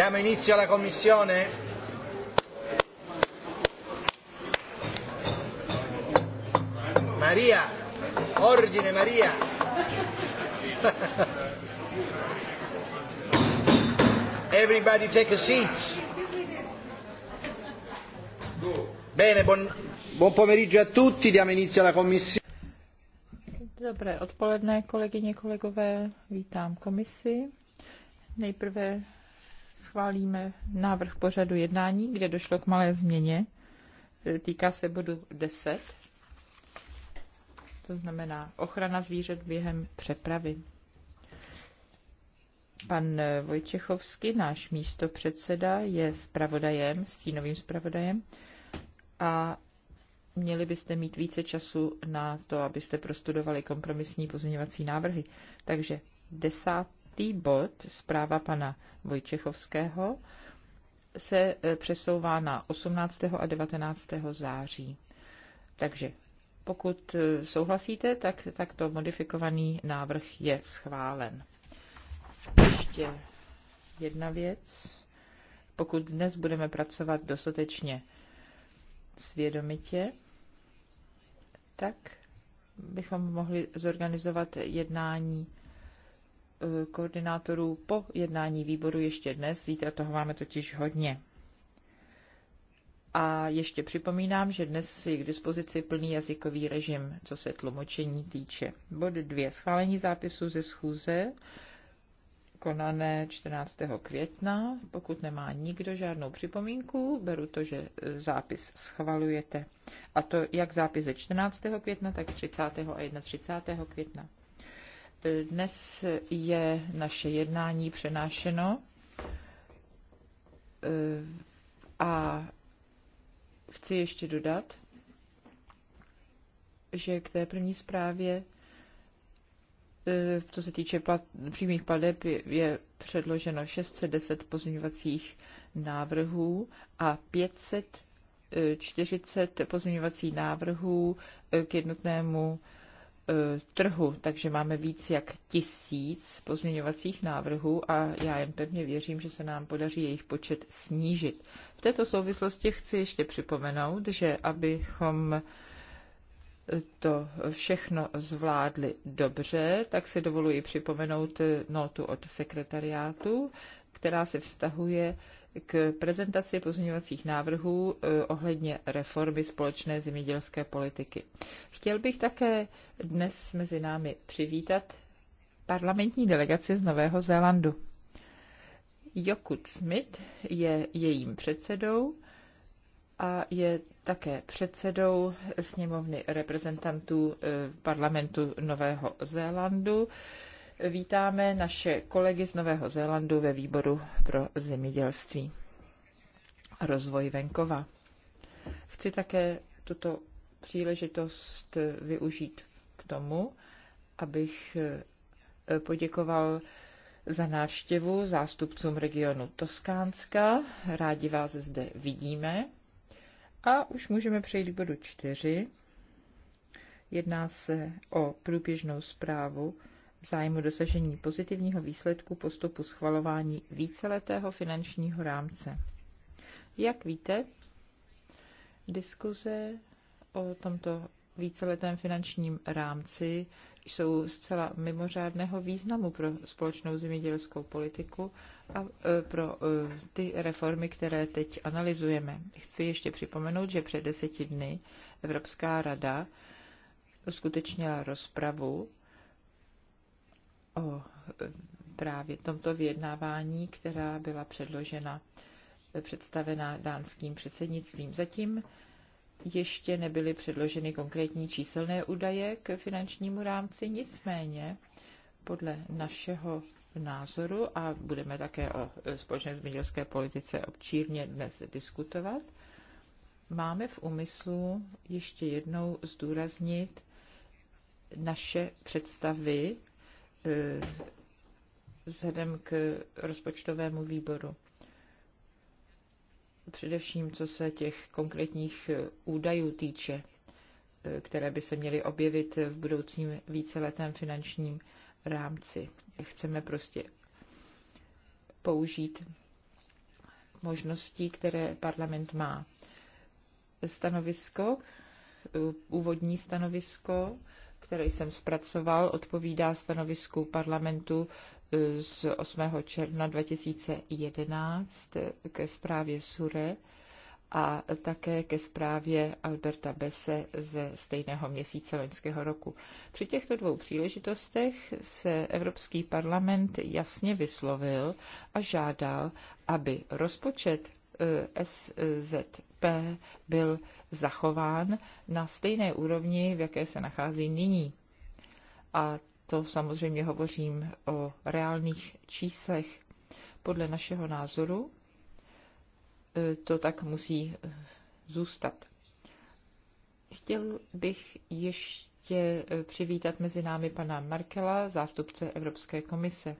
Diamo inizio alla commissione? Maria, ordine Maria. Everybody take a seat. Bene, buon, buon pomeriggio a tutti, diamo inizio alla commissione. Dobré odpoledne, kolegyně, kolegové, vítám komisi. Nejprve schválíme návrh pořadu jednání, kde došlo k malé změně. E, týká se bodu 10, to znamená ochrana zvířat během přepravy. Pan Vojčechovský, náš místo předseda, je spravodajem, stínovým spravodajem a měli byste mít více času na to, abyste prostudovali kompromisní pozměňovací návrhy. Takže 10. Pátý bod, zpráva pana Vojčechovského, se e, přesouvá na 18. a 19. září. Takže pokud e, souhlasíte, tak tak to modifikovaný návrh je schválen. Ještě jedna věc. Pokud dnes budeme pracovat dostatečně svědomitě, tak bychom mohli zorganizovat jednání Eh, koordinátorů po jednání výboru ještě dnes. Zítra toho máme totiž hodně. A ještě připomínám, že dnes je k dispozici plný jazykový režim, co se tlumočení týče. Bod 2. Schválení zápisu ze schůze konané 14. května. Pokud nemá nikdo žádnou připomínku, beru to, že eh, zápis schvalujete. A to jak zápis ze 14. května, tak 30. a 31. května. Dnes je naše jednání přenášeno eh, a chci ještě dodat, že k té první zprávě, eh, co se týče plat, přímých pladeb, je předloženo 610 pozměňovacích návrhů a 540 eh, pozměňovacích návrhů k jednotnému E, trhu, takže máme víc jak tisíc pozměňovacích návrhů a já jen pevně věřím, že se nám podaří jejich počet snížit. V této souvislosti chci ještě připomenout, že abychom to všechno zvládli dobře, tak si dovoluji připomenout notu od sekretariátu, která se vztahuje k prezentaci pozměňovacích návrhů eh, ohledně reformy společné zemědělské politiky. Chtěl bych také dnes mezi námi přivítat parlamentní delegaci z Nového Zélandu. Jokud Smith je jejím předsedou a je také předsedou sněmovny reprezentantů eh, parlamentu Nového Zélandu vítáme naše kolegy z Nového Zélandu ve výboru pro zemědělství a rozvoj venkova. Chci také tuto příležitost využít k tomu, abych eh, poděkoval za návštěvu zástupcům regionu Toskánska. Rádi vás zde vidíme. A už můžeme přejít k bodu čtyři. Jedná se o průběžnou zprávu v zájmu dosažení pozitivního výsledku postupu schvalování víceletého finančního rámce. Jak víte, diskuze o tomto víceletém finančním rámci jsou zcela mimořádného významu pro společnou zemědělskou politiku a e, pro e, ty reformy, které teď analyzujeme. Chci ještě připomenout, že před deseti dny Evropská rada uskutečnila rozpravu o právě tomto vyjednávání, která byla předložena, představena dánským předsednictvím. Zatím ještě nebyly předloženy konkrétní číselné údaje k finančnímu rámci, nicméně podle našeho názoru a budeme také o společné zemědělské politice občírně dnes diskutovat, máme v úmyslu ještě jednou zdůraznit naše představy Eh, vzhledem k rozpočtovému výboru. Především co se těch konkrétních eh, údajů týče, eh, které by se měly objevit v budoucím víceletém finančním rámci. Chceme prostě použít možností, které parlament má. Stanovisko, úvodní stanovisko které jsem zpracoval, odpovídá stanovisku parlamentu e, z 8. června 2011 ke zprávě SURE a také ke zprávě Alberta Bese ze stejného měsíce loňského roku. Při těchto dvou příležitostech se Evropský parlament jasně vyslovil a žádal, aby rozpočet SZP byl zachován na stejné úrovni, v jaké se nachází nyní. A to samozřejmě hovořím o reálných číslech. Podle našeho názoru e, to tak musí e, zůstat. Chtěl bych ještě e, přivítat mezi námi pana Markela, zástupce Evropské komise.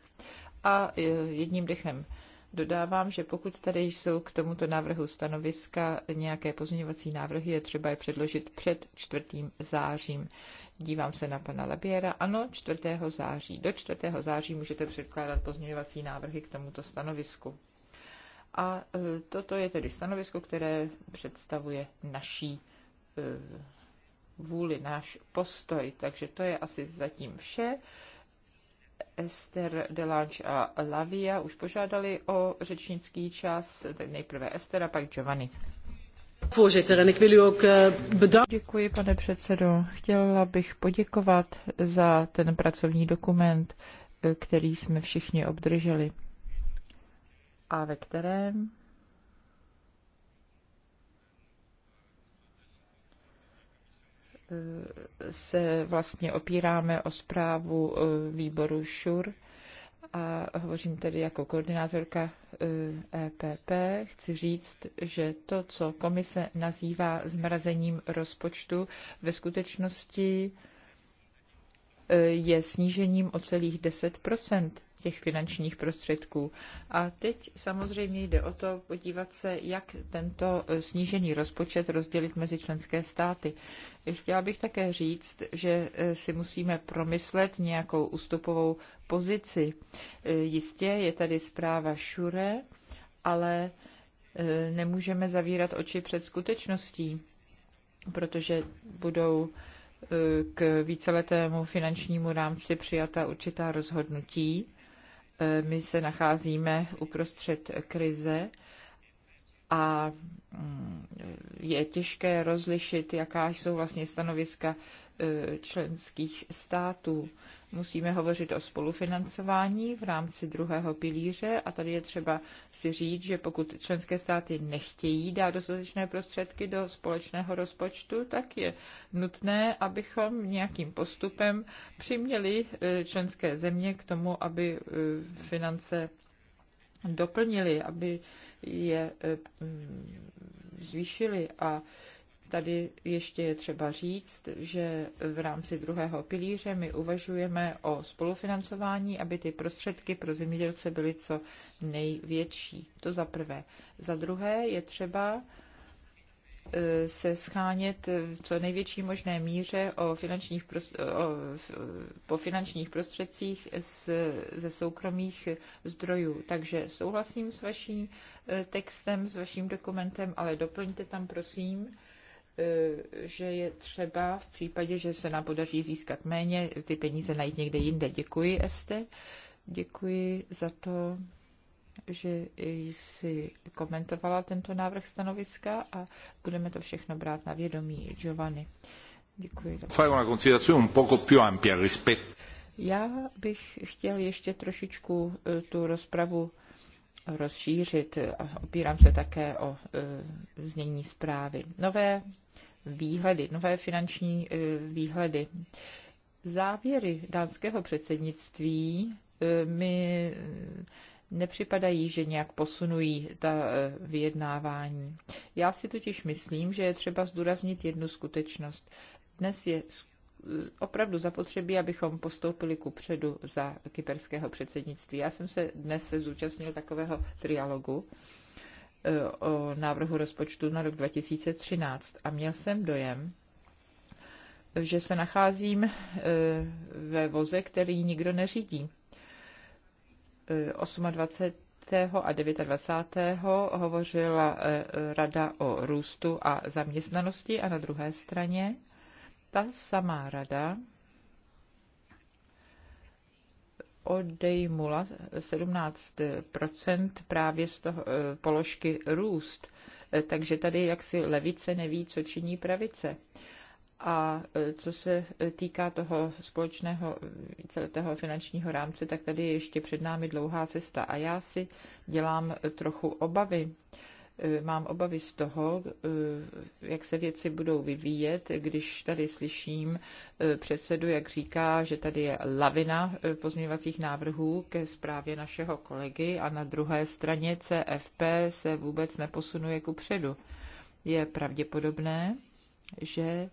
A jedním dechem Dodávám, že pokud tady jsou k tomuto návrhu stanoviska nějaké pozměňovací návrhy, je třeba je předložit před 4. zářím. Dívám se na pana Labiera. Ano, 4. září. Do 4. září můžete předkládat pozměňovací návrhy k tomuto stanovisku. A e, toto je tedy stanovisko, které představuje naší e, vůli, náš postoj. Takže to je asi zatím vše. Ester Delange a Lavia už požádali o řečnický čas, tak nejprve Ester a pak Giovanni. Eh, Děkuji, pane předsedo. Chtěla bych poděkovat za ten pracovní dokument, eh, který jsme všichni obdrželi a ve kterém se vlastně opíráme o zprávu eh, výboru ŠUR a hovořím tedy jako koordinátorka EPP. Eh, e Chci říct, že to, co komise nazývá zmrazením rozpočtu, ve skutečnosti eh, je snížením o celých 10 těch finančních prostředků. A teď samozřejmě jde o to podívat se, jak tento snížený rozpočet rozdělit mezi členské státy. Chtěla bych také říct, že e, si musíme promyslet nějakou ústupovou pozici. E, jistě je tady zpráva Šure, ale e, nemůžeme zavírat oči před skutečností, protože budou k víceletému finančnímu rámci přijata určitá rozhodnutí E, my se nacházíme uprostřed krize a mm, je těžké rozlišit, jaká jsou vlastně stanoviska Eh, členských států. Musíme hovořit o spolufinancování v rámci druhého pilíře a tady je třeba si říct, že pokud členské státy nechtějí dát dostatečné prostředky do společného rozpočtu, tak je nutné, abychom nějakým postupem přiměli eh, členské země k tomu, aby eh, finance doplnili, aby je zvýšili a Tady ještě je třeba říct, že v rámci druhého pilíře my uvažujeme o spolufinancování, aby ty prostředky pro zemědělce byly co největší. To za prvé. Za druhé je třeba e, se schánět v co největší možné míře o finančních o, po finančních prostředcích z, ze soukromých zdrojů. Takže souhlasím s vaším e, textem, s vaším dokumentem, ale doplňte tam prosím Eh, že je třeba v případě, že se nám podaří získat méně, ty peníze najít někde jinde. Děkuji, Este. Děkuji za to, že jsi komentovala tento návrh stanoviska a budeme to všechno brát na vědomí. Giovanni. Děkuji. considerazione un poco più ampia rispetto. Já bych chtěl ještě trošičku eh, tu rozpravu rozšířit. Opírám se také o e, znění zprávy. Nové výhledy, nové finanční e, výhledy. Závěry dánského předsednictví e, mi nepřipadají, že nějak posunují ta vyjednávání. Já si totiž myslím, že je třeba zdůraznit jednu skutečnost. Dnes je opravdu zapotřebí, abychom postoupili ku předu za kyperského předsednictví. Já jsem se dnes se zúčastnil takového trialogu e, o návrhu rozpočtu na rok 2013 a měl jsem dojem, že se nacházím e, ve voze, který nikdo neřídí. 28 e, a 29. hovořila Rada o růstu a zaměstnanosti a na druhé straně ta samá rada odejmula 17 právě z toho eh, položky růst. Eh, takže tady jaksi levice neví, co činí pravice. A eh, co se týká toho společného celého finančního rámce, tak tady je ještě před námi dlouhá cesta. A já si dělám trochu obavy Eh, mám obavy z toho, eh, jak se věci budou vyvíjet, když tady slyším eh, předsedu, jak říká, že tady je lavina pozměňovacích návrhů ke zprávě našeho kolegy a na druhé straně CFP se vůbec neposunuje ku předu. Je pravděpodobné, že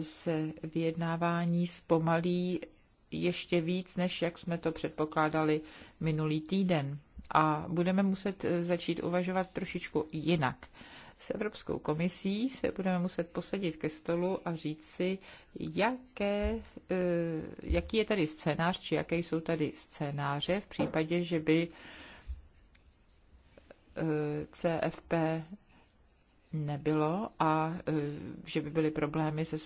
se vyjednávání zpomalí ještě víc, než jak jsme to předpokládali minulý týden a budeme muset e, začít uvažovat trošičku jinak. S Evropskou komisí se budeme muset posadit ke stolu a říct si, jaké, e, jaký je tady scénář, či jaké jsou tady scénáře v případě, že by e, CFP nebylo a že by byly problémy se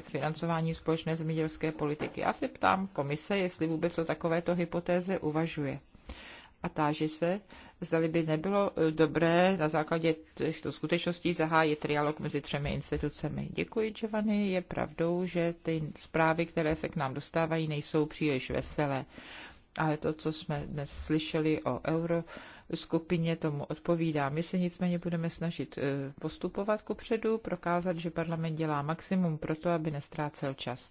financování společné zemědělské politiky. Já se ptám komise, jestli vůbec o takovéto hypotéze uvažuje a táži se, zdali by nebylo eh, dobré na základě těchto skutečností zahájit trialog mezi třemi institucemi. Děkuji, Giovanni. Je pravdou, že ty zprávy, které se k nám dostávají, nejsou příliš veselé. Ale to, co jsme dnes slyšeli o euro, skupině tomu odpovídá. My se nicméně budeme snažit eh, postupovat kupředu, prokázat, že parlament dělá maximum pro to, aby nestrácel čas.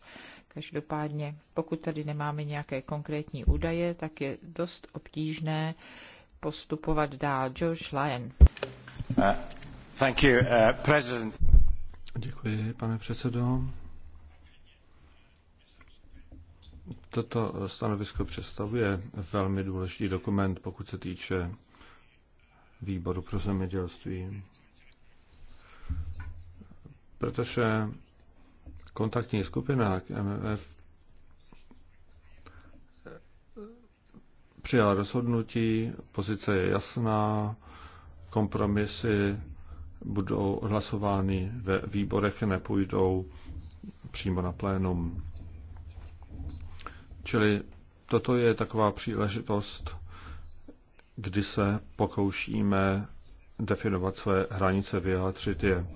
Každopádně, pokud tady nemáme nějaké konkrétní údaje, tak je dost obtížné postupovat dál. George Lyon. Uh, thank you, uh, president. Děkuji, pane předsedo. Toto stanovisko představuje velmi důležitý dokument, pokud se týče výboru pro zemědělství. Protože skupina k MMF přijala rozhodnutí, pozice je jasná, kompromisy budou hlasovány ve výborech, nepůjdou přímo na plénum. Čili toto je taková příležitost, kdy se pokoušíme definovat své hranice, vyjádřit je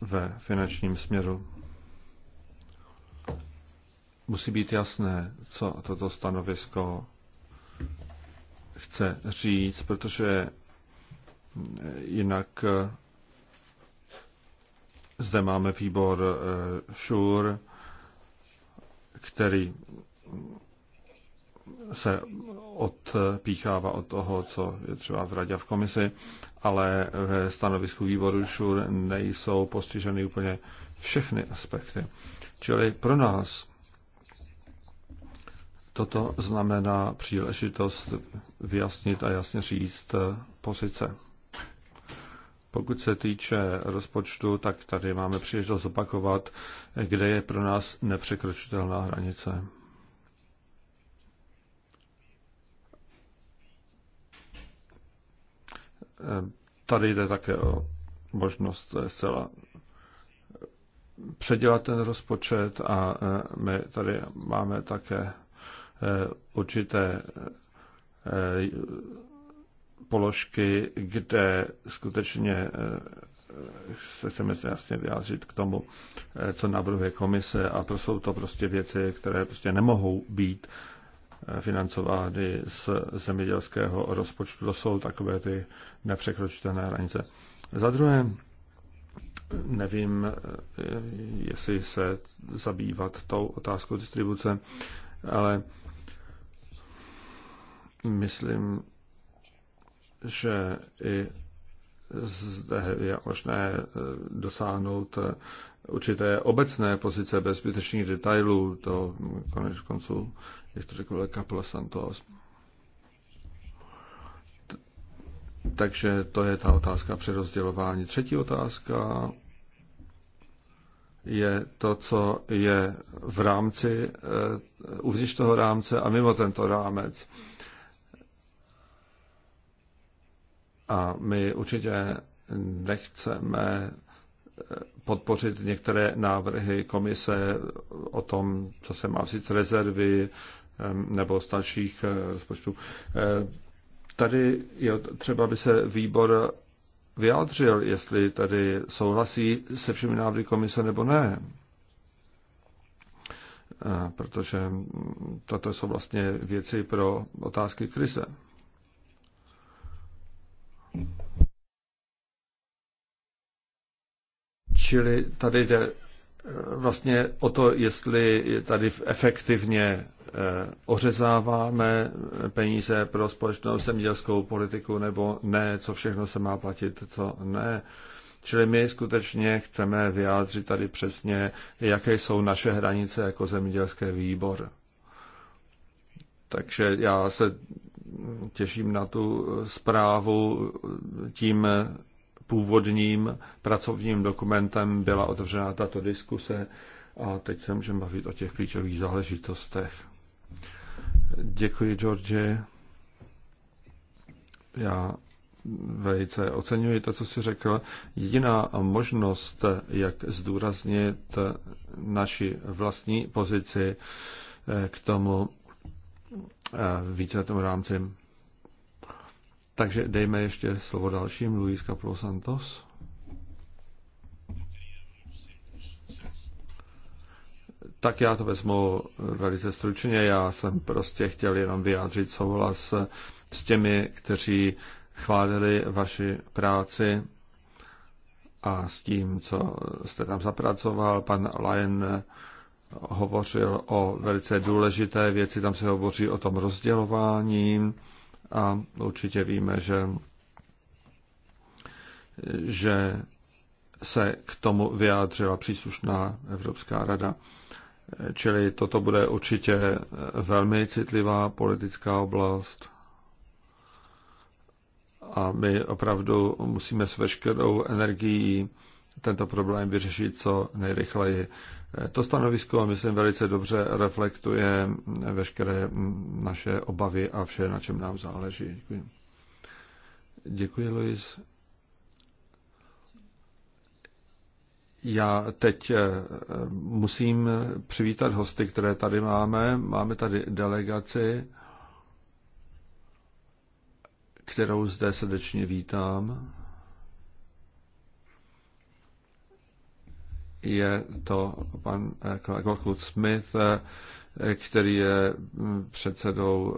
ve finančním směru. Musí být jasné, co toto stanovisko chce říct, protože jinak eh, zde máme výbor eh, ŠUR, který se odpíchává od toho, co je třeba v radě v komisi, ale ve stanovisku výboru ŠUR nejsou postiženy úplně všechny aspekty. Čili pro nás toto znamená příležitost vyjasnit a jasně říct eh, pozice. Pokud se týče rozpočtu, tak tady máme příležitost zopakovat, eh, kde je pro nás nepřekročitelná hranice. Tady jde také o možnost zcela předělat ten rozpočet a e, my tady máme také e, určité e, položky, kde skutečně se chceme jasně vyjádřit k tomu, co navrhuje komise a to jsou to prostě věci, které prostě nemohou být financovány z zemědělského rozpočtu. To jsou takové ty nepřekročitelné hranice. Za druhé, nevím, jestli se zabývat tou otázkou distribuce, ale myslím, že i zde je možné dosáhnout určité obecné pozice bez zbytečných detailů. To konec konců jak to řekl Kapla Santos. Takže to je ta otázka přerozdělování. Třetí otázka je to, co je v rámci, eh, uvnitř toho rámce a mimo tento rámec. A my určitě nechceme eh, podpořit některé návrhy komise o tom, co se má vzít rezervy, nebo starších eh, rozpočtů. Eh, tady je třeba, aby se výbor vyjádřil, jestli tady souhlasí se všemi návrhy komise nebo ne. Eh, protože toto jsou vlastně věci pro otázky krize. Čili tady jde vlastně o to, jestli tady efektivně eh, ořezáváme peníze pro společnou zemědělskou politiku nebo ne, co všechno se má platit, co ne. Čili my skutečně chceme vyjádřit tady přesně, jaké jsou naše hranice jako zemědělský výbor. Takže já se těším na tu zprávu. Tím původním pracovním dokumentem byla otevřena tato diskuse a teď se můžeme bavit o těch klíčových záležitostech. Děkuji, George. Já velice oceňuji to, co jsi řekl. Jediná možnost, jak zdůraznit naši vlastní pozici k tomu eh, tomu rámci, takže dejme ještě slovo dalším, Luis Capro Santos. Tak já to vezmu velice stručně. Já jsem prostě chtěl jenom vyjádřit souhlas s těmi, kteří chválili vaši práci a s tím, co jste tam zapracoval. Pan Lyon hovořil o velice důležité věci, tam se hovoří o tom rozdělování a určitě víme, že, že se k tomu vyjádřila příslušná Evropská rada. Čili toto bude určitě velmi citlivá politická oblast a my opravdu musíme s veškerou energií tento problém vyřešit co nejrychleji. To stanovisko, myslím, velice dobře reflektuje veškeré naše obavy a vše, na čem nám záleží. Děkuji. Děkuji, Luis. Já teď eh, musím přivítat hosty, které tady máme. Máme tady delegaci, kterou zde srdečně vítám. je to pan Goldwood eh, Smith, eh, který je mm, předsedou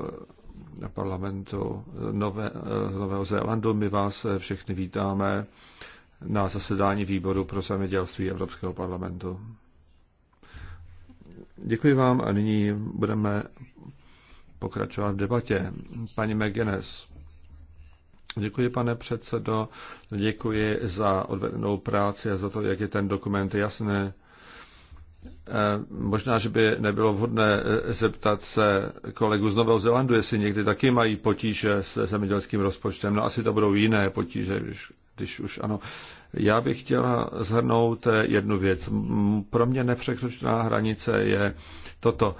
eh, parlamentu Nové, Nového Zélandu. My vás všechny vítáme na zasedání výboru pro zemědělství Evropského parlamentu. Děkuji vám a nyní budeme pokračovat v debatě. Paní McGuinness. Děkuji, pane předsedo, děkuji za odvedenou práci a za to, jak je ten dokument jasný. Eh, možná, že by nebylo vhodné eh, zeptat se kolegu z Nového Zelandu, jestli někdy taky mají potíže se zemědělským rozpočtem. No asi to budou jiné potíže, když, když už ano. Já bych chtěla zhrnout eh, jednu věc. Pro mě nepřekročná hranice je toto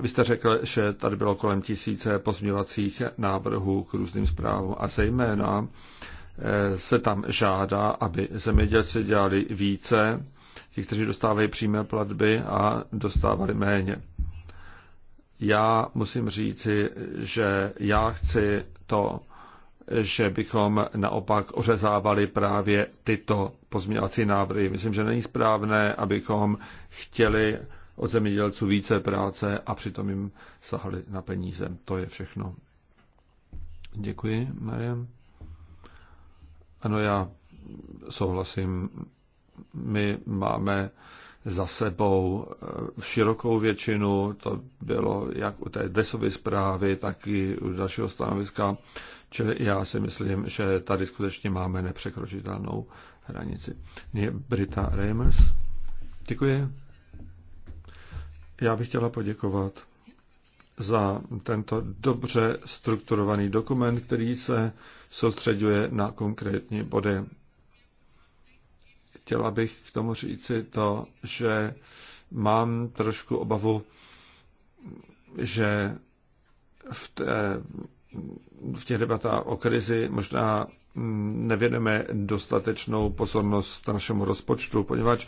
vy jste řekl, že tady bylo kolem tisíce pozměňovacích návrhů k různým zprávám a zejména eh, se tam žádá, aby zemědělci dělali více, ti, kteří dostávají přímé platby a dostávali méně. Já musím říci, že já chci to, že bychom naopak ořezávali právě tyto pozměňovací návrhy. Myslím, že není správné, abychom chtěli od zemědělců více práce a přitom jim sahali na peníze. To je všechno. Děkuji, Mariam. Ano, já souhlasím. My máme za sebou eh, širokou většinu, to bylo jak u té desové zprávy, tak i u dalšího stanoviska, čili já si myslím, že tady skutečně máme nepřekročitelnou hranici. Je Brita Reimers. Děkuji. Já bych chtěla poděkovat za tento dobře strukturovaný dokument, který se soustředuje na konkrétní body. Chtěla bych k tomu říci to, že mám trošku obavu, že v, té, v těch debatách o krizi možná nevěneme dostatečnou pozornost našemu rozpočtu, poněvadž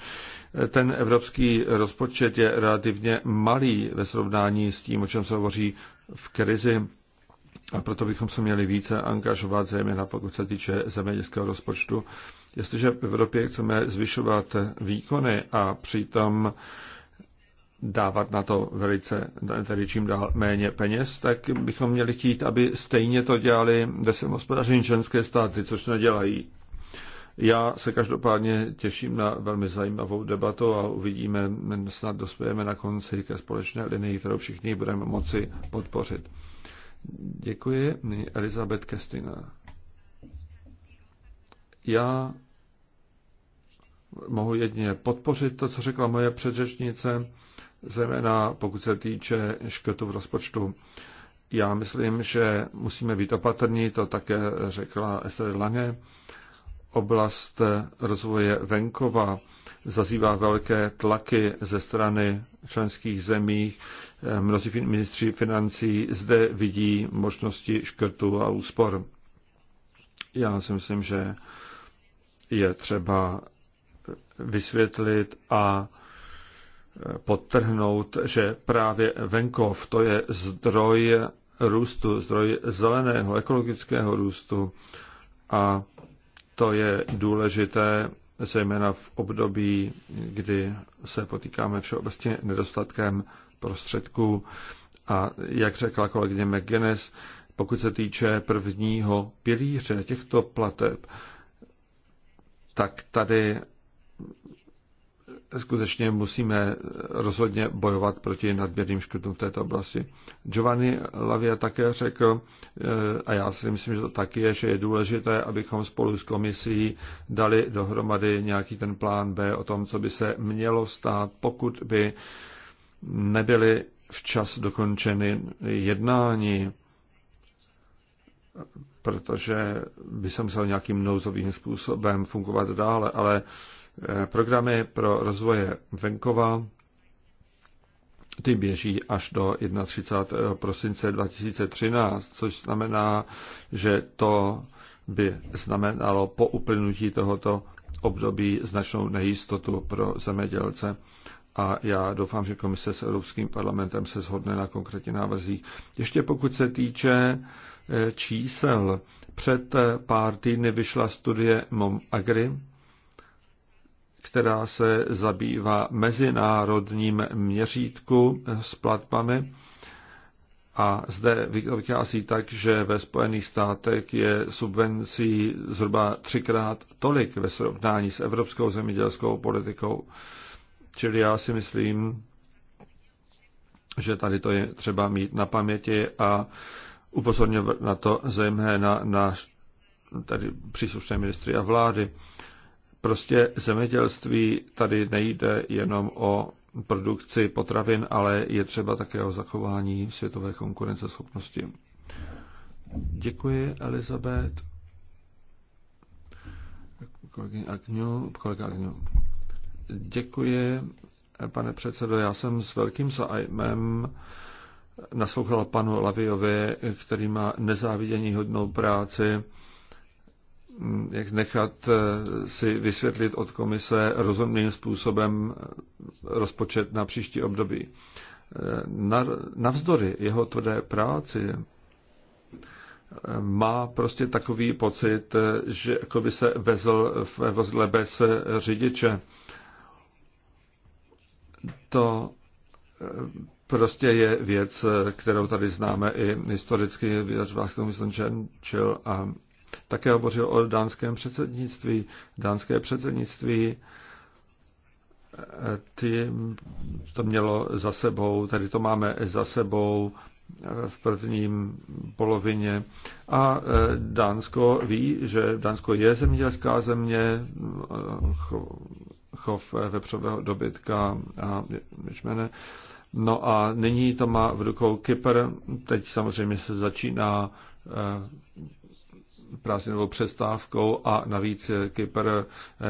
ten evropský rozpočet je relativně malý ve srovnání s tím, o čem se hovoří v krizi. A proto bychom se měli více angažovat, zejména pokud se týče zemědělského rozpočtu. Jestliže v Evropě chceme zvyšovat výkony a přitom dávat na to velice, tedy čím dál méně peněz, tak bychom měli chtít, aby stejně to dělali ve svém hospodaření členské státy, což nedělají. Já se každopádně těším na velmi zajímavou debatu a uvidíme, snad dospějeme na konci ke společné linii, kterou všichni budeme moci podpořit. Děkuji. Elizabeth Kestina. Já mohu jedně podpořit to, co řekla moje předřečnice, zejména pokud se týče škrtu v rozpočtu. Já myslím, že musíme být opatrní, to také řekla Esther Lange oblast rozvoje venkova zazývá velké tlaky ze strany členských zemí. Mnozí ministři financí zde vidí možnosti škrtu a úspor. Já si myslím, že je třeba vysvětlit a podtrhnout, že právě venkov to je zdroj růstu, zdroj zeleného, ekologického růstu a to je důležité zejména v období, kdy se potýkáme všeobecně nedostatkem prostředků. A jak řekla kolegyně McGuinness, pokud se týče prvního pilíře těchto plateb, tak tady skutečně musíme rozhodně bojovat proti nadměrným škrtům v této oblasti. Giovanni Lavia také řekl, eh, a já si myslím, že to taky je, že je důležité, abychom spolu s komisí dali dohromady nějaký ten plán B o tom, co by se mělo stát, pokud by nebyly včas dokončeny jednání, protože by se musel nějakým nouzovým způsobem fungovat dále, ale programy pro rozvoje venkova, ty běží až do 31. prosince 2013, což znamená, že to by znamenalo po uplynutí tohoto období značnou nejistotu pro zemědělce. A já doufám, že komise s Evropským parlamentem se shodne na konkrétní návrzích. Ještě pokud se týče eh, čísel, před eh, pár týdny vyšla studie MOM Agri, která se zabývá mezinárodním měřítku s platbami. A zde vychází tak, že ve Spojených státech je subvencí zhruba třikrát tolik ve srovnání s evropskou zemědělskou politikou. Čili já si myslím, že tady to je třeba mít na paměti a upozorňovat na to zejména na tady příslušné ministry a vlády. Prostě zemědělství tady nejde jenom o produkci potravin, ale je třeba také o zachování světové konkurenceschopnosti. Děkuji, Elizabeth. Agňu, kolega Agňu. Děkuji, pane předsedo. Já jsem s velkým zájmem naslouchal panu Laviovi, který má nezávidění hodnou práci jak nechat eh, si vysvětlit od komise rozumným způsobem eh, rozpočet na příští období. Eh, navzdory jeho tvrdé práci má prostě takový pocit, že jako by se vezl ve vozidle bez řidiče. To prostě je věc, kterou tady známe i historicky, vyjadřoval se Winston Churchill a také hovořil o dánském předsednictví. Dánské předsednictví eh, ty, to mělo za sebou, tady to máme za sebou eh, v prvním polovině. A eh, Dánsko ví, že Dánsko je zemědělská země, chov vepřového dobytka a ječmene. No a nyní to má v rukou Kypr. Teď samozřejmě se začíná prázdninovou přestávkou a navíc Kypr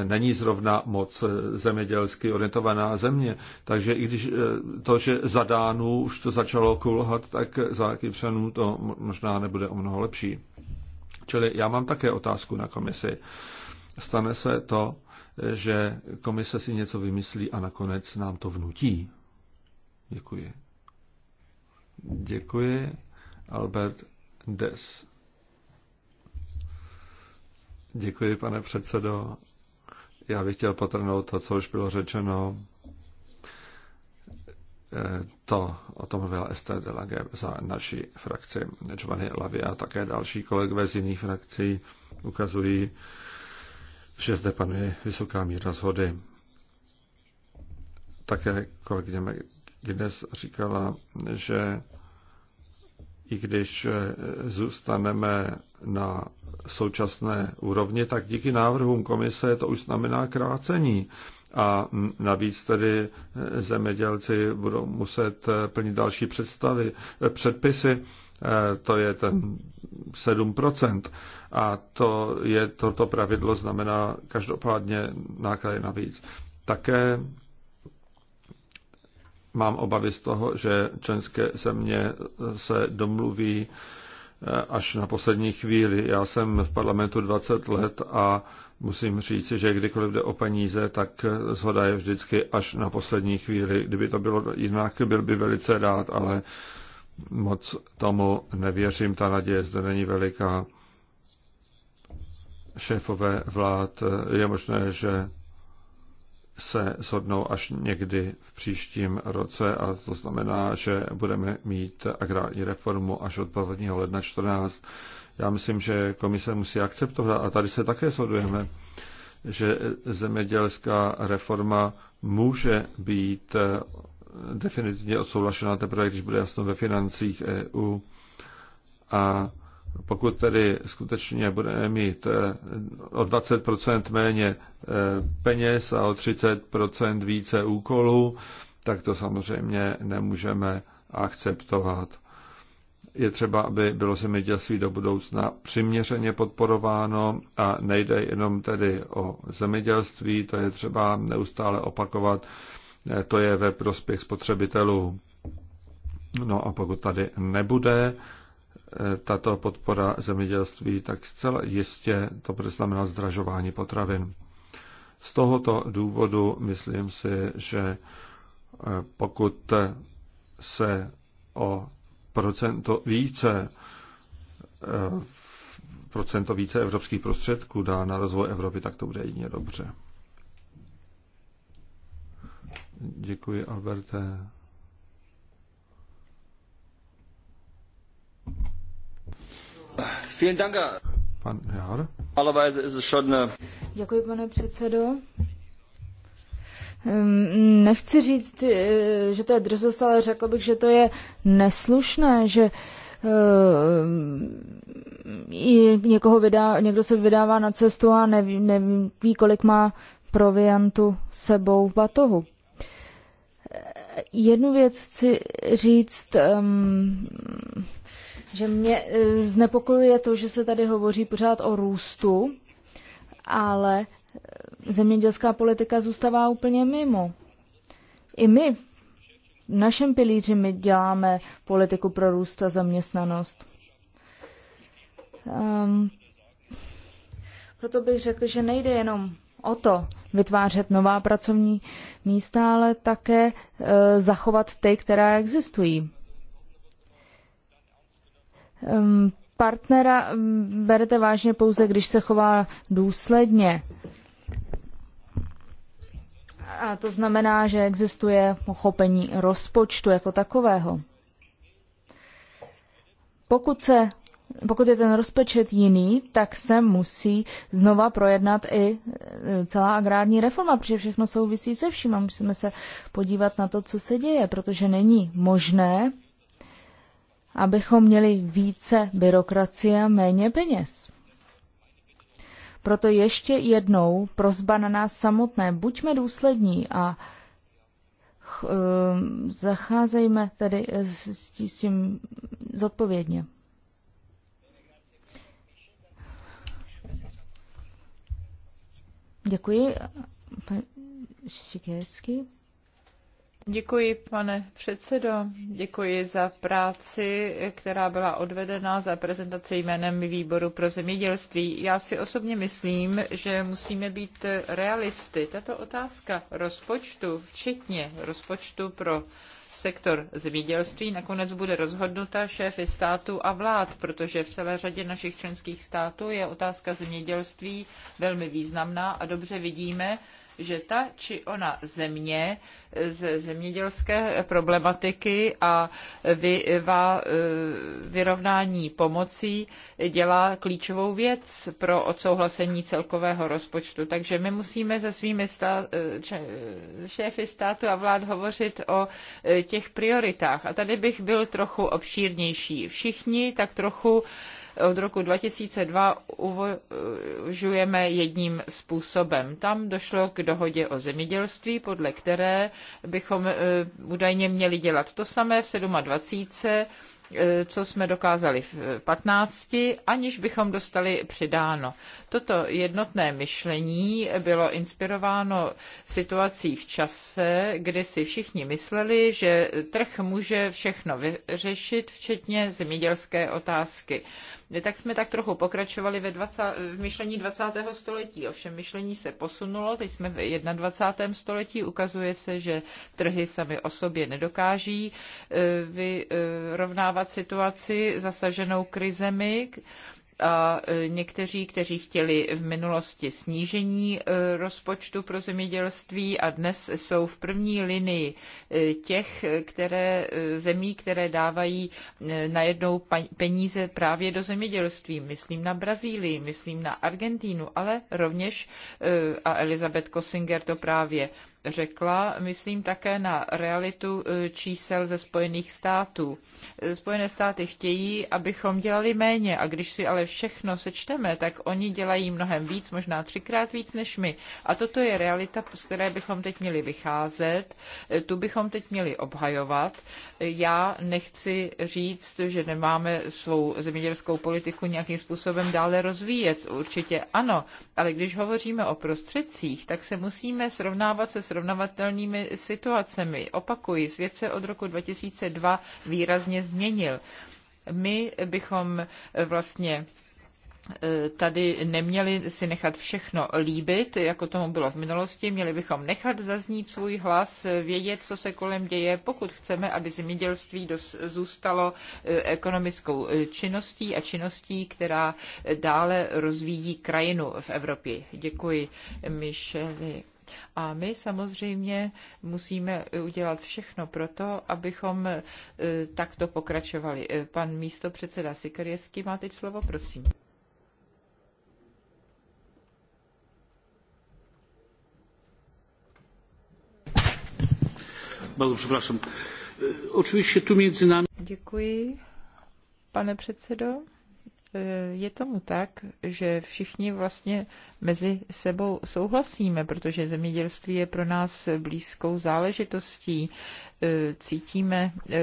není zrovna moc zemědělsky orientovaná země. Takže i když eh, to, že za Dánů už to začalo kulhat, tak za Kypřanů to možná nebude o mnoho lepší. Čili já mám také otázku na komisi. Stane se to, že komise si něco vymyslí a nakonec nám to vnutí? Děkuji. Děkuji. Albert Des. Děkuji, pane předsedo. Já bych chtěl potrhnout to, co už bylo řečeno. Eh, to o tom mluvila Esther de za naší frakci. Giovanni Lavia a také další kolegové z jiných frakcí ukazují, že zde panuje vysoká míra zhody. Také kolegyně dnes říkala, že i když eh, zůstaneme na současné úrovni, tak díky návrhům komise to už znamená krácení. A navíc tedy eh, zemědělci budou muset eh, plnit další představy, předpisy, to je ten 7%. A to je toto pravidlo, znamená každopádně náklady navíc. Také mám obavy z toho, že členské země se domluví eh, až na poslední chvíli. Já jsem v parlamentu 20 let a musím říct, že kdykoliv jde o peníze, tak zhoda eh, je vždycky až na poslední chvíli. Kdyby to bylo jinak, byl by velice rád, ale moc tomu nevěřím, ta naděje zde není veliká. Šéfové vlád, eh, je možné, že se shodnou až někdy v příštím roce a to znamená, že budeme mít agrární reformu až od 1. ledna 14. Já myslím, že komise musí akceptovat, a tady se také shodujeme, že zemědělská reforma může být eh, definitivně odsouhlašená teprve, když bude jasno ve financích EU a pokud tedy skutečně budeme mít eh, o 20% méně eh, peněz a o 30% více úkolů, tak to samozřejmě nemůžeme akceptovat. Je třeba, aby bylo zemědělství do budoucna přiměřeně podporováno a nejde jenom tedy o zemědělství, to je třeba neustále opakovat, eh, to je ve prospěch spotřebitelů. No a pokud tady nebude Eh, tato podpora zemědělství, tak zcela jistě to bude znamenat zdražování potravin. Z tohoto důvodu myslím si, že eh, pokud se o procento více eh, procento více evropských prostředků dá na rozvoj Evropy, tak to bude jedině dobře. Děkuji, Alberte. Vielen Dank. Pan Jár. Äh, Děkuji, pane předsedo. Ehm, nechci říct, eh, že to je drzost, ale řekl bych, že to je neslušné, že ehm, někoho vydá, někdo se vydává na cestu a neví, neví kolik má proviantu sebou v batohu. Eh, jednu věc chci říct, ehm, že mě eh, znepokojuje to, že se tady hovoří pořád o růstu, ale eh, zemědělská politika zůstává úplně mimo. I my v našem pilíři my děláme politiku pro růst a zaměstnanost. Um, proto bych řekl, že nejde jenom o to vytvářet nová pracovní místa, ale také e, zachovat ty, která existují. Ehm, partnera ehm, berete vážně pouze, když se chová důsledně. A to znamená, že existuje pochopení rozpočtu jako takového. Pokud, se, pokud je ten rozpočet jiný, tak se musí znova projednat i e, celá agrární reforma, protože všechno souvisí se vším a musíme se podívat na to, co se děje, protože není možné abychom měli více byrokracie a méně peněz. Proto ještě jednou prozba na nás samotné, buďme důslední a e, zacházejme tedy s, s tím zodpovědně. Děkuji. Pan Děkuji, pane předsedo. Děkuji za práci, která byla odvedena za prezentaci jménem Výboru pro zemědělství. Já si osobně myslím, že musíme být realisty. Tato otázka rozpočtu, včetně rozpočtu pro sektor zemědělství nakonec bude rozhodnuta šéfy států a vlád, protože v celé řadě našich členských států je otázka zemědělství velmi významná a dobře vidíme, že ta či ona země ze zemědělské problematiky a va, eh, vyrovnání pomocí dělá klíčovou věc pro odsouhlasení celkového rozpočtu. Takže my musíme se svými stát, eh, šéfy státu a vlád hovořit o eh, těch prioritách. A tady bych byl trochu obšírnější. Všichni tak trochu od roku 2002 uvažujeme jedním způsobem. Tam došlo k dohodě o zemědělství, podle které bychom e, údajně měli dělat to samé v 27 e, co jsme dokázali v 15, aniž bychom dostali přidáno. Toto jednotné myšlení bylo inspirováno situací v čase, kdy si všichni mysleli, že trh může všechno vyřešit, včetně zemědělské otázky tak jsme tak trochu pokračovali ve 20, v myšlení 20. století. Ovšem myšlení se posunulo, teď jsme v 21. století, ukazuje se, že trhy sami o sobě nedokáží eh, vyrovnávat situaci zasaženou krizemi, a e, někteří, kteří chtěli v minulosti snížení e, rozpočtu pro zemědělství a dnes jsou v první linii e, těch které, zemí, které dávají najednou peníze právě do zemědělství. Myslím na Brazílii, myslím na Argentínu, ale rovněž, a Elizabeth Kossinger to právě řekla, myslím také na realitu e, čísel ze Spojených států. E, Spojené státy chtějí, abychom dělali méně a když si ale všechno sečteme, tak oni dělají mnohem víc, možná třikrát víc než my. A toto je realita, z které bychom teď měli vycházet, e, tu bychom teď měli obhajovat. Já nechci říct, že nemáme svou zemědělskou politiku nějakým způsobem dále rozvíjet. Určitě ano, ale když hovoříme o prostředcích, tak se musíme srovnávat se srovnávat srovnavatelnými situacemi. Opakuji, svět se od roku 2002 výrazně změnil. My bychom eh, vlastně eh, tady neměli si nechat všechno líbit, jako tomu bylo v minulosti. Měli bychom nechat zaznít svůj hlas, eh, vědět, co se kolem děje, pokud chceme, aby zemědělství zůstalo ekonomickou činností a činností, která dále rozvíjí krajinu v Evropě. Děkuji Michele a my samozřejmě musíme eh, udělat všechno pro to, abychom eh, takto pokračovali. Eh, pan místo předseda Sikorjevský má teď slovo, prosím. E, tu Děkuji, pane předsedo. Eh, je tomu tak, že všichni vlastně mezi sebou souhlasíme, protože zemědělství je pro nás blízkou záležitostí, eh, cítíme eh,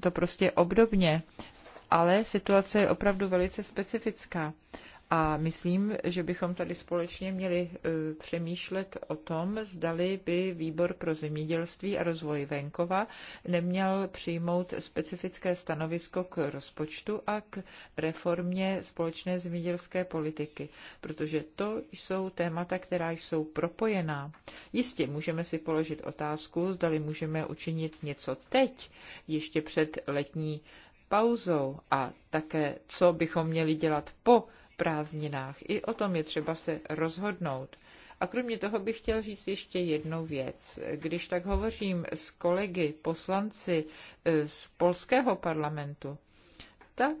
to prostě obdobně, ale situace je opravdu velice specifická. A myslím, že bychom tady společně měli e, přemýšlet o tom, zdali by výbor pro zemědělství a rozvoj venkova neměl přijmout specifické stanovisko k rozpočtu a k reformě společné zemědělské politiky, protože to jsou témata, která jsou propojená. Jistě můžeme si položit otázku, zdali můžeme učinit něco teď, ještě před letní pauzou a také, co bychom měli dělat po prázdninách. I o tom je třeba se rozhodnout. A kromě toho bych chtěl říct ještě jednu věc. Když tak hovořím s kolegy, poslanci eh, z polského parlamentu, tak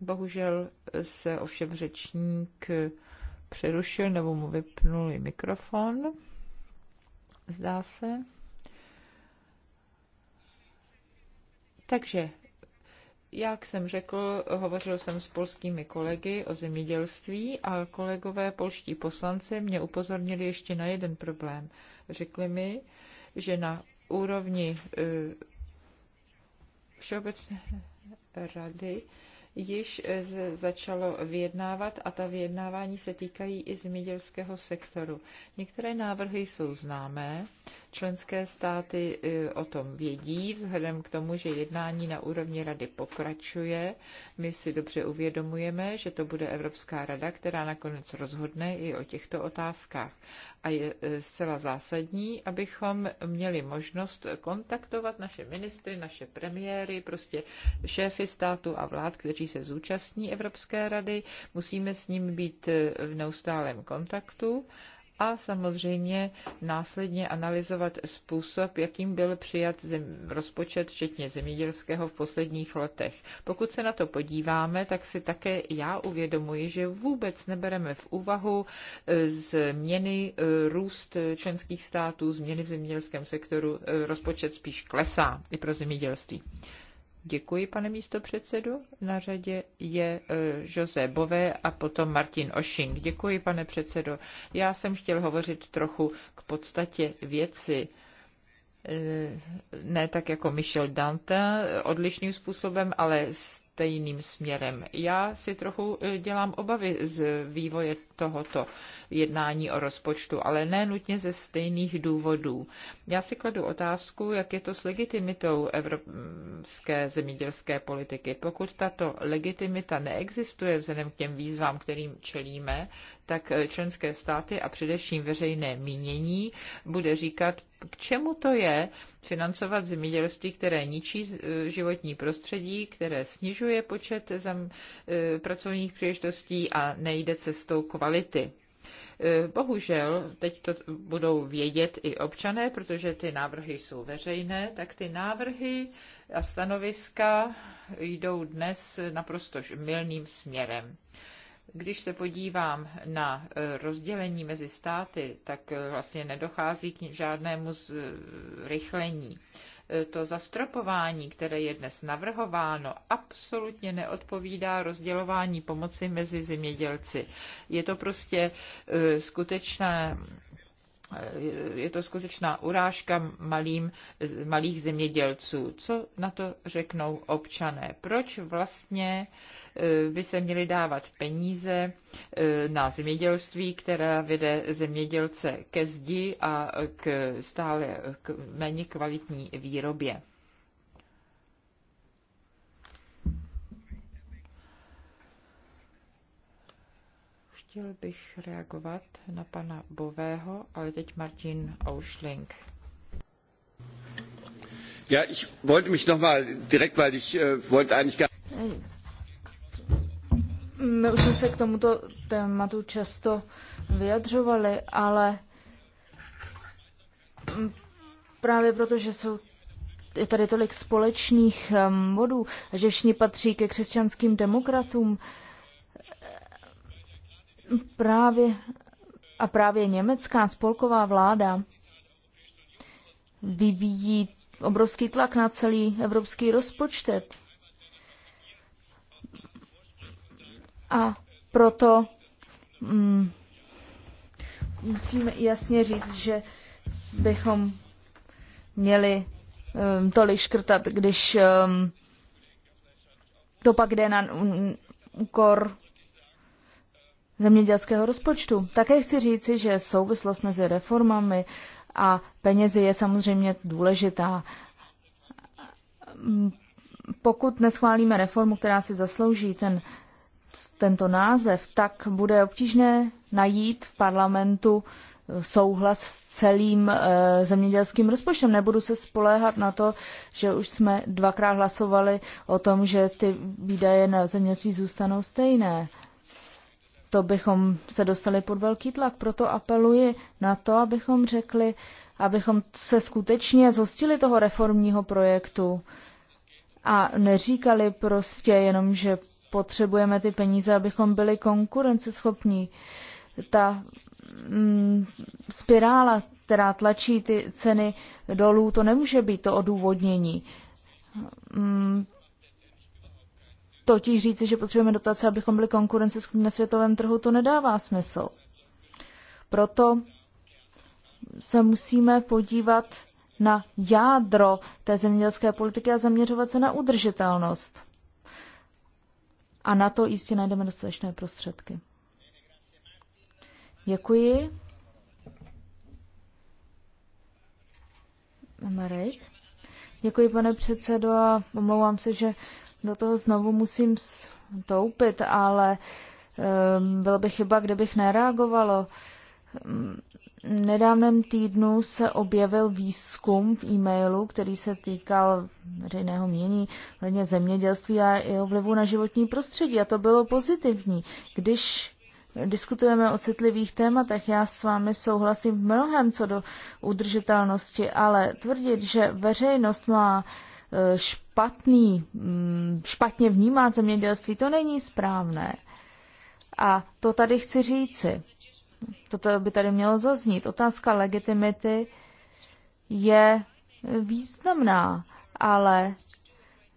bohužel se ovšem řečník přerušil nebo mu vypnuli mikrofon. Zdá se. Takže jak jsem řekl, hovořil jsem s polskými kolegy o zemědělství a kolegové polští poslanci mě upozornili ještě na jeden problém. Řekli mi, že na úrovni e, Všeobecné rady již e, začalo vyjednávat a ta vyjednávání se týkají i zemědělského sektoru. Některé návrhy jsou známé, Členské státy e, o tom vědí, vzhledem k tomu, že jednání na úrovni rady pokračuje. My si dobře uvědomujeme, že to bude Evropská rada, která nakonec rozhodne i o těchto otázkách. A je e, zcela zásadní, abychom měli možnost kontaktovat naše ministry, naše premiéry, prostě šéfy státu a vlád, kteří se zúčastní Evropské rady. Musíme s ním být e, v neustálém kontaktu a samozřejmě následně analyzovat způsob, jakým byl přijat zem, rozpočet, včetně zemědělského v posledních letech. Pokud se na to podíváme, tak si také já uvědomuji, že vůbec nebereme v úvahu e, změny e, růst členských států, změny v zemědělském sektoru, e, rozpočet spíš klesá i pro zemědělství. Děkuji, pane místo předsedu. Na řadě je e, Jose Bové a potom Martin Ošing. Děkuji, pane předsedo. Já jsem chtěl hovořit trochu k podstatě věci e, ne tak jako Michel Dante odlišným způsobem, ale stejným směrem. Já si trochu e, dělám obavy z vývoje tohoto jednání o rozpočtu, ale ne nutně ze stejných důvodů. Já si kladu otázku, jak je to s legitimitou evropské zemědělské politiky. Pokud tato legitimita neexistuje vzhledem k těm výzvám, kterým čelíme, tak členské státy a především veřejné mínění bude říkat, k čemu to je financovat zemědělství, které ničí životní prostředí, které snižuje počet zam, eh, pracovních příležitostí a nejde cestou kvalitní kvality. E, bohužel, teď to budou vědět i občané, protože ty návrhy jsou veřejné, tak ty návrhy a stanoviska jdou dnes naprosto mylným směrem. Když se podívám na e, rozdělení mezi státy, tak e, vlastně nedochází k žádnému zrychlení to zastropování, které je dnes navrhováno, absolutně neodpovídá rozdělování pomoci mezi zemědělci. Je to prostě e, skutečné e, je to skutečná urážka malým, malých zemědělců. Co na to řeknou občané? Proč vlastně uh, Eh, by se měly dávat peníze eh, na zemědělství, která vede zemědělce ke zdi a k stále k méně kvalitní výrobě. chtěl bych reagovat na pana Bového, ale teď Martin Auschling. Ja, ich wollte mich mal direkt, weil ich äh, wollte eigentlich gar my už jsme se k tomuto tématu často vyjadřovali, ale právě proto, že jsou je tady tolik společných bodů, že všichni patří ke křesťanským demokratům, právě a právě německá spolková vláda vyvíjí obrovský tlak na celý evropský rozpočet. A proto mm, musíme jasně říct, že bychom měli um, tolik škrtat, když um, to pak jde na um, úkor zemědělského rozpočtu. Také chci říci, že souvislost mezi reformami a penězi je samozřejmě důležitá. Mm, pokud neschválíme reformu, která si zaslouží ten tento název, tak bude obtížné najít v parlamentu souhlas s celým eh, zemědělským rozpočtem. Nebudu se spoléhat na to, že už jsme dvakrát hlasovali o tom, že ty výdaje na zemědělství zůstanou stejné. To bychom se dostali pod velký tlak. Proto apeluji na to, abychom řekli, abychom se skutečně zhostili toho reformního projektu a neříkali prostě jenom, že potřebujeme ty peníze, abychom byli konkurenceschopní. Ta mm, spirála, která tlačí ty ceny dolů, to nemůže být to odůvodnění. Mm, totiž říci, že potřebujeme dotace, abychom byli konkurenceschopní na světovém trhu, to nedává smysl. Proto se musíme podívat na jádro té zemědělské politiky a zaměřovat se na udržitelnost a na to jistě najdeme dostatečné prostředky. Děkuji. Marek. Děkuji, pane předsedo, a omlouvám se, že do toho znovu musím stoupit, ale um, ehm, bylo by chyba, kdybych nereagovalo. Um, nedávném týdnu se objevil výzkum v e-mailu, který se týkal veřejného mění, hlavně zemědělství a jeho vlivu na životní prostředí. A to bylo pozitivní. Když diskutujeme o citlivých tématech, já s vámi souhlasím v mnohem co do udržitelnosti, ale tvrdit, že veřejnost má e, špatný, mm, špatně vnímá zemědělství, to není správné. A to tady chci říci. Toto by tady mělo zaznít. Otázka legitimity je významná, ale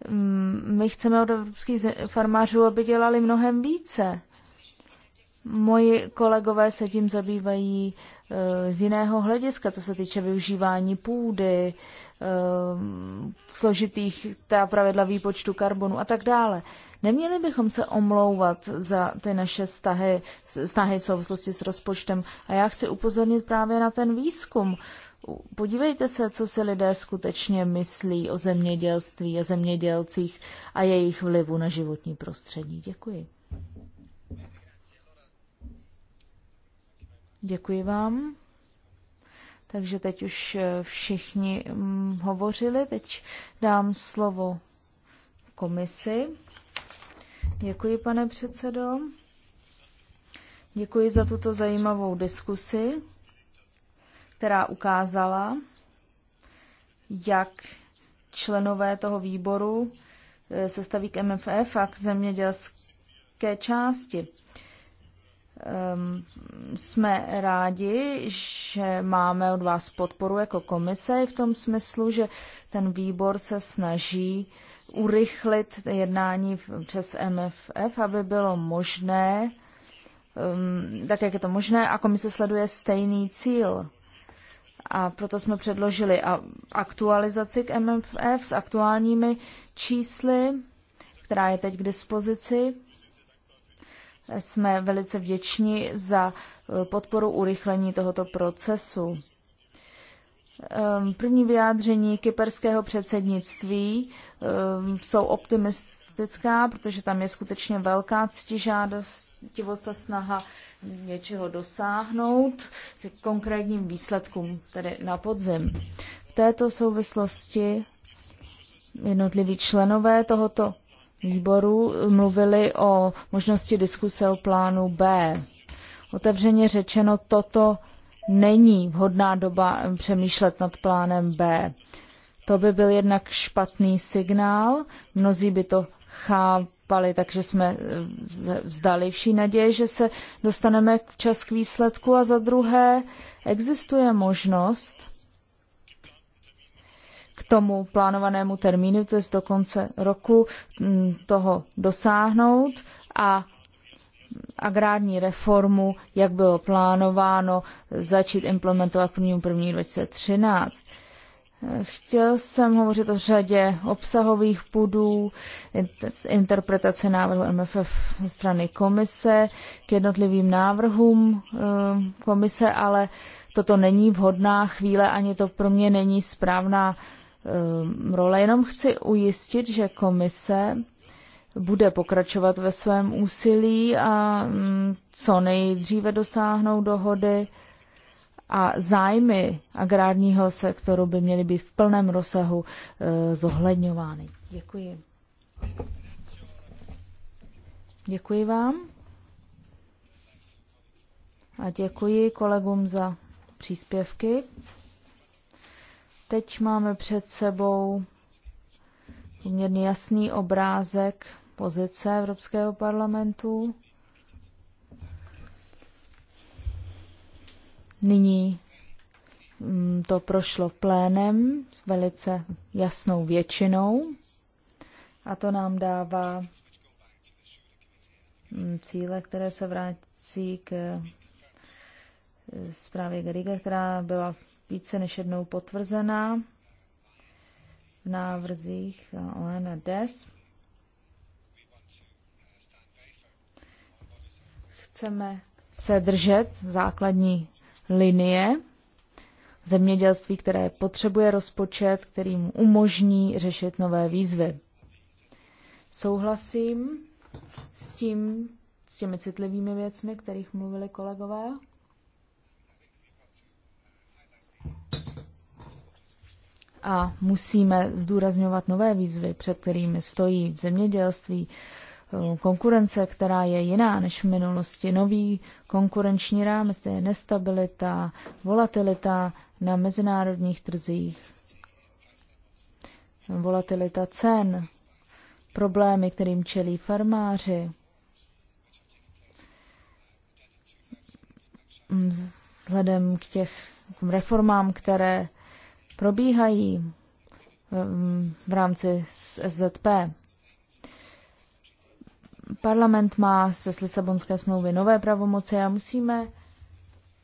mm, my chceme od evropských farmářů, aby dělali mnohem více. Moji kolegové se tím zabývají e, z jiného hlediska, co se týče využívání půdy, e, složitých ta pravidla výpočtu karbonu a tak dále. Neměli bychom se omlouvat za ty naše stahy, stahy v souvislosti s rozpočtem. A já chci upozornit právě na ten výzkum. Podívejte se, co si lidé skutečně myslí o zemědělství a zemědělcích a jejich vlivu na životní prostředí. Děkuji. Děkuji vám. Takže teď už eh, všichni mm, hovořili, teď dám slovo komisi. Děkuji, pane předsedo. Děkuji za tuto zajímavou diskusi, která ukázala, jak členové toho výboru eh, se staví k MFF a k zemědělské části. Um, jsme rádi, že máme od vás podporu jako komise v tom smyslu, že ten výbor se snaží urychlit jednání přes MFF, aby bylo možné, um, tak jak je to možné, a komise sleduje stejný cíl. A proto jsme předložili aktualizaci k MFF s aktuálními čísly, která je teď k dispozici jsme velice vděční za eh, podporu urychlení tohoto procesu. Ehm, první vyjádření kyperského předsednictví ehm, jsou optimistická, protože tam je skutečně velká ctižádostivost a snaha něčeho dosáhnout k konkrétním výsledkům, tedy na podzim. V této souvislosti jednotliví členové tohoto výboru mluvili o možnosti diskuse o plánu B. Otevřeně řečeno, toto není vhodná doba přemýšlet nad plánem B. To by byl jednak špatný signál, mnozí by to chápali, takže jsme eh, vzdali vší naděje, že se dostaneme včas k výsledku a za druhé existuje možnost, k tomu plánovanému termínu, to je do konce roku, mm, toho dosáhnout a agrární reformu, jak bylo plánováno, začít implementovat k 2013. Chtěl jsem hovořit o řadě obsahových půdů, interpretace návrhu MFF strany komise k jednotlivým návrhům ehm, komise, ale toto není vhodná chvíle, ani to pro mě není správná Ehm, role. Jenom chci ujistit, že komise bude pokračovat ve svém úsilí a mm, co nejdříve dosáhnou dohody a zájmy agrárního sektoru by měly být v plném rozsahu e, zohledňovány. Děkuji. Děkuji vám a děkuji kolegům za příspěvky. Teď máme před sebou poměrně jasný obrázek pozice Evropského parlamentu. Nyní mm, to prošlo plénem s velice jasnou většinou a to nám dává mm, cíle, které se vrátí k e, zprávě Gariga, která byla více než jednou potvrzená v návrzích ON DES. Chceme se držet základní linie zemědělství, které potřebuje rozpočet, který mu umožní řešit nové výzvy. Souhlasím s tím, s těmi citlivými věcmi, kterých mluvili kolegové. a musíme zdůrazňovat nové výzvy, před kterými stojí v zemědělství, eh, konkurence, která je jiná než v minulosti, nový konkurenční rámec, to je nestabilita, volatilita na mezinárodních trzích, volatilita cen, problémy, kterým čelí farmáři, mm, vzhledem k těch reformám, které probíhají ehm, v rámci SZP. Parlament má se s Lisabonské smlouvy nové pravomoci a musíme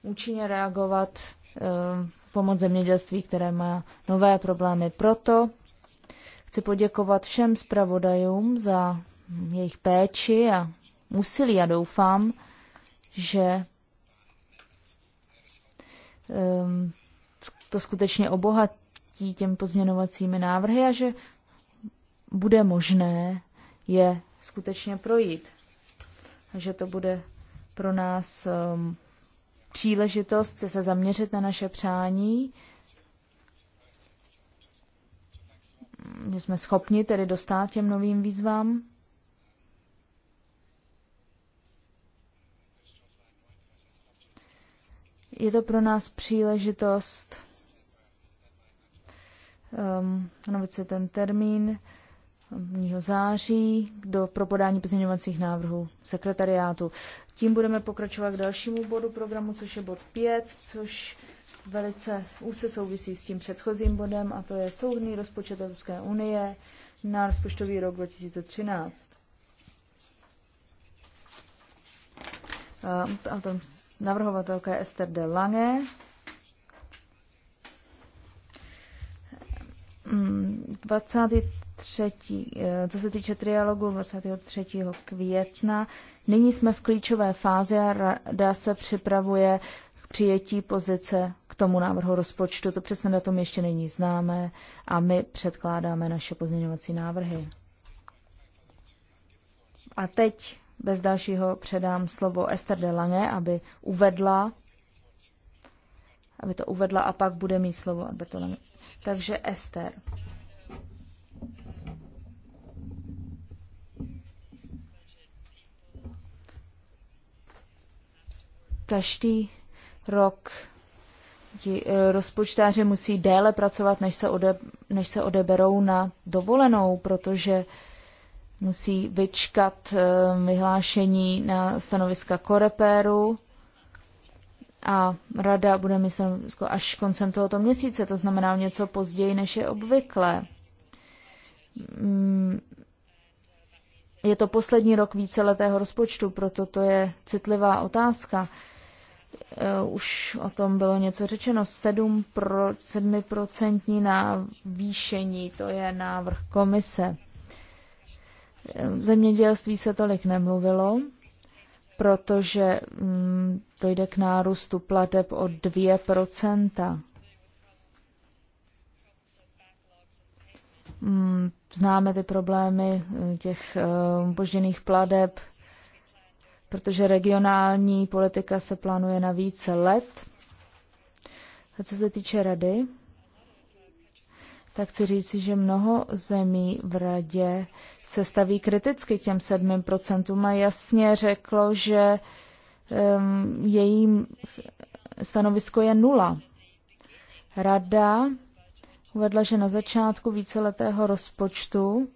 účinně reagovat ehm, pomoc zemědělství, které má nové problémy. Proto chci poděkovat všem zpravodajům za jejich péči a úsilí a doufám, že ehm, to skutečně obohatí těm pozměnovacími návrhy a že bude možné je skutečně projít. A že to bude pro nás um, příležitost se zaměřit na naše přání, že jsme schopni tedy dostat těm novým výzvám. Je to pro nás příležitost um, se ten termín 1. září do, pro podání pozměňovacích návrhů sekretariátu. Tím budeme pokračovat k dalšímu bodu programu, což je bod 5, což velice úzce souvisí s tím předchozím bodem, a to je souhrný rozpočet Evropské unie na rozpočtový rok 2013. A tam navrhovatelka je Esther de Lange. 23. Eh, co se týče trialogu 23. května, nyní jsme v klíčové fázi a rada se připravuje k přijetí pozice k tomu návrhu rozpočtu. To přesně tom ještě není známé a my předkládáme naše pozměňovací návrhy. A teď bez dalšího předám slovo Esther de Lange, aby uvedla aby to uvedla a pak bude mít slovo Albertolami. Takže Ester. Každý rok ti eh, rozpočtáři musí déle pracovat, než se, ode, než se odeberou na dovolenou, protože musí vyčkat eh, vyhlášení na stanoviska korepéru a rada bude myslím jako až koncem tohoto měsíce, to znamená něco později, než je obvykle. Mm. Je to poslední rok víceletého rozpočtu, proto to je citlivá otázka. E, už o tom bylo něco řečeno. 7 pro, 7% navýšení, to je návrh komise. E, v zemědělství se tolik nemluvilo protože mm, dojde k nárůstu plateb o 2 mm, Známe ty problémy eh, těch božděných eh, plateb, protože regionální politika se plánuje na více let. A co se týče rady, tak chci říct, že mnoho zemí v radě se staví kriticky k těm 7% a jasně řeklo, že um, její stanovisko je nula. Rada uvedla, že na začátku víceletého rozpočtu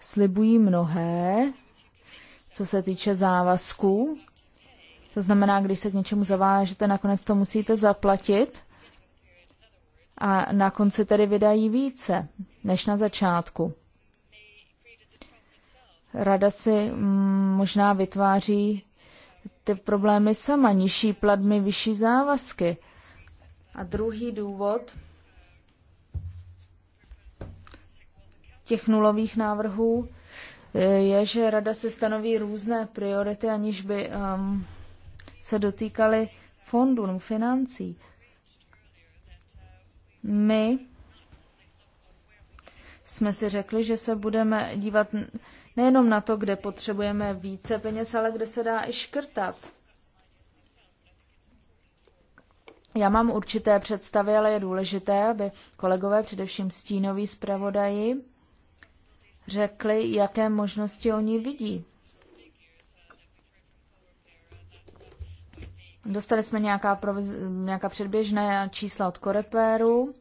slibují mnohé, co se týče závazků. To znamená, když se k něčemu zavážete, nakonec to musíte zaplatit a na konci tedy vydají více než na začátku. Rada si mm, možná vytváří ty problémy sama, nižší platmy, vyšší závazky. A druhý důvod těch nulových návrhů e, je, že rada se stanoví různé priority, aniž by um, se dotýkaly fondů, financí. My jsme si řekli, že se budeme dívat nejenom na to, kde potřebujeme více peněz, ale kde se dá i škrtat. Já mám určité představy, ale je důležité, aby kolegové, především stínoví zpravodaji, řekli, jaké možnosti oni vidí. Dostali jsme nějaká, proviz- nějaká předběžná čísla od Korepéru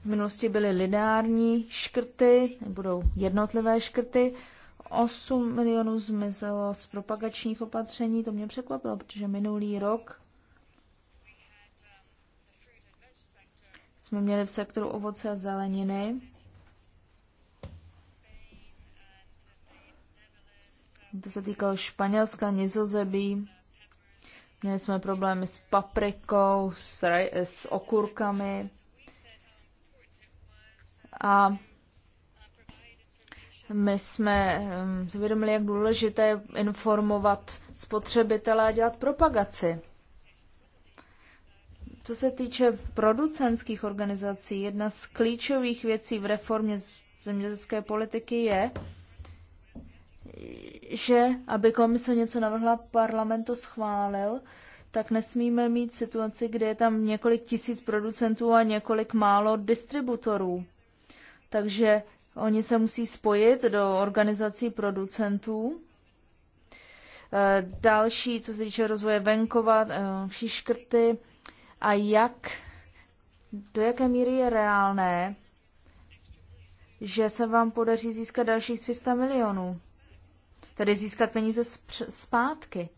v minulosti byly lineární škrty, budou jednotlivé škrty. 8 milionů zmizelo z propagačních opatření, to mě překvapilo, protože minulý rok jsme měli v sektoru ovoce a zeleniny. To se týkalo Španělska, Nizozemí, Měli jsme problémy s paprikou, s, raj, s okurkami. A my jsme zvědomili, ehm, jak důležité je informovat spotřebitele a dělat propagaci. Co se týče producenských organizací, jedna z klíčových věcí v reformě zemědělské politiky je, že aby komise něco navrhla, parlament to schválil, tak nesmíme mít situaci, kde je tam několik tisíc producentů a několik málo distributorů. Takže oni se musí spojit do organizací producentů. E, další, co se týče rozvoje venkova, e, vší škrty a jak, do jaké míry je reálné, že se vám podaří získat dalších 300 milionů tedy získat peníze zpátky.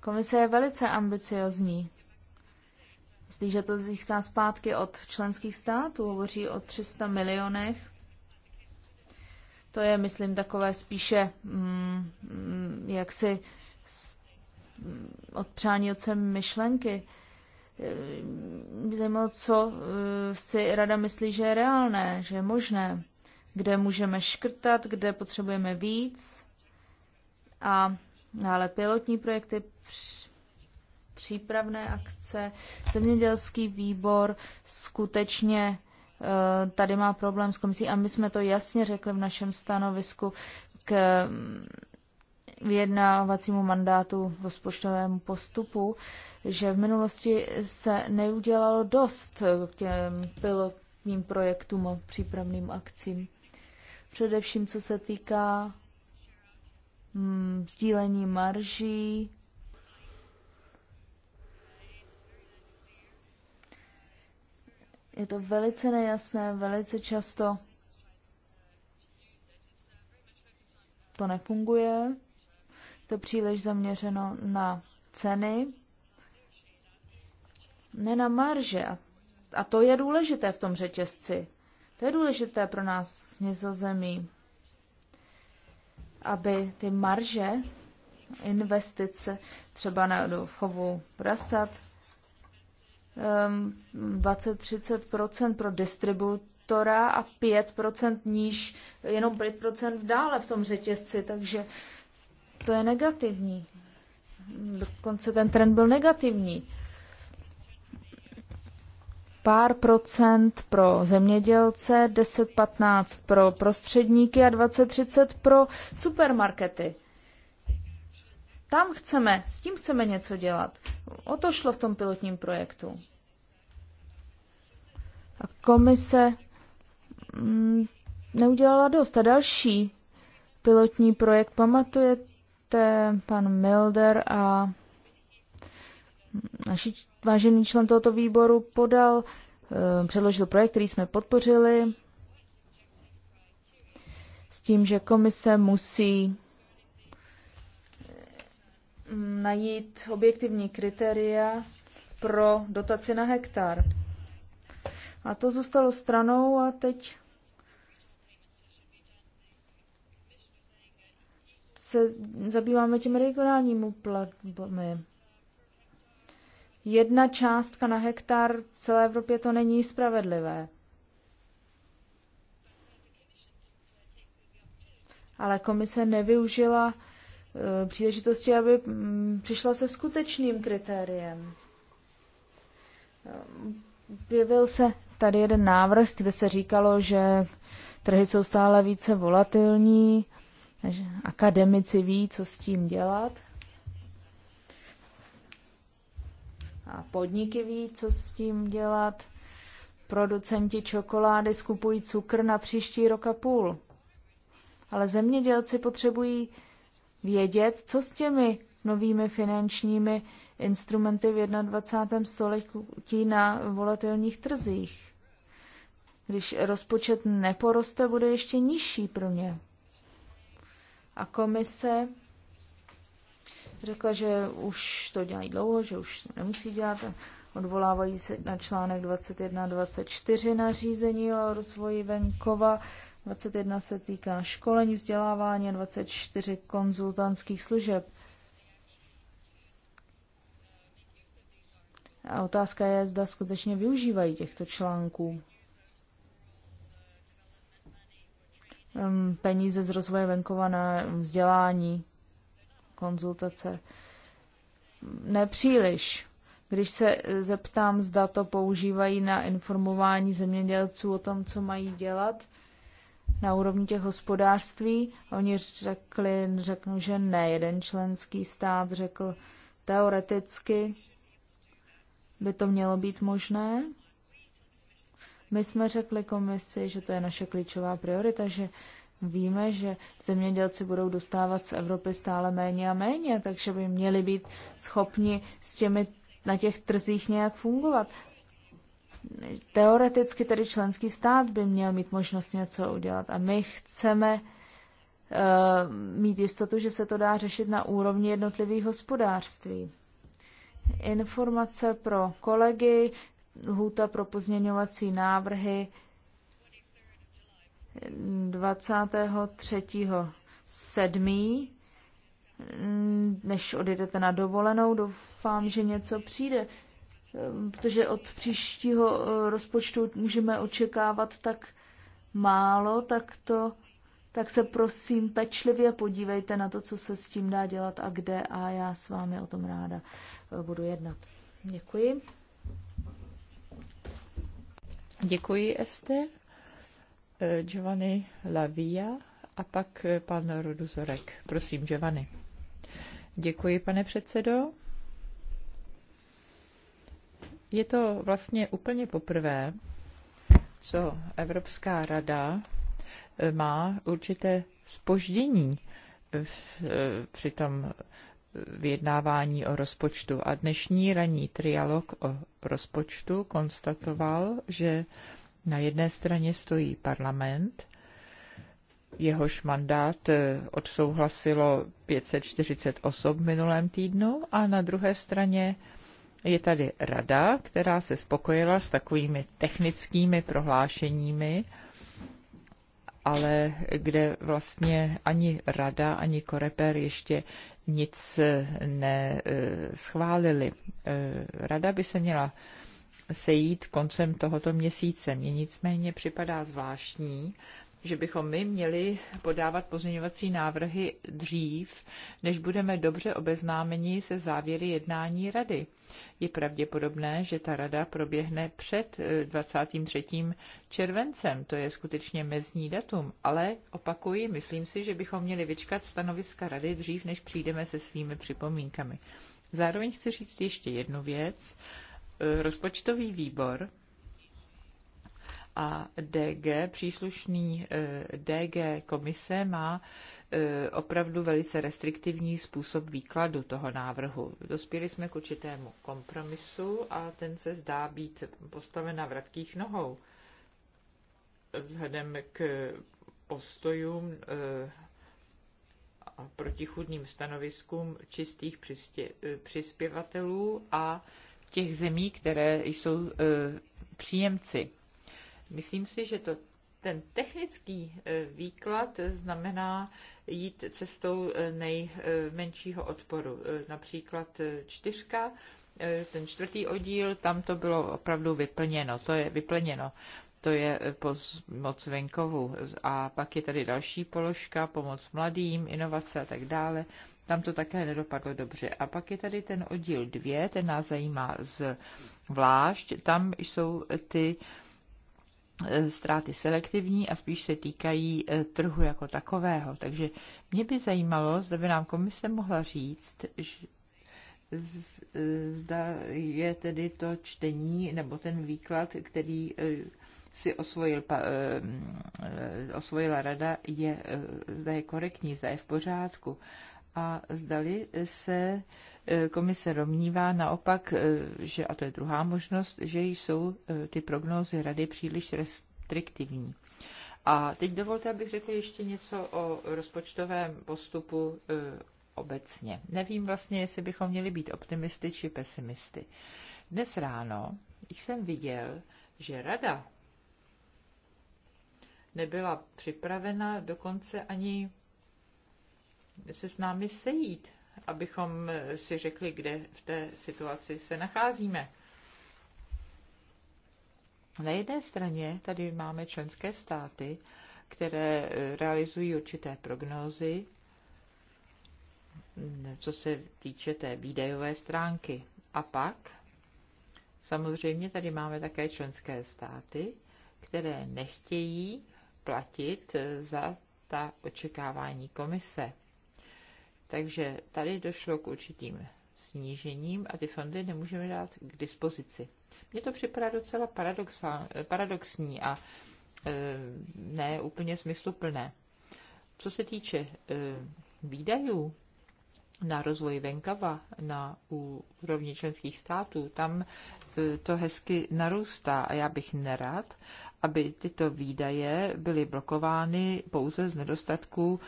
Komise je velice ambiciozní. Myslí, že to získá zpátky od členských států, hovoří o 300 milionech. To je, myslím, takové spíše mm, mm jaksi mm, od od sem myšlenky. Zajímalo, co e, si rada myslí, že je reálné, že je možné kde můžeme škrtat, kde potřebujeme víc. A ale pilotní projekty, přípravné akce. Zemědělský výbor skutečně eh, tady má problém s komisí a my jsme to jasně řekli v našem stanovisku k mm, vyjednávacímu mandátu rozpočtovému postupu, že v minulosti se neudělalo dost k těm pilotním projektům a přípravným akcím především co se týká hmm, sdílení marží, je to velice nejasné, velice často to nefunguje. To příliš zaměřeno na ceny, ne na marže. A to je důležité v tom řetězci. To je důležité pro nás v Nizozemí, aby ty marže, investice třeba na do chovu prasat, 20-30% ehm, pro distributora a 5% níž, jenom 5% dále v tom řetězci, takže to je negativní. Dokonce ten trend byl negativní pár procent pro zemědělce, 10-15 pro prostředníky a 20-30 pro supermarkety. Tam chceme, s tím chceme něco dělat. O to šlo v tom pilotním projektu. A komise mm, neudělala dost. A další pilotní projekt, pamatujete, pan Milder a naši vážený člen tohoto výboru podal, eh, předložil projekt, který jsme podpořili, s tím, že komise musí eh, najít objektivní kritéria pro dotaci na hektar. A to zůstalo stranou a teď se zabýváme těmi regionálními platbami jedna částka na hektar v celé Evropě to není spravedlivé. Ale komise nevyužila e, příležitosti, aby mm, přišla se skutečným kritériem. E, objevil se tady jeden návrh, kde se říkalo, že trhy jsou stále více volatilní, že akademici ví, co s tím dělat. A podniky ví, co s tím dělat. Producenti čokolády skupují cukr na příští rok a půl. Ale zemědělci potřebují vědět, co s těmi novými finančními instrumenty v 21. století na volatilních trzích. Když rozpočet neporoste, bude ještě nižší pro ně. A komise řekla, že už to dělají dlouho, že už nemusí dělat. Odvolávají se na článek 21-24 nařízení o rozvoji venkova. 21 se týká školení, vzdělávání, 24 konzultantských služeb. A otázka je, zda skutečně využívají těchto článků. Ehm, peníze z rozvoje venkova na vzdělání, konzultace. Nepříliš. Když se zeptám, zda to používají na informování zemědělců o tom, co mají dělat na úrovni těch hospodářství, oni řekli, řeknu, že ne. Jeden členský stát řekl, teoreticky by to mělo být možné, my jsme řekli komisi, že to je naše klíčová priorita, že Víme, že zemědělci budou dostávat z Evropy stále méně a méně, takže by měli být schopni s těmi na těch trzích nějak fungovat. Teoreticky tedy členský stát by měl mít možnost něco udělat a my chceme eh, mít jistotu, že se to dá řešit na úrovni jednotlivých hospodářství. Informace pro kolegy, lhůta pro pozměňovací návrhy 23. 7. Než odjedete na dovolenou, doufám, že něco přijde, protože od příštího eh, rozpočtu můžeme očekávat tak málo, tak to tak se prosím pečlivě podívejte na to, co se s tím dá dělat a kde a já s vámi o tom ráda eh, budu jednat. Děkuji. Děkuji, Ester. Eh, Giovanni Lavia a pak eh, pan Ruduzorek. Prosím, Giovanni. Děkuji, pane předsedo. Je to vlastně úplně poprvé, co Evropská rada eh, má určité spoždění v, při tom vyjednávání o rozpočtu. A dnešní ranní trialog o rozpočtu konstatoval, že na jedné straně stojí parlament, jehož mandát eh, odsouhlasilo 540 osob v minulém týdnu a na druhé straně je tady rada, která se spokojila s takovými technickými prohlášeními, ale kde vlastně ani rada, ani koreper ještě nic eh, neschválili. Eh, rada by se měla sejít koncem tohoto měsíce. Mně nicméně připadá zvláštní, že bychom my měli podávat pozměňovací návrhy dřív, než budeme dobře obeznámeni se závěry jednání rady. Je pravděpodobné, že ta rada proběhne před 23. Eh, červencem, to je skutečně mezní datum, ale opakuji, myslím si, že bychom měli vyčkat stanoviska rady dřív, než přijdeme se svými připomínkami. Zároveň chci říct ještě jednu věc, rozpočtový výbor a DG, příslušný eh, DG komise má eh, opravdu velice restriktivní způsob výkladu toho návrhu. Dospěli jsme k určitému kompromisu a ten se zdá být postaven na vratkých nohou. Vzhledem k postojům eh, a protichudným stanoviskům čistých přispěvatelů a těch zemí, které jsou e, příjemci. Myslím si, že to ten technický e, výklad znamená jít cestou e, nejmenšího odporu. Například čtyřka, ten čtvrtý oddíl, tam to bylo opravdu vyplněno, to je vyplněno to je eh, pomoc venkovu. A pak je tady další položka, pomoc mladým, inovace a tak dále. Tam to také nedopadlo dobře. A pak je tady ten oddíl dvě ten nás zajímá zvlášť. Tam jsou eh, ty eh, ztráty selektivní a spíš se týkají trhu jako takového. Takže mě by zajímalo, zda by nám komise mohla říct, zda je tedy to čtení nebo ten výklad, který eh, si osvojil, eh, mm, eh, osvojila rada, je, zda je korektní, zda je v pořádku. A zdali se komise domnívá naopak, že, a to je druhá možnost, že jsou ty prognózy rady příliš restriktivní. A teď dovolte, abych řekl ještě něco o rozpočtovém postupu obecně. Nevím vlastně, jestli bychom měli být optimisty či pesimisty. Dnes ráno jsem viděl, že rada nebyla připravena dokonce ani se s námi sejít, abychom si řekli, kde v té situaci se nacházíme. Na jedné straně tady máme členské státy, které realizují určité prognózy co se týče té výdajové stránky. A pak samozřejmě tady máme také členské státy, které nechtějí platit eh, za ta očekávání komise. Takže tady došlo k určitým snížením a ty fondy nemůžeme dát k dispozici. Mně to připadá docela eh, paradoxní a e, ne úplně smysluplné. Co se týče e, výdajů, na rozvoj venkava na úrovni členských států, tam e, to hezky narůstá a já bych nerad, aby tyto výdaje byly blokovány pouze z nedostatku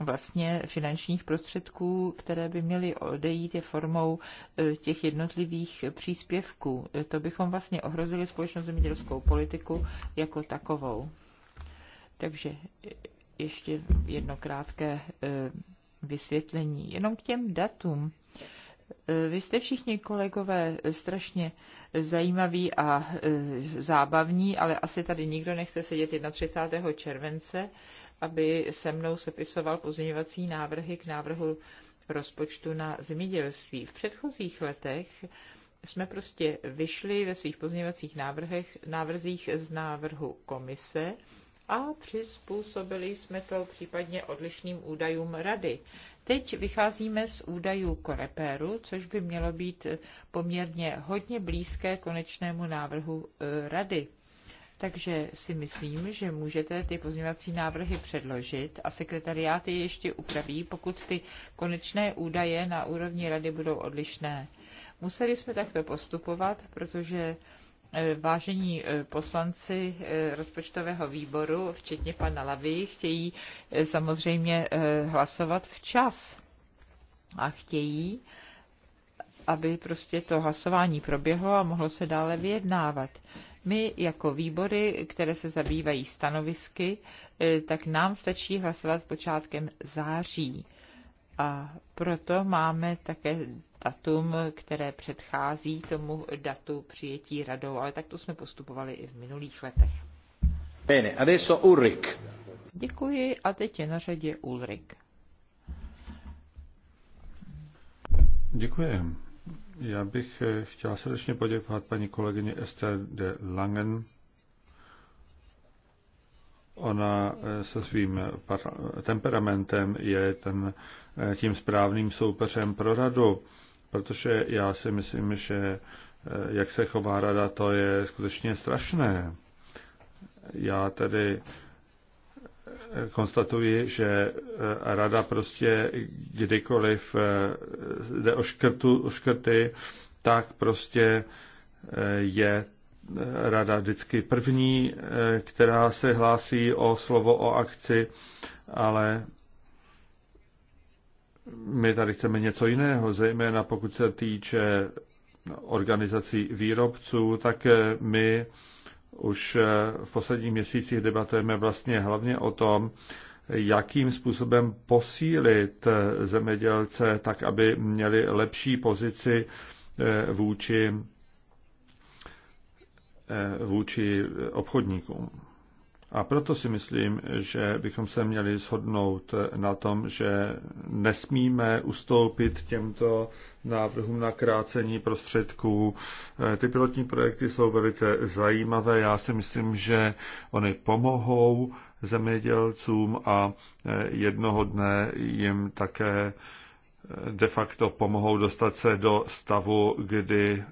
vlastně finančních prostředků, které by měly odejít je formou e, těch jednotlivých příspěvků. E, to bychom vlastně ohrozili společnou zemědělskou politiku jako takovou. Takže ještě jedno krátké vysvětlení. Jenom k těm datům. E, vy jste všichni kolegové strašně zajímaví a e, zábavní, ale asi tady nikdo nechce sedět 31. července, aby se mnou sepisoval pozměňovací návrhy k návrhu rozpočtu na zemědělství. V předchozích letech jsme prostě vyšli ve svých pozměňovacích návrzích z návrhu komise a přizpůsobili jsme to případně odlišným údajům rady. Teď vycházíme z údajů Koreperu, což by mělo být poměrně hodně blízké konečnému návrhu e, rady. Takže si myslím, že můžete ty pozměňovací návrhy předložit a sekretariát je ještě upraví, pokud ty konečné údaje na úrovni rady budou odlišné. Museli jsme takto postupovat, protože Eh, vážení eh, poslanci eh, rozpočtového výboru, včetně pana Lavy, chtějí samozřejmě hlasovat včas a chtějí, aby prostě to hlasování proběhlo a mohlo se dále vyjednávat. My jako výbory, které se zabývají stanovisky, tak nám stačí hlasovat počátkem září. A proto máme také datum, které předchází tomu datu přijetí radou, ale takto jsme postupovali i v minulých letech. Bene, adesso Ulrik. Děkuji a teď je na řadě Ulrik. Děkuji. Já bych eh, chtěl srdečně poděkovat paní kolegyni Esther de Langen. Ona eh, se svým temperamentem je ten Eh, tím správným soupeřem pro radu, protože já si myslím, že eh, jak se chová rada, to je skutečně strašné. Já tedy eh, konstatuji, že rada prostě kdykoliv jde o, škrtu, o škrty, tak prostě je rada vždycky první, která se hlásí o slovo o akci, ale my tady chceme něco jiného, zejména pokud se týče organizací výrobců, tak my už v posledních měsících debatujeme vlastně hlavně o tom, jakým způsobem posílit zemědělce tak, aby měli lepší pozici vůči, vůči obchodníkům. A proto si myslím, že bychom se měli shodnout na tom, že nesmíme ustoupit těmto návrhům na krácení prostředků. Ty pilotní projekty jsou velice zajímavé. Já si myslím, že oni pomohou zemědělcům a jednoho dne jim také de facto pomohou dostat se do stavu, kdy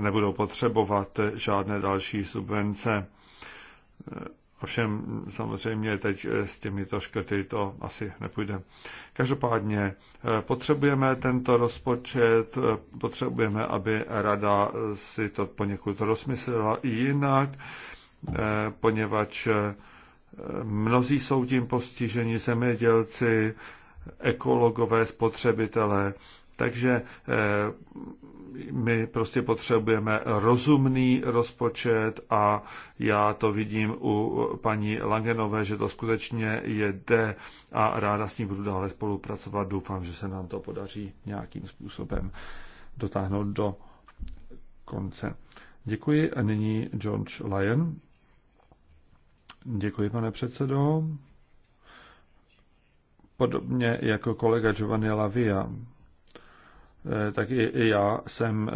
nebudou potřebovat žádné další subvence Ovšem samozřejmě teď eh, s těmito škrty to asi nepůjde. Každopádně eh, potřebujeme tento rozpočet, eh, potřebujeme, aby rada si to poněkud rozmyslela jinak, poněvadž mnozí jsou tím postiženi zemědělci, ekologové, spotřebitelé. Takže my prostě potřebujeme rozumný rozpočet a já to vidím u paní Langenové, že to skutečně je d. a ráda s ní budu dále spolupracovat. Doufám, že se nám to podaří nějakým způsobem dotáhnout do konce. Děkuji a nyní George Lyon. Děkuji, pane předsedo. Podobně jako kolega Giovanni Lavia, Eh, tak i já jsem eh,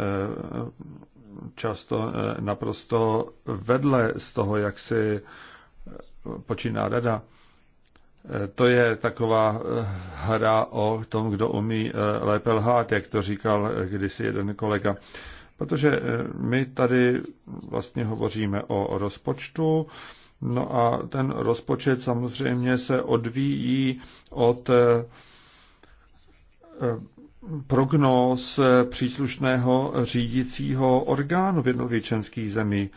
často eh, naprosto vedle z toho, jak si počíná rada. To je taková hra o tom, kdo umí lépe lhát, jak to říkal kdysi jeden kolega. Protože my tady vlastně hovoříme o rozpočtu, no a ten rozpočet samozřejmě se odvíjí od prognóz eh, příslušného řídícího orgánu v jednotlivých členských zemí.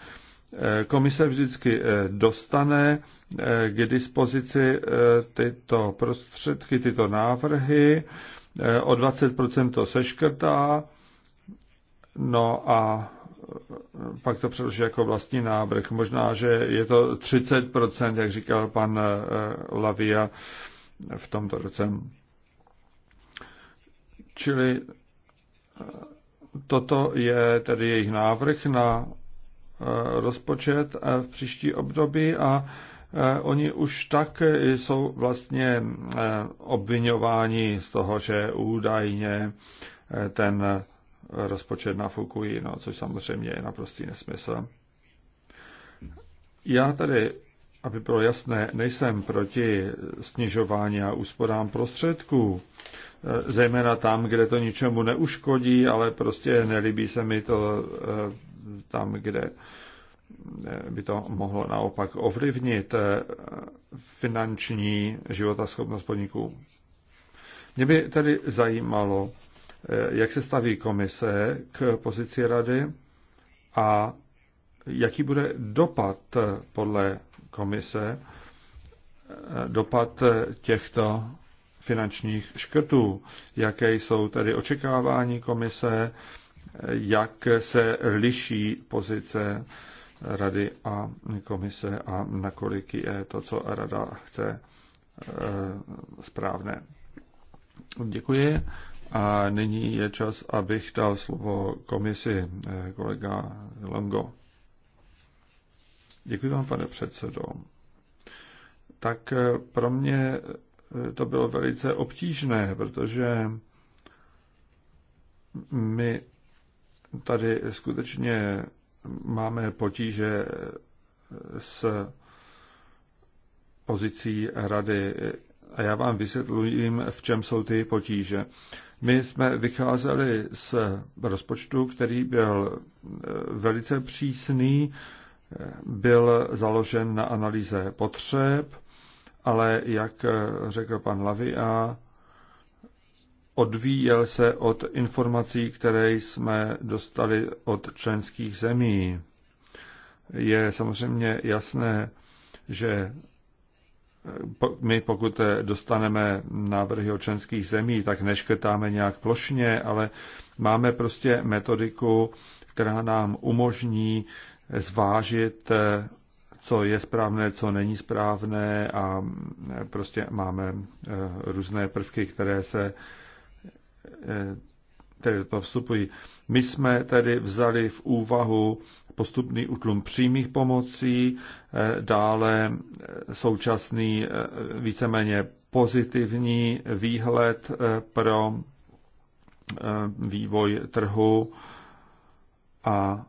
Eh, komise vždycky eh, dostane k dispozici tyto prostředky, tyto návrhy, o 20% to seškrtá, no a pak to předloží jako vlastní návrh. Možná, že je to 30%, jak říkal pan Lavia v tomto roce. Čili eh, toto je tedy jejich návrh na eh, rozpočet eh, v příští období a oni už tak jsou vlastně obvinováni z toho, že údajně ten rozpočet nafukují, no, což samozřejmě je naprostý nesmysl. Já tady, aby bylo jasné, nejsem proti snižování a úsporám prostředků. Eh, zejména tam, kde to ničemu neuškodí, ale prostě nelíbí se mi to eh, tam, kde eh, by to mohlo naopak ovlivnit finanční životaschopnost podniků. Mě by tedy zajímalo, jak se staví komise k pozici rady a jaký bude dopad podle komise, dopad těchto finančních škrtů. Jaké jsou tedy očekávání komise, jak se liší pozice rady a komise a nakolik je to, co rada chce eh, správné. Děkuji. A nyní je čas, abych dal slovo komisi eh, kolega Longo. Děkuji vám, pane předsedo. Tak eh, pro mě to bylo velice obtížné, protože my tady skutečně máme potíže s pozicí rady. A já vám vysvětluji, v čem jsou ty potíže. My jsme vycházeli z rozpočtu, který byl eh, velice přísný, eh, byl založen na analýze potřeb, ale jak eh, řekl pan a odvíjel se od informací, které jsme dostali od členských zemí. Je samozřejmě jasné, že eh, my pokud eh, dostaneme návrhy od členských zemí, tak neškrtáme nějak plošně, ale máme prostě metodiku, která nám umožní zvážit co je správné, co není správné a prostě máme eh, různé prvky, které se eh, které do toho vstupují. My jsme tedy vzali v úvahu postupný útlum přímých pomocí, eh, dále současný víceméně pozitivní výhled pro vývoj trhu a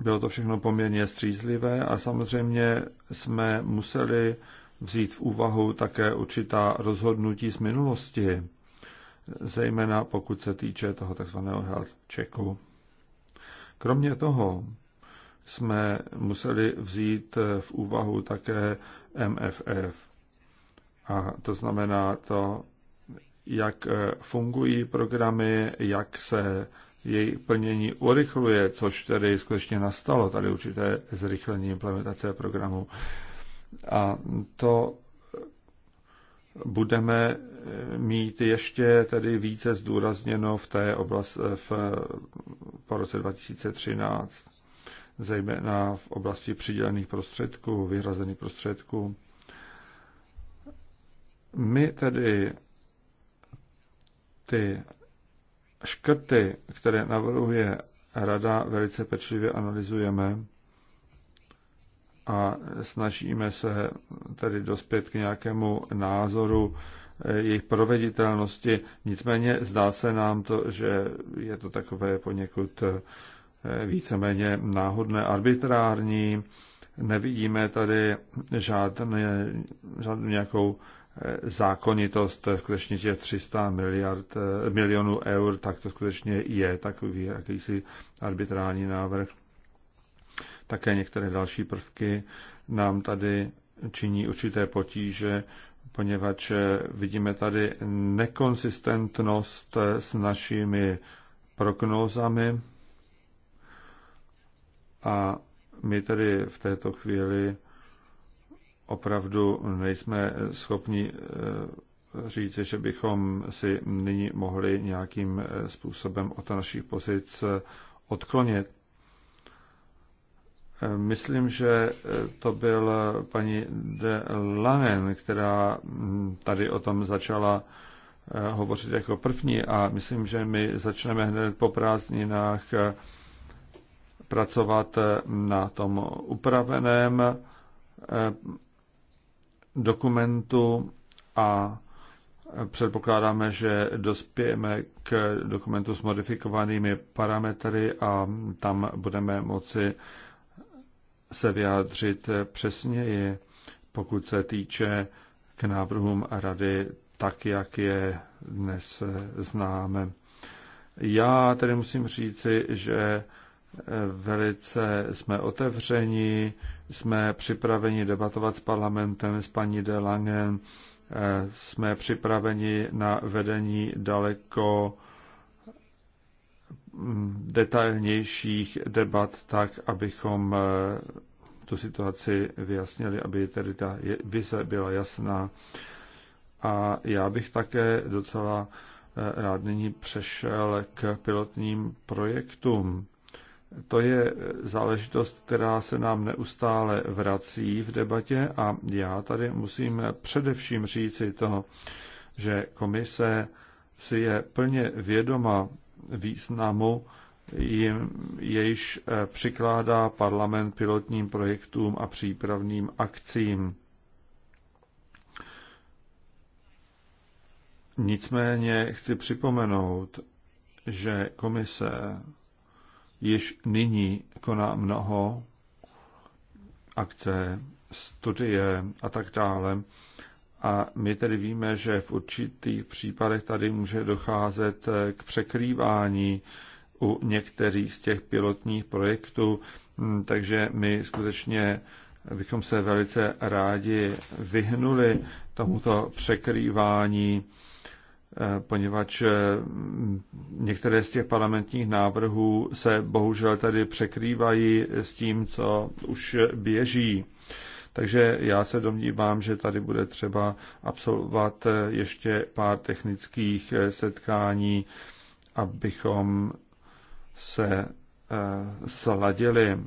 bylo to všechno poměrně střízlivé a samozřejmě jsme museli vzít v úvahu také určitá rozhodnutí z minulosti, zejména pokud se týče toho tzv. health checku. Kromě toho jsme museli vzít v úvahu také MFF. A to znamená to, jak fungují programy, jak se její plnění urychluje, což tedy skutečně nastalo, tady určité zrychlení implementace programu. A to budeme mít ještě tedy více zdůrazněno v té oblast v, po roce 2013, zejména v oblasti přidělených prostředků, vyhrazených prostředků. My tedy ty Škrty, které navrhuje rada, velice pečlivě analyzujeme a snažíme se tedy dospět k nějakému názoru jejich proveditelnosti. Nicméně zdá se nám to, že je to takové poněkud eh, víceméně náhodné, arbitrární. Nevidíme tady žádné, žádnou nějakou zákonitost skutečně těch 300 miliard, eh, milionů eur, tak to skutečně je takový jakýsi arbitrální návrh. Také některé další prvky nám tady činí určité potíže, poněvadž eh, vidíme tady nekonsistentnost eh, s našimi prognózami a my tedy v této chvíli opravdu nejsme schopni eh, říct, že bychom si nyní mohli nějakým eh, způsobem od našich pozic eh, odklonit. Myslím, že to byl paní de Langen, která hm, tady o tom začala hovořit jako první a myslím, že my začneme hned po prázdninách pracovat na tom upraveném dokumentu a předpokládáme, že dospějeme k dokumentu s modifikovanými parametry a tam budeme moci se vyjádřit přesněji, pokud se týče k návrhům rady tak, jak je dnes známe. Já tedy musím říci, že velice jsme otevřeni, jsme připraveni debatovat s parlamentem, s paní de Lange, eh, jsme připraveni na vedení daleko mm, detailnějších debat tak, abychom eh, tu situaci vyjasnili, aby tedy ta vize byla jasná. A já bych také docela eh, rád nyní přešel k pilotním projektům. To je záležitost, která se nám neustále vrací v debatě a já tady musím především říci to, že komise si je plně vědoma významu, jim, jejíž eh, přikládá parlament pilotním projektům a přípravným akcím. Nicméně chci připomenout, že komise již nyní koná mnoho akce, studie a tak dále. A my tedy víme, že v určitých případech tady může docházet k překrývání u některých z těch pilotních projektů, hm, takže my skutečně bychom se velice rádi vyhnuli tomuto překrývání Eh, poněvadž eh, některé z těch parlamentních návrhů se bohužel tady překrývají s tím, co už běží. Takže já se domnívám, že tady bude třeba absolvovat eh, ještě pár technických setkání, abychom se sladili.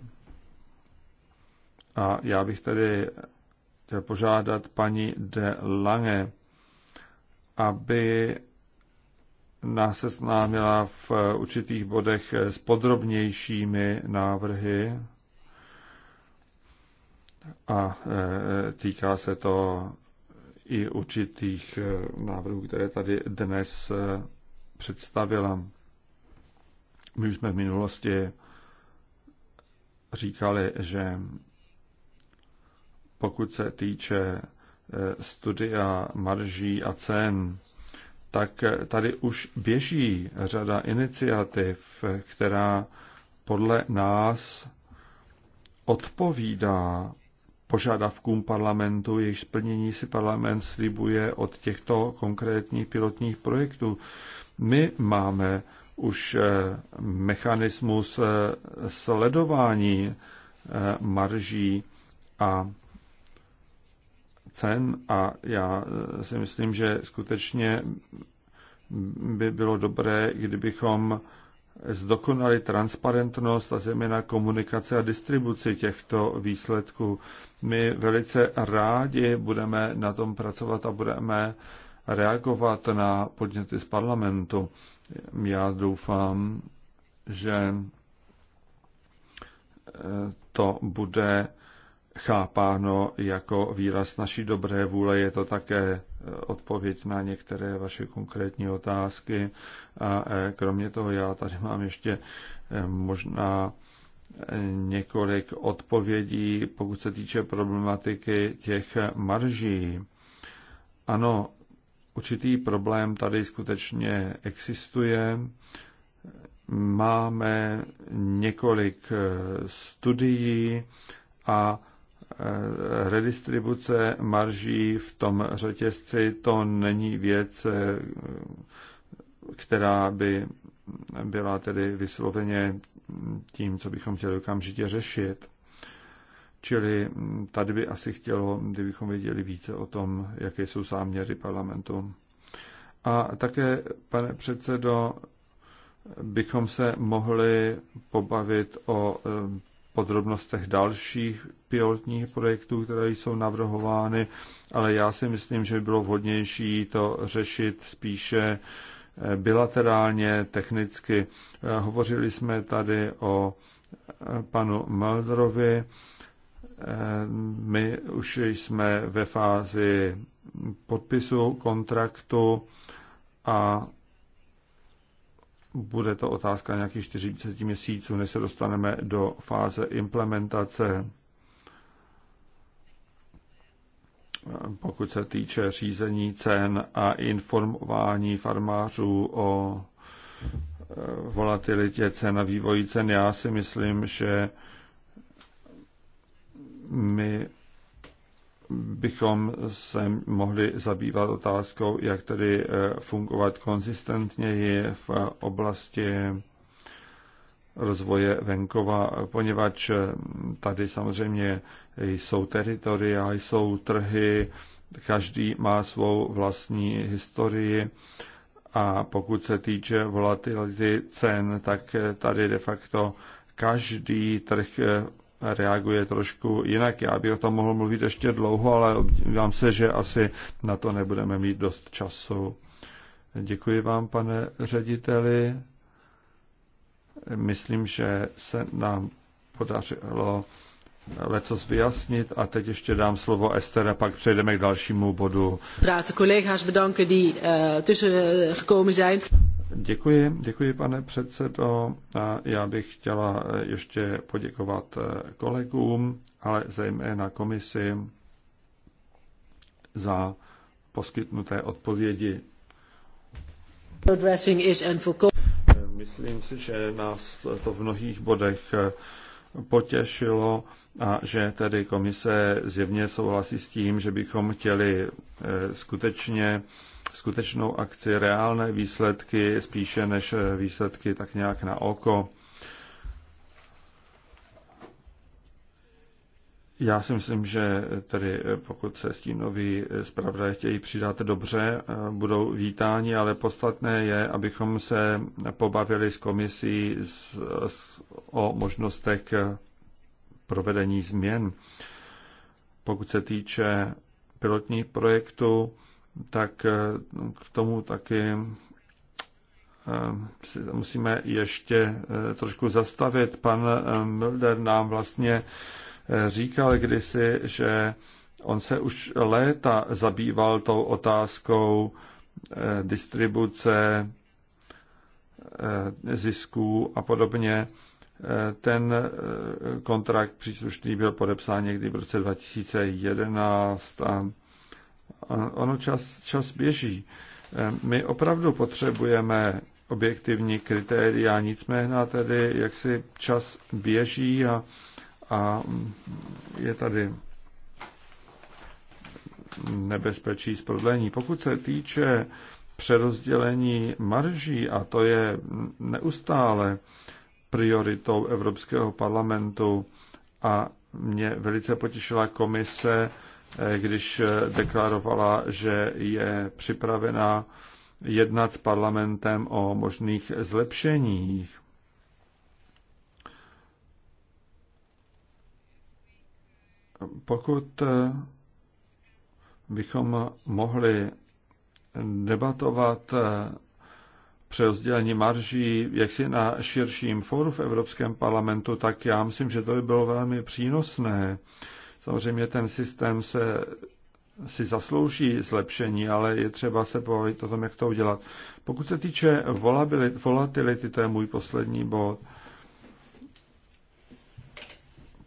A já bych tedy chtěl požádat paní de Lange, aby nás seznámila v určitých bodech s podrobnějšími návrhy a e, týká se to i určitých e, návrhů, které tady dnes e, představila. My už jsme v minulosti říkali, že pokud se týče Eh, studia marží a cen, tak eh, tady už běží řada iniciativ, eh, která podle nás odpovídá požadavkům parlamentu, jejich splnění si parlament slibuje od těchto konkrétních pilotních projektů. My máme už mechanismus sledování marží a cen a já eh, si myslím, že skutečně by bylo dobré, kdybychom zdokonali transparentnost a zejména komunikace a distribuci těchto výsledků. My velice rádi budeme na tom pracovat a budeme reagovat na podněty z parlamentu. Já doufám, že eh, to bude chápáno jako výraz naší dobré vůle. Je to také eh, odpověď na některé vaše konkrétní otázky. A eh, kromě toho já tady mám ještě eh, možná několik odpovědí, pokud se týče problematiky těch marží. Ano, určitý problém tady skutečně existuje. Máme několik studií a redistribuce marží v tom řetězci, to není věc, eh, která by byla tedy vysloveně tím, co bychom chtěli okamžitě řešit. Čili tady by asi chtělo, kdybychom věděli více o tom, jaké jsou záměry parlamentu. A také, pane předsedo, bychom se mohli pobavit o eh, podrobnostech dalších pilotních projektů, které jsou navrhovány, ale já si myslím, že by bylo vhodnější to řešit spíše eh, bilaterálně, technicky. Eh, hovořili jsme tady o eh, panu Mulderovi. My už jsme ve fázi podpisu kontraktu a bude to otázka nějakých 40 měsíců, než se dostaneme do fáze implementace. Pokud se týče řízení cen a informování farmářů o eh, volatilitě cen a vývoji cen, já si myslím, že my bychom se mohli zabývat otázkou, jak tedy eh, fungovat konzistentněji v oblasti rozvoje venkova, poněvadž eh, tady samozřejmě jsou teritoria, jsou trhy, každý má svou vlastní historii a pokud se týče volatility cen, tak eh, tady de facto každý trh reaguje trošku jinak. Já bych o tom mohl mluvit ještě dlouho, ale obdívám se, že asi na to nebudeme mít dost času. Děkuji vám, pane řediteli. Myslím, že se nám podařilo leco vyjasnit a teď ještě dám slovo Ester a pak přejdeme k dalšímu bodu. Praten collega's bedanken die uh, tussen eh, gekomen zijn. Děkuji, děkuji pane předsedo. Já bych chtěla eh, ještě poděkovat eh, kolegům, ale zejména komisi za poskytnuté odpovědi. Myslím si, že nás to v mnohých bodech eh, potěšilo a že tedy komise zjevně souhlasí s tím, že bychom chtěli skutečně skutečnou akci, reálné výsledky, spíše než výsledky tak nějak na oko. Já si myslím, že tedy pokud se stínoví zpravodaj chtějí přidat dobře, budou vítáni, ale podstatné je, abychom se pobavili s komisí s, s, o možnostech provedení změn. Pokud se týče pilotních projektů, tak eh, k tomu taky eh, musíme ještě eh, trošku zastavit. Pan Mulder nám vlastně říkal kdysi, že on se už léta zabýval tou otázkou distribuce zisků a podobně. Ten kontrakt příslušný byl podepsán někdy v roce 2011 a ono čas, čas běží. E, my opravdu potřebujeme objektivní kritéria, nicméně tedy jak si čas běží a, a je tady nebezpečí z prodlení. Pokud se týče přerozdělení marží, a to je neustále prioritou Evropského parlamentu, a mě velice potěšila komise, Eh, když eh, deklarovala, že je připravena jednat s parlamentem o možných zlepšeních. Pokud eh, bychom mohli debatovat rozdělení marží jaksi na širším fóru v Evropském parlamentu, tak já myslím, že to by bylo velmi přínosné. Samozřejmě ten systém se si zaslouží zlepšení, ale je třeba se povědět o tom, jak to udělat. Pokud se týče volatility, to je můj poslední bod,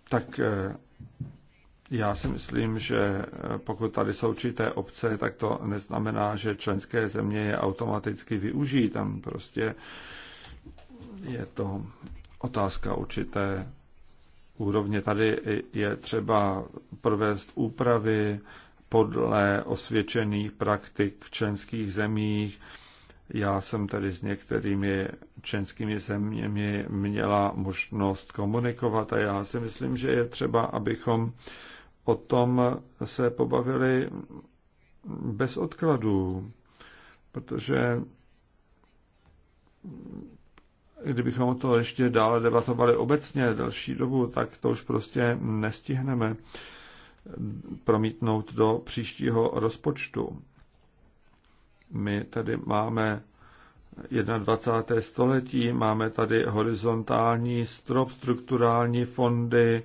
tak eh, já si myslím, že eh, pokud tady jsou určité obce, tak to neznamená, že členské země je automaticky využijí. Tam prostě je to otázka určité úrovně. Tady je třeba provést úpravy podle osvědčených praktik v členských zemích. Já jsem tady s některými členskými zeměmi měla možnost komunikovat a já si myslím, že je třeba, abychom o tom se pobavili bez odkladů, protože kdybychom to ještě dále debatovali obecně další dobu, tak to už prostě nestihneme promítnout do příštího rozpočtu. My tady máme 21. století, máme tady horizontální strop, strukturální fondy,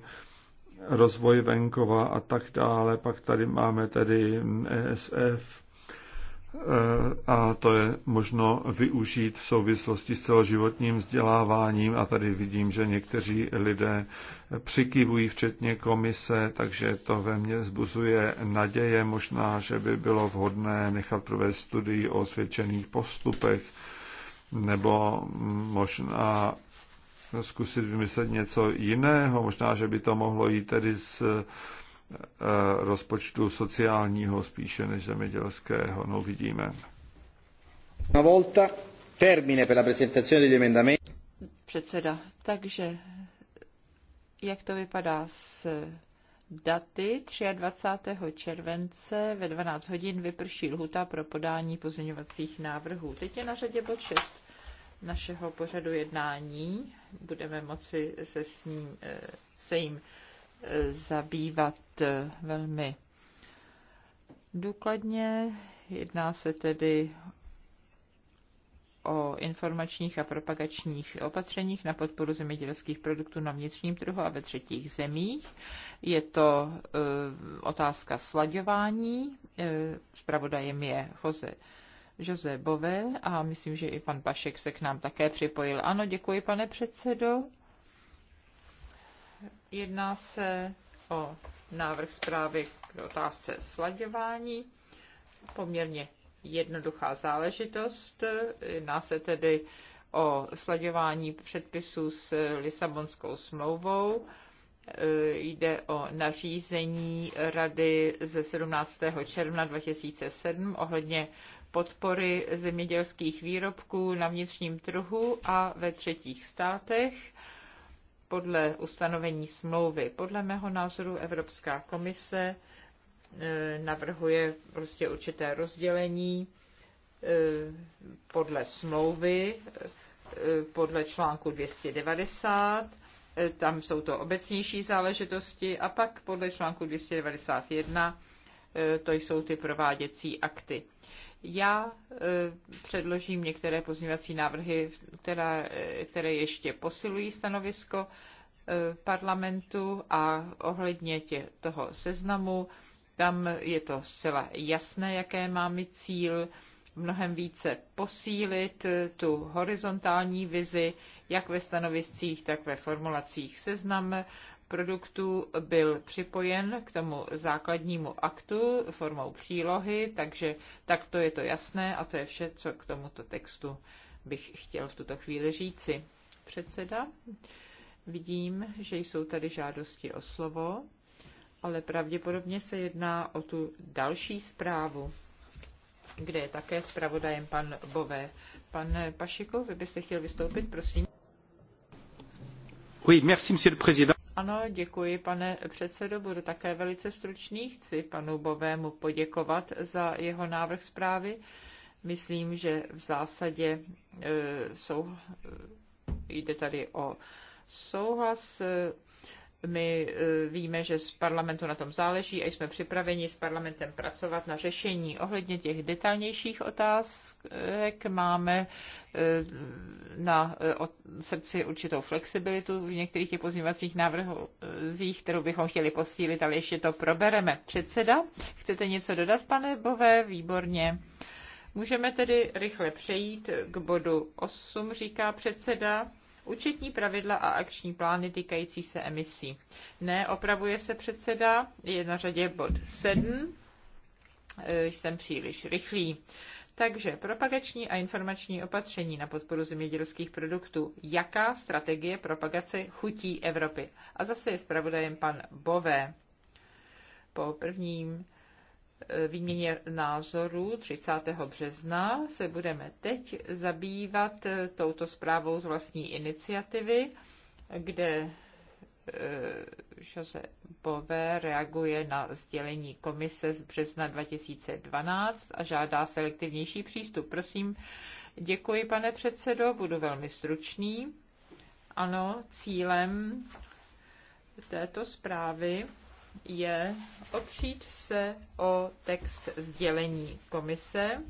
rozvoj venkova a tak dále. Pak tady máme tedy ESF, Eh, a to je možno využít v souvislosti s celoživotním vzděláváním a tady vidím, že někteří lidé přikivují včetně komise, takže to ve mně zbuzuje naděje možná, že by bylo vhodné nechat provést studii o osvědčených postupech nebo možná zkusit vymyslet něco jiného, možná, že by to mohlo jít tedy s Eh, rozpočtu sociálního spíše než zemědělského. No vidíme. Una volta termine per la presentazione degli emendamenti. Předseda, takže jak to vypadá s daty 23. července ve 12 hodin vyprší lhuta pro podání pozměňovacích návrhů. Teď je na řadě bod 6 našeho pořadu jednání. Budeme moci se s ním, eh, se jim zabývat eh, velmi důkladně. Jedná se tedy o informačních a propagačních opatřeních na podporu zemědělských produktů na vnitřním trhu a ve třetích zemích. Je to e, otázka slaďování. E, eh, spravodajem je Jose Jose Bové a myslím, že i pan Pašek se k nám také připojil. Ano, děkuji, pane předsedo. Jedná se o návrh zprávy k otázce sladěvání. Poměrně jednoduchá záležitost. Jedná se tedy o sladěvání předpisů s Lisabonskou smlouvou. Jde o nařízení Rady ze 17. června 2007 ohledně podpory zemědělských výrobků na vnitřním trhu a ve třetích státech podle ustanovení smlouvy. Podle mého názoru Evropská komise e, navrhuje prostě určité rozdělení e, podle smlouvy, e, podle článku 290, tam jsou to obecnější záležitosti, a pak podle článku 291 to jsou ty prováděcí akty. Já e, předložím některé pozměňovací návrhy, která, e, které ještě posilují stanovisko e, parlamentu a ohledně tě, toho seznamu, tam je to zcela jasné, jaké máme cíl, mnohem více posílit tu horizontální vizi, jak ve stanoviscích, tak ve formulacích seznam produktů byl připojen k tomu základnímu aktu formou přílohy, takže takto je to jasné a to je vše, co k tomuto textu bych chtěl v tuto chvíli říci. Předseda, vidím, že jsou tady žádosti o slovo, ale pravděpodobně se jedná o tu další zprávu, kde je také zpravodajem pan Bové. Pan Pašiku, vy byste chtěl vystoupit, prosím. Oui, merci, monsieur le président. Ano, děkuji, pane předsedo. Budu také velice stručný. Chci panu Bovému poděkovat za jeho návrh zprávy. Myslím, že v zásadě jsou, e, e, jde tady o souhlas. E, my e, víme, že z parlamentu na tom záleží a jsme připraveni s parlamentem pracovat na řešení. Ohledně těch detailnějších otázek máme e, na e, srdci určitou flexibilitu v některých těch pozměňovacích návrhích, kterou bychom chtěli posílit, ale ještě to probereme. Předseda, chcete něco dodat, pane Bové? Výborně. Můžeme tedy rychle přejít k bodu 8, říká předseda. Účetní pravidla a akční plány týkající se emisí. Ne, opravuje se předseda, je na řadě bod 7. E, jsem příliš rychlý. Takže propagační a informační opatření na podporu zemědělských produktů. Jaká strategie propagace chutí Evropy? A zase je zpravodajem pan Bové. Po prvním výměně názorů 30. března se budeme teď zabývat eh, touto zprávou z vlastní iniciativy, kde eh, Jose Bové reaguje na sdělení komise z března 2012 a žádá selektivnější přístup. Prosím, děkuji, pane předsedo, budu velmi stručný. Ano, cílem této zprávy je opřít se o text sdělení komise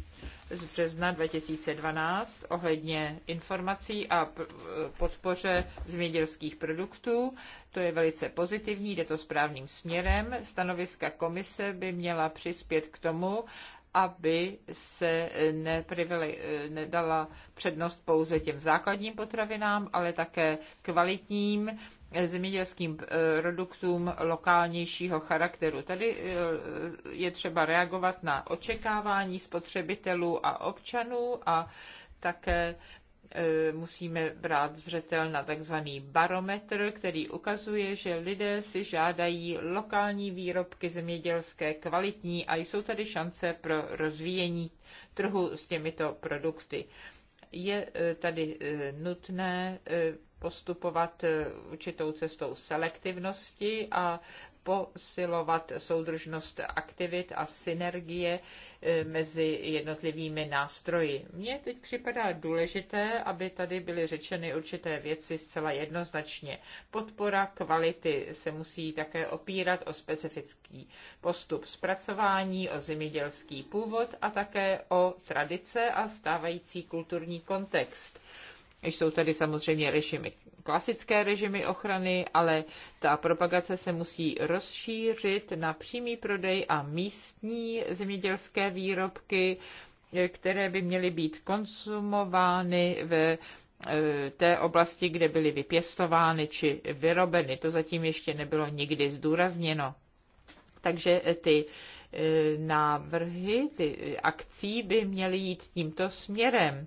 z března 2012 ohledně informací a podpoře zemědělských produktů. To je velice pozitivní, jde to správným směrem. Stanoviska komise by měla přispět k tomu, aby se eh, neprivili, eh, nedala přednost pouze těm základním potravinám, ale také kvalitním eh, zemědělským produktům lokálnějšího charakteru. Tady je třeba reagovat na očekávání spotřebitelů a občanů a také Eh, musíme brát zřetel na takzvaný barometr, který ukazuje, že lidé si žádají lokální výrobky zemědělské kvalitní a jsou tady šance pro rozvíjení trhu s těmito produkty. Je eh, tady eh, nutné postupovat určitou cestou selektivnosti a posilovat soudržnost aktivit a synergie e, mezi jednotlivými nástroji. Mně teď připadá důležité, aby tady byly řečeny určité věci zcela jednoznačně. Podpora kvality se musí také opírat o specifický postup zpracování, o zemědělský původ a také o tradice a stávající kulturní kontext. Jsou tady samozřejmě klasické režimy ochrany, ale ta propagace se musí rozšířit na přímý prodej a místní zemědělské výrobky, které by měly být konsumovány ve e, té oblasti, kde byly vypěstovány či vyrobeny. To zatím ještě nebylo nikdy zdůrazněno. Takže ty e, návrhy, ty akcí by měly jít tímto směrem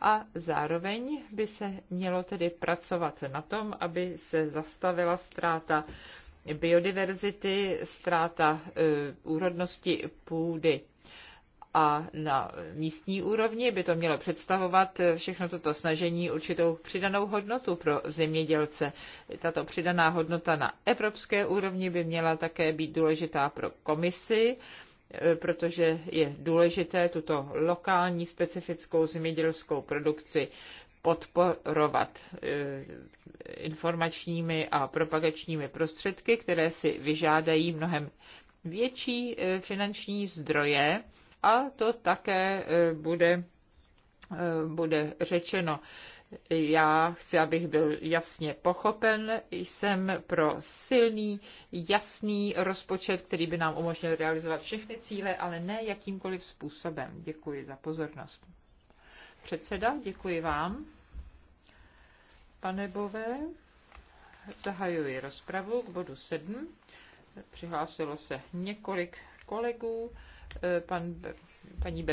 a zároveň by se mělo tedy pracovat na tom, aby se zastavila ztráta biodiverzity, ztráta e, úrodnosti půdy a na místní úrovni by to mělo představovat všechno toto snažení určitou přidanou hodnotu pro zemědělce. Tato přidaná hodnota na evropské úrovni by měla také být důležitá pro komisi Eh, protože je důležité tuto lokální specifickou zemědělskou produkci podporovat eh, informačními a propagačními prostředky, které si vyžádají mnohem větší eh, finanční zdroje a to také bude, bude řečeno já chci, abych byl jasně pochopen. Jsem pro silný, jasný rozpočet, který by nám umožnil realizovat všechny cíle, ale ne jakýmkoliv způsobem. Děkuji za pozornost. Předseda, děkuji vám. Pane Bové, zahajuji rozpravu k bodu 7. Přihlásilo se několik kolegů. Pan paní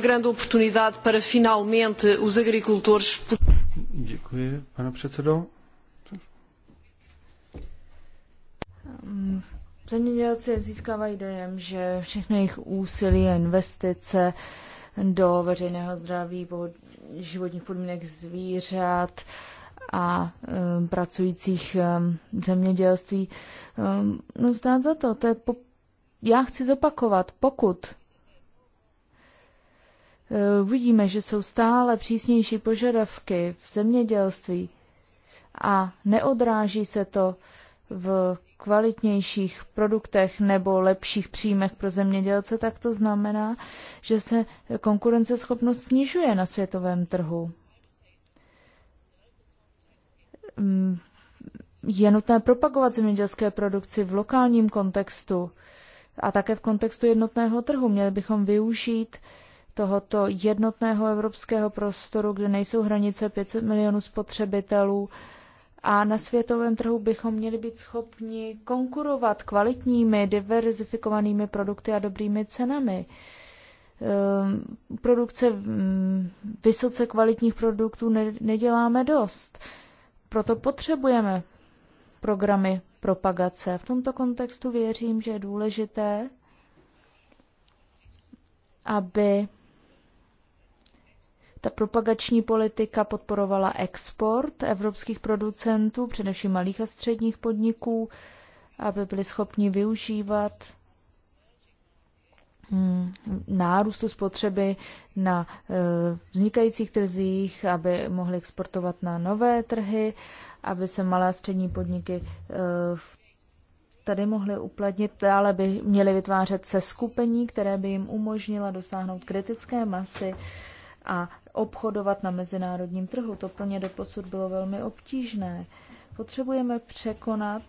grande oportunidade para finalmente os agricultores... Děkuji, pane předsedo. Um, zemědělci získávají dojem, že všechny jejich úsilí a investice do veřejného zdraví, životních podmínek zvířat a um, pracujících um, zemědělství, no stát za to. To je po já chci zopakovat, pokud eh, uvidíme, že jsou stále přísnější požadavky v zemědělství a neodráží se to v kvalitnějších produktech nebo lepších příjmech pro zemědělce, tak to znamená, že se konkurenceschopnost snižuje na světovém trhu. Mm, je nutné propagovat zemědělské produkci v lokálním kontextu a také v kontextu jednotného trhu. Měli bychom využít tohoto jednotného evropského prostoru, kde nejsou hranice 500 milionů spotřebitelů a na světovém trhu bychom měli být schopni konkurovat kvalitními, diverzifikovanými produkty a dobrými cenami. Ehm, produkce mm, vysoce kvalitních produktů neděláme dost. Proto potřebujeme programy propagace. V tomto kontextu věřím, že je důležité, aby ta propagační politika podporovala export evropských producentů, především malých a středních podniků, aby byli schopni využívat Mm, nárůstu spotřeby na e, vznikajících trzích, aby mohly exportovat na nové trhy, aby se malé a střední podniky e, tady mohly uplatnit, ale by měly vytvářet se skupení, které by jim umožnila dosáhnout kritické masy a obchodovat na mezinárodním trhu. To pro ně doposud bylo velmi obtížné. Potřebujeme překonat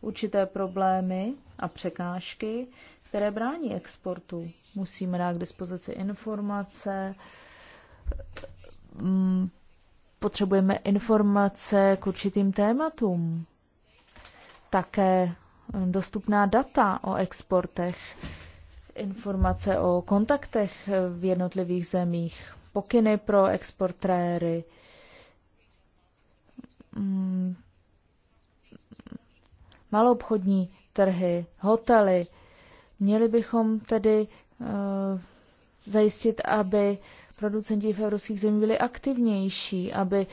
určité problémy a překážky, které brání exportu. Musíme dát k dispozici informace, mm, potřebujeme informace k určitým tématům, také dostupná data o exportech, informace o kontaktech v jednotlivých zemích, pokyny pro exportéry, mm, maloobchodní trhy, hotely, Měli bychom tedy eh, zajistit, aby producenti v evropských zemích byli aktivnější, aby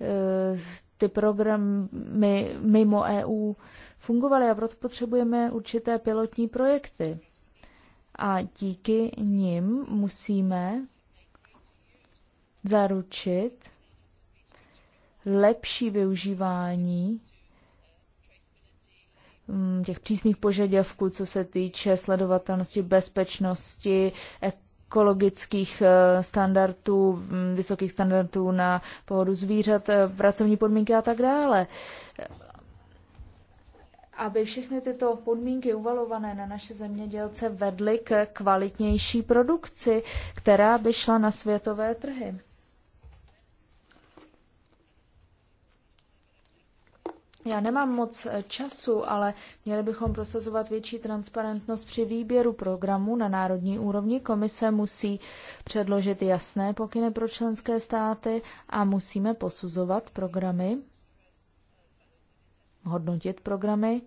eh, ty programy mimo EU fungovaly a proto potřebujeme určité pilotní projekty. A díky nim musíme zaručit lepší využívání Mm, těch přísných požadavků, co se týče sledovatelnosti, bezpečnosti, ekologických eh, standardů, mm, vysokých standardů na pohodu zvířat, eh, pracovní podmínky a tak dále. Aby všechny tyto podmínky uvalované na naše zemědělce vedly k kvalitnější produkci, která by šla na světové trhy. Já nemám moc eh, času, ale měli bychom prosazovat větší transparentnost při výběru programů na národní úrovni. Komise musí předložit jasné pokyny pro členské státy a musíme posuzovat programy, hodnotit programy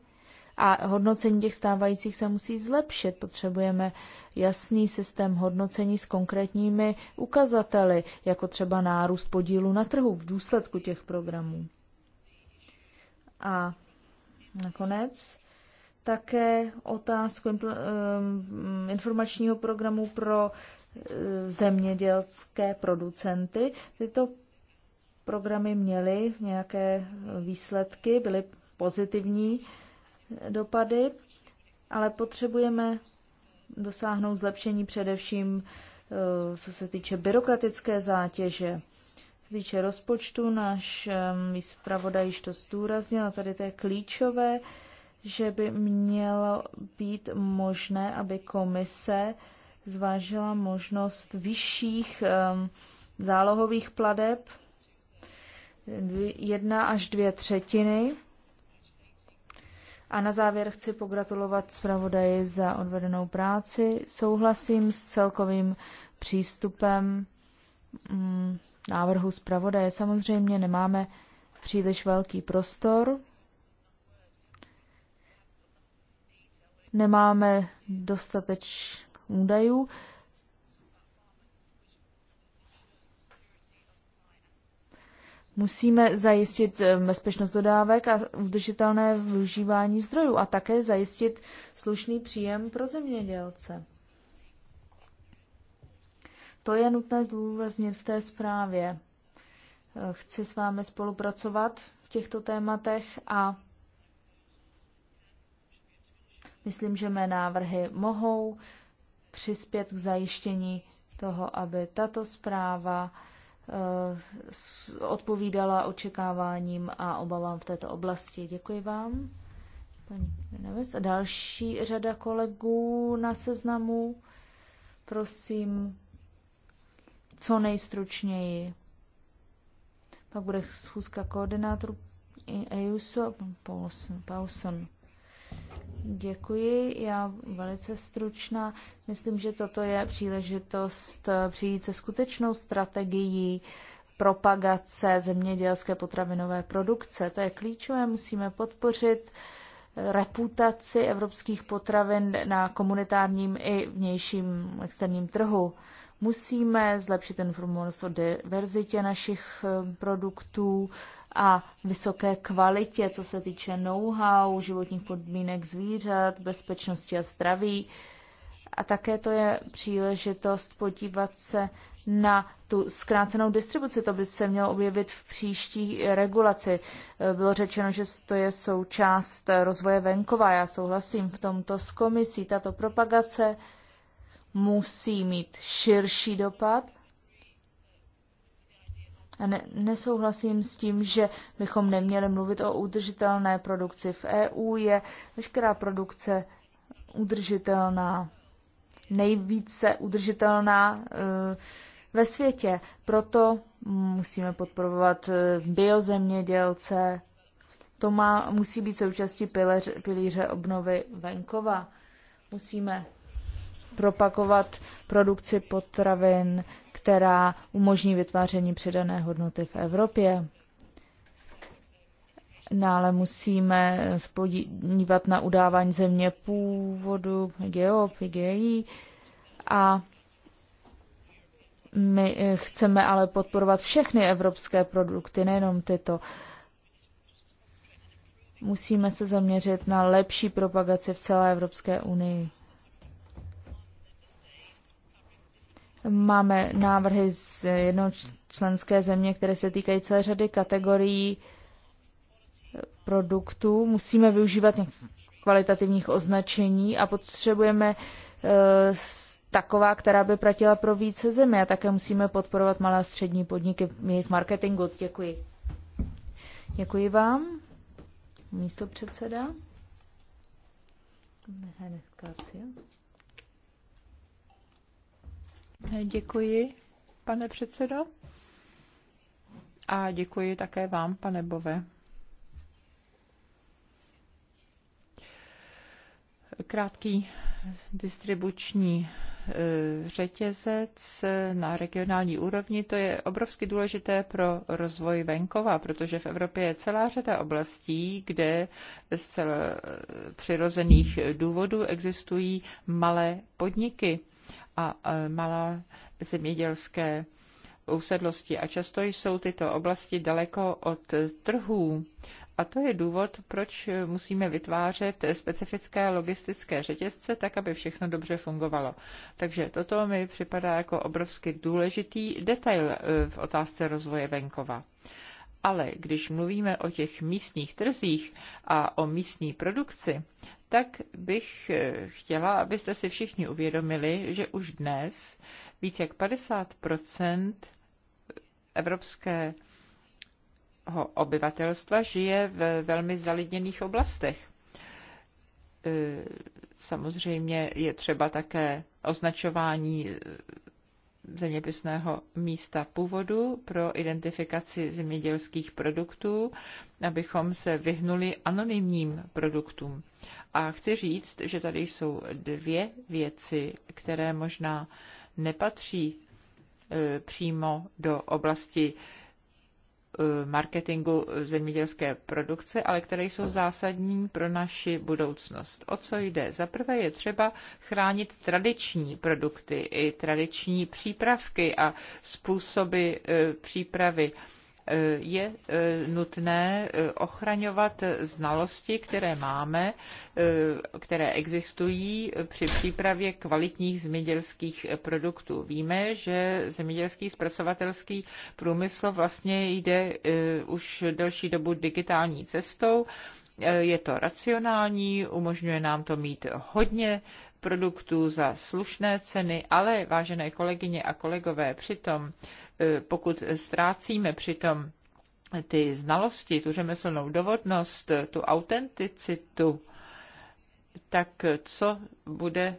a hodnocení těch stávajících se musí zlepšit. Potřebujeme jasný systém hodnocení s konkrétními ukazateli, jako třeba nárůst podílu na trhu v důsledku těch programů. A nakonec také otázku informačního programu pro eh, zemědělské producenty. Tyto programy měly nějaké výsledky, byly pozitivní dopady, ale potřebujeme dosáhnout zlepšení především eh, co se týče byrokratické zátěže se týče rozpočtu, náš zpravodaj již to zdůraznil, tady to je klíčové, že by mělo být možné, aby komise zvážila možnost vyšších um, zálohových pladeb, jedna až dvě třetiny. A na závěr chci pogratulovat zpravodaji za odvedenou práci. Souhlasím s celkovým přístupem. Mm, návrhu zpravodaje. Samozřejmě nemáme příliš velký prostor. Nemáme dostateč údajů. Musíme zajistit eh, bezpečnost dodávek a udržitelné využívání zdrojů a také zajistit slušný příjem pro zemědělce. To je nutné zdůraznit v té zprávě. Eh, chci s vámi spolupracovat v těchto tématech a myslím, že mé návrhy mohou přispět k zajištění toho, aby tato zpráva eh, odpovídala očekáváním a obavám v této oblasti. Děkuji vám. Paní Neves a další řada kolegů na seznamu. Prosím, co nejstručněji. Pak bude schůzka koordinátorů EUSO Paulson. Děkuji, já velice stručná. Myslím, že toto je příležitost eh, přijít se skutečnou strategií propagace zemědělské potravinové produkce. To je klíčové, musíme podpořit eh, reputaci evropských potravin na komunitárním i vnějším externím trhu. Musíme zlepšit informovanost o diverzitě našich eh, produktů a vysoké kvalitě, co se týče know-how, životních podmínek zvířat, bezpečnosti a zdraví. A také to je příležitost podívat se na tu zkrácenou distribuci. To by se mělo objevit v příští regulaci. Eh, bylo řečeno, že to je součást eh, rozvoje venkova. Já souhlasím v tomto s komisí. Tato propagace musí mít širší dopad. A ne, nesouhlasím s tím, že bychom neměli mluvit o udržitelné produkci. V EU je veškerá produkce udržitelná, nejvíce udržitelná eh, ve světě. Proto musíme podporovat eh, biozemědělce. To má, musí být součástí pilíře obnovy venkova. Musíme propagovat produkci potravin, která umožní vytváření přidané hodnoty v Evropě. Dále musíme podívat na udávání země původu, GEO, PGI a my eh, chceme ale podporovat všechny evropské produkty, nejenom tyto. Musíme se zaměřit na lepší propagaci v celé Evropské unii. Máme návrhy z jednočlenské země, které se týkají celé řady kategorií produktů. Musíme využívat kvalitativních označení a potřebujeme e, taková, která by pratila pro více zemí. A také musíme podporovat malé a střední podniky v jejich marketingu. Děkuji. Děkuji vám. Místo předseda. Garcia. Děkuji, pane předsedo. A děkuji také vám, pane Bove. Krátký distribuční e, řetězec na regionální úrovni, to je obrovsky důležité pro rozvoj venkova, protože v Evropě je celá řada oblastí, kde z e, přirozených důvodů existují malé podniky a malá zemědělské usedlosti a často jsou tyto oblasti daleko od trhů. A to je důvod, proč musíme vytvářet specifické logistické řetězce, tak aby všechno dobře fungovalo. Takže toto mi připadá jako obrovsky důležitý detail eh, v otázce rozvoje venkova. Ale když mluvíme o těch místních trzích a o místní produkci, tak bych eh, chtěla, abyste si všichni uvědomili, že už dnes víc jak 50 evropského obyvatelstva žije v velmi zalidněných oblastech. Eh, samozřejmě je třeba také označování eh, zeměpisného místa původu pro identifikaci zemědělských produktů, abychom se vyhnuli anonymním produktům. A chci říct, že tady jsou dvě věci, které možná nepatří e, přímo do oblasti Eh, marketingu zemědělské produkce, ale které jsou zásadní pro naši budoucnost. O co jde? Za prvé je třeba chránit tradiční produkty i tradiční přípravky a způsoby eh, přípravy je e, nutné e, ochraňovat znalosti, které máme, e, které existují při přípravě kvalitních zemědělských produktů. Víme, že zemědělský zpracovatelský průmysl vlastně jde už delší dobu digitální cestou. Je to racionální, umožňuje nám to mít hodně produktů za slušné ceny, ale vážené kolegyně a kolegové, přitom E, pokud ztrácíme přitom ty znalosti, tu řemeslnou dovodnost, tu autenticitu, tak co bude e,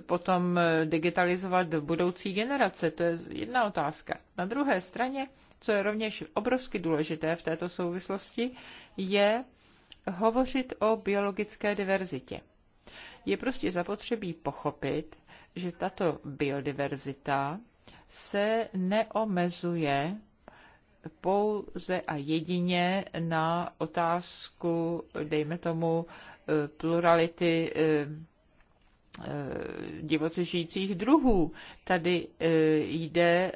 potom digitalizovat budoucí generace? To je jedna otázka. Na druhé straně, co je rovněž obrovsky důležité v této souvislosti, je hovořit o biologické diverzitě. Je prostě zapotřebí pochopit, že tato biodiverzita se neomezuje pouze a jedině na otázku, dejme tomu, eh, plurality eh, eh, divoce žijících druhů. Tady jde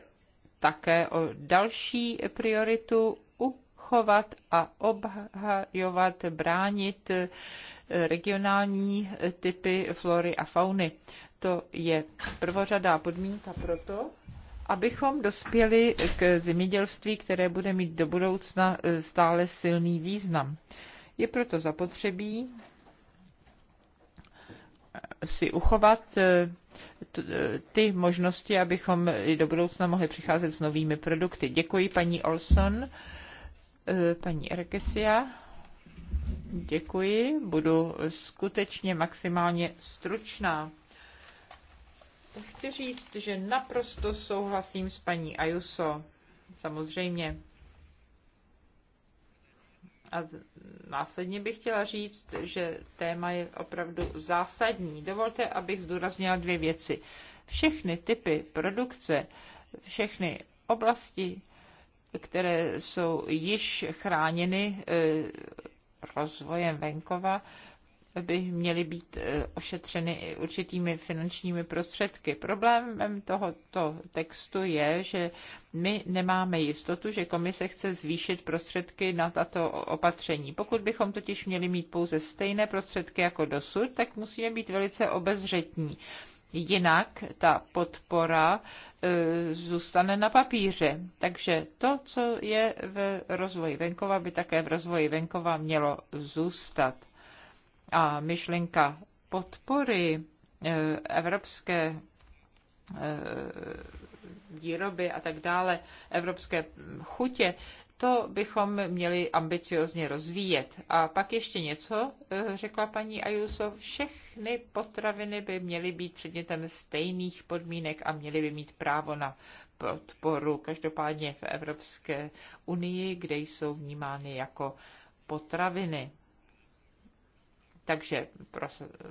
také o další prioritu uchovat a obhajovat, bránit regionální typy flory a fauny. To je prvořadá podmínka pro to, abychom dospěli k zemědělství, které bude mít do budoucna e, stále silný význam. Je proto zapotřebí e, si uchovat e, ty možnosti, abychom i do budoucna mohli přicházet s novými produkty. Děkuji paní Olson, paní Erkesia. Děkuji, budu skutečně maximálně stručná. Chci říct, že naprosto souhlasím s paní Ayuso, Samozřejmě. A následně bych chtěla říct, že téma je opravdu zásadní. Dovolte, abych zdůraznila dvě věci. Všechny typy produkce, všechny oblasti, které jsou již chráněny eh, rozvojem venkova, by měly být eh, ošetřeny i určitými finančními prostředky. Problémem tohoto textu je, že my nemáme jistotu, že komise chce zvýšit prostředky na tato opatření. Pokud bychom totiž měli mít pouze stejné prostředky jako dosud, tak musíme být velice obezřetní. Jinak ta podpora eh, zůstane na papíře. Takže to, co je v rozvoji venkova, by také v rozvoji venkova mělo zůstat. A myšlenka podpory eh, evropské eh, výroby a tak dále, evropské chutě, to bychom měli ambiciozně rozvíjet. A pak ještě něco, eh, řekla paní Ajuso, všechny potraviny by měly být předmětem stejných podmínek a měly by mít právo na podporu, každopádně v Evropské unii, kde jsou vnímány jako potraviny. Takže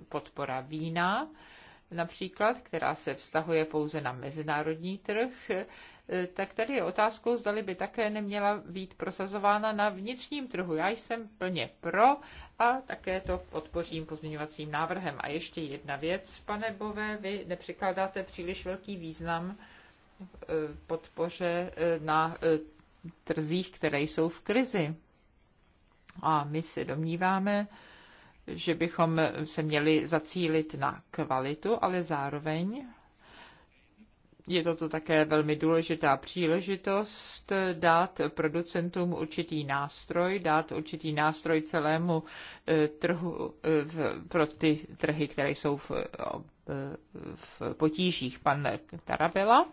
podpora vína, například, která se vztahuje pouze na mezinárodní trh, e, tak tady je otázkou, zda by také neměla být prosazována na vnitřním trhu. Já jsem plně pro a také to podpořím pozměňovacím návrhem. A ještě jedna věc, pane Bové, vy nepřikládáte příliš velký význam e, podpoře e, na trzích, které jsou v krizi. A my se domníváme, že bychom se měli zacílit na kvalitu, ale zároveň je toto také velmi důležitá příležitost dát producentům určitý nástroj, dát určitý nástroj celému eh, trhu eh, pro ty trhy, které jsou v, eh, v potížích. Pan Tarabela.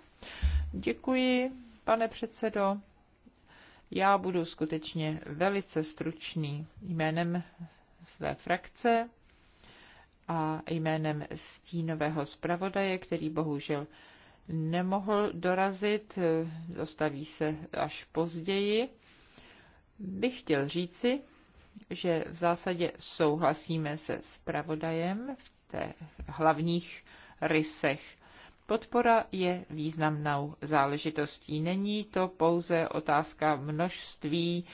Děkuji, pane předsedo. Já budu skutečně velice stručný jménem své frakce a jménem stínového zpravodaje, který bohužel nemohl dorazit, dostaví se až později, bych chtěl říci, že v zásadě souhlasíme se zpravodajem v těch hlavních rysech. Podpora je významnou záležitostí. Není to pouze otázka množství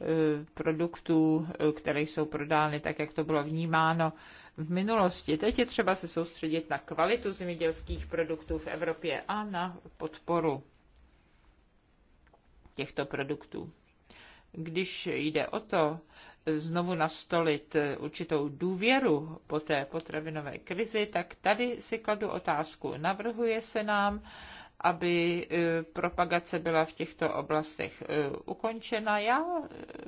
Eh, produktů, eh, které jsou prodány tak, jak to bylo vnímáno v minulosti. Teď je třeba se soustředit na kvalitu zemědělských produktů v Evropě a na podporu těchto produktů. Když jde o to, eh, znovu nastolit určitou důvěru po té potravinové krizi, tak tady si kladu otázku. Navrhuje se nám aby e, propagace byla v těchto oblastech e, ukončena. Já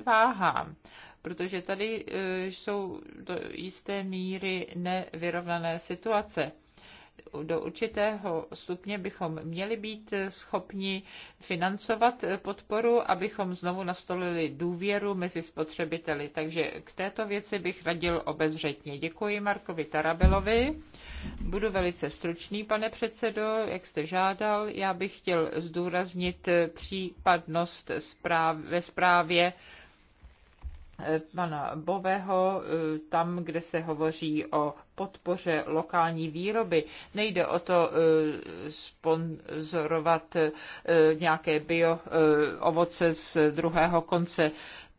váhám, protože tady e, jsou do jisté míry nevyrovnané situace do určitého stupně bychom měli být schopni financovat podporu, abychom znovu nastolili důvěru mezi spotřebiteli. Takže k této věci bych radil obezřetně. Děkuji Markovi Tarabelovi. Budu velice stručný, pane předsedo, jak jste žádal. Já bych chtěl zdůraznit eh, případnost zpráv, ve zprávě eh, pana Bového, eh, tam, kde se hovoří o podpoře lokální výroby. Nejde o to sponzorovat nějaké bio ovoce z druhého konce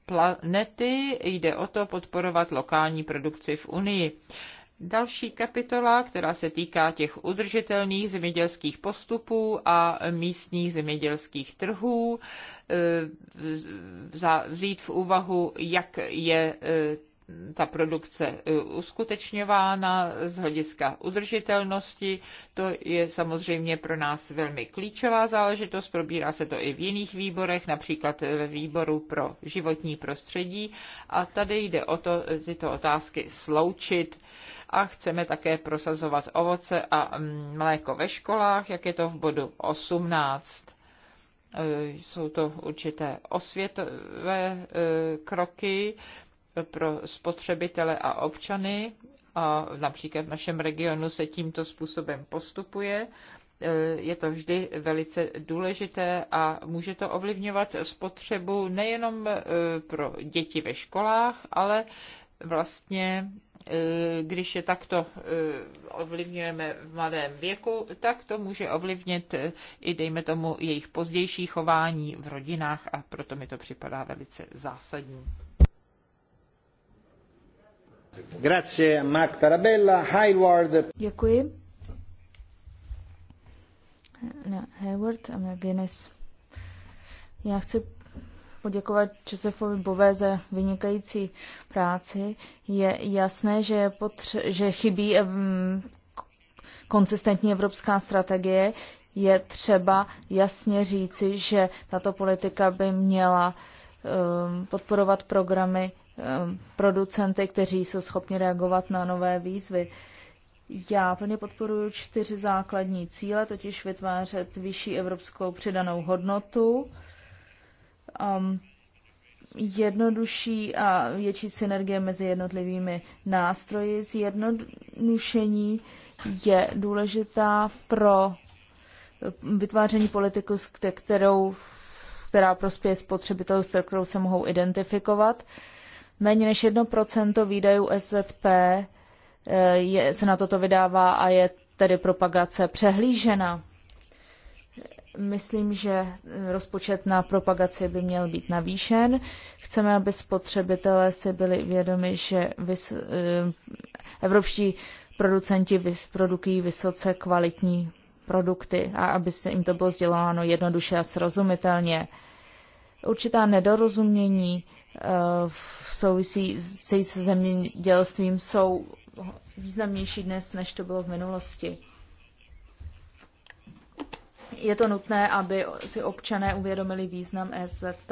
planety, jde o to podporovat lokální produkci v Unii. Další kapitola, která se týká těch udržitelných zemědělských postupů a místních zemědělských trhů, eh, vzít v úvahu, jak je eh, ta produkce eh, uskutečňována z hlediska udržitelnosti. To je samozřejmě pro nás velmi klíčová záležitost. Probírá se to i v jiných výborech, například ve výboru pro životní prostředí. A tady jde o to tyto otázky sloučit a chceme také prosazovat ovoce a mm, mléko ve školách, jak je to v bodu 18. E, jsou to určité osvětové e, kroky pro spotřebitele a občany a například v našem regionu se tímto způsobem postupuje e, je to vždy velice důležité a může to ovlivňovat spotřebu nejenom pro děti ve školách, ale vlastně Eh, když je takto eh, ovlivňujeme v malém věku, tak to může ovlivnit eh, i, dejme tomu, jejich pozdější chování v rodinách a proto mi to připadá velice zásadní. Grazie, Tarabella, Hayward. Děkuji. Hayward Já chci poděkovat Josefovi Bové za vynikající práci. Je jasné, že, potř- že chybí um, konsistentní evropská strategie. Je třeba jasně říci, že tato politika by měla um, podporovat programy um, producenty, kteří jsou schopni reagovat na nové výzvy. Já plně podporuji čtyři základní cíle, totiž vytvářet vyšší evropskou přidanou hodnotu, um, jednodušší a větší synergie mezi jednotlivými nástroji. Zjednodušení je důležitá pro vytváření politiku, kterou, která prospěje spotřebitelů, s kterou se mohou identifikovat. Méně než 1% výdajů SZP eh, je, se na toto vydává a je tedy propagace přehlížena. Myslím, že eh, rozpočet na propagaci by měl být navýšen. Chceme, aby spotřebitelé si byli vědomi, že vys, eh, evropští producenti vys, produkují vysoce kvalitní produkty a aby se jim to bylo sděláno jednoduše a srozumitelně. Určitá nedorozumění eh, v souvisí se zemědělstvím jsou významnější dnes, než to bylo v minulosti. Je to nutné, aby si občané uvědomili význam SZP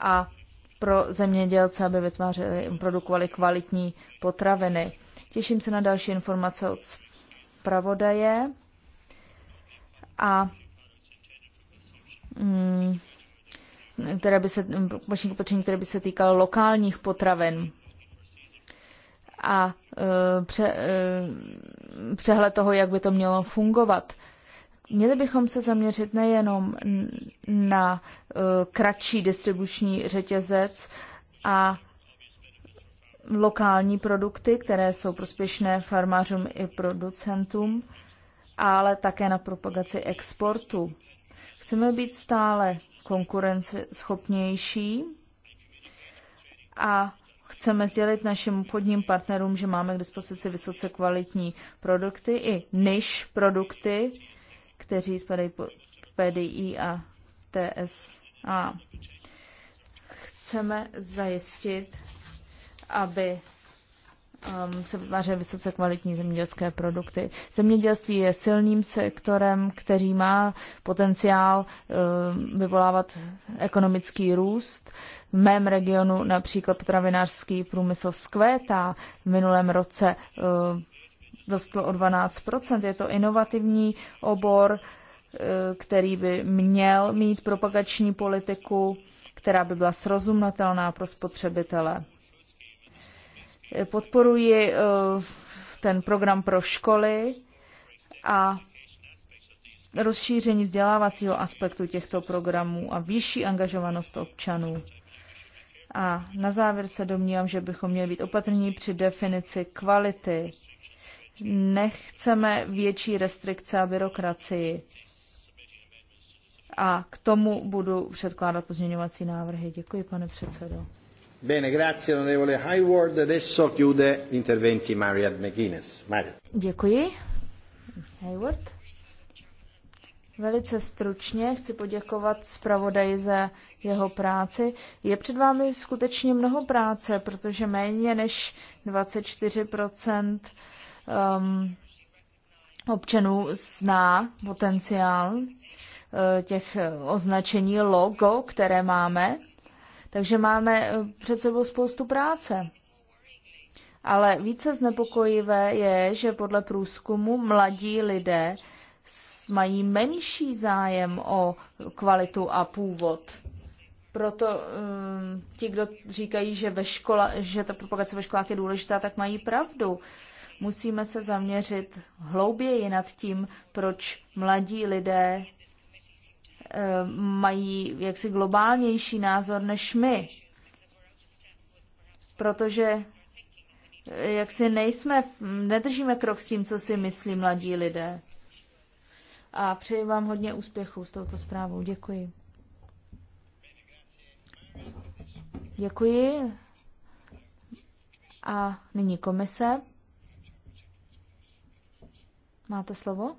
a pro zemědělce, aby vytvářeli, produkovali kvalitní potraviny. Těším se na další informace od zpravodaje a mm, které by se, opatření, které by se týkalo lokálních potravin a e, pře, e, přehled toho, jak by to mělo fungovat. Měli bychom se zaměřit nejenom na e, kratší distribuční řetězec a lokální produkty, které jsou prospěšné farmářům i producentům, ale také na propagaci exportu. Chceme být stále konkurenceschopnější a chceme sdělit našim obchodním partnerům, že máme k dispozici vysoce kvalitní produkty i niž produkty, kteří spadají po PDI a TSA. Chceme zajistit, aby um, se vytvářely vysoce kvalitní zemědělské produkty. Zemědělství je silným sektorem, který má potenciál um, vyvolávat ekonomický růst. V mém regionu například potravinářský průmysl zkvétá V minulém roce um, vzrostl o 12 Je to inovativní obor, eh, který by měl mít propagační politiku, která by byla srozumitelná pro spotřebitele. Podporuji eh, ten program pro školy a rozšíření vzdělávacího aspektu těchto programů a vyšší angažovanost občanů. A na závěr se domnívám, že bychom měli být opatrní při definici kvality Nechceme větší restrikce a byrokracii. A k tomu budu předkládat pozměňovací návrhy. Děkuji, pane předsedo. Bene, grazie onorevole Hayward. Adesso chiude interventi Mariad McGuinness. Mariad. Děkuji. Hayward. Velice stručně chci poděkovat zpravodaji za jeho práci. Je před vámi skutečně mnoho práce, protože méně než 24 um, občanů zná potenciál uh, těch uh, označení logo, které máme. Takže máme uh, před sebou spoustu práce. Ale více znepokojivé je, že podle průzkumu mladí lidé mají menší zájem o kvalitu a původ. Proto um, ti, kdo říkají, že, ve škola, že ta propagace ve školách je důležitá, tak mají pravdu. Uh, Musíme se zaměřit hlouběji nad tím, proč mladí lidé eh, mají jaksi globálnější názor než my. Protože eh, jak si nejsme, nedržíme krok s tím, co si myslí mladí lidé. A přeji vám hodně úspěchů s touto zprávou. Děkuji. Děkuji. A nyní komise. Máte slovo?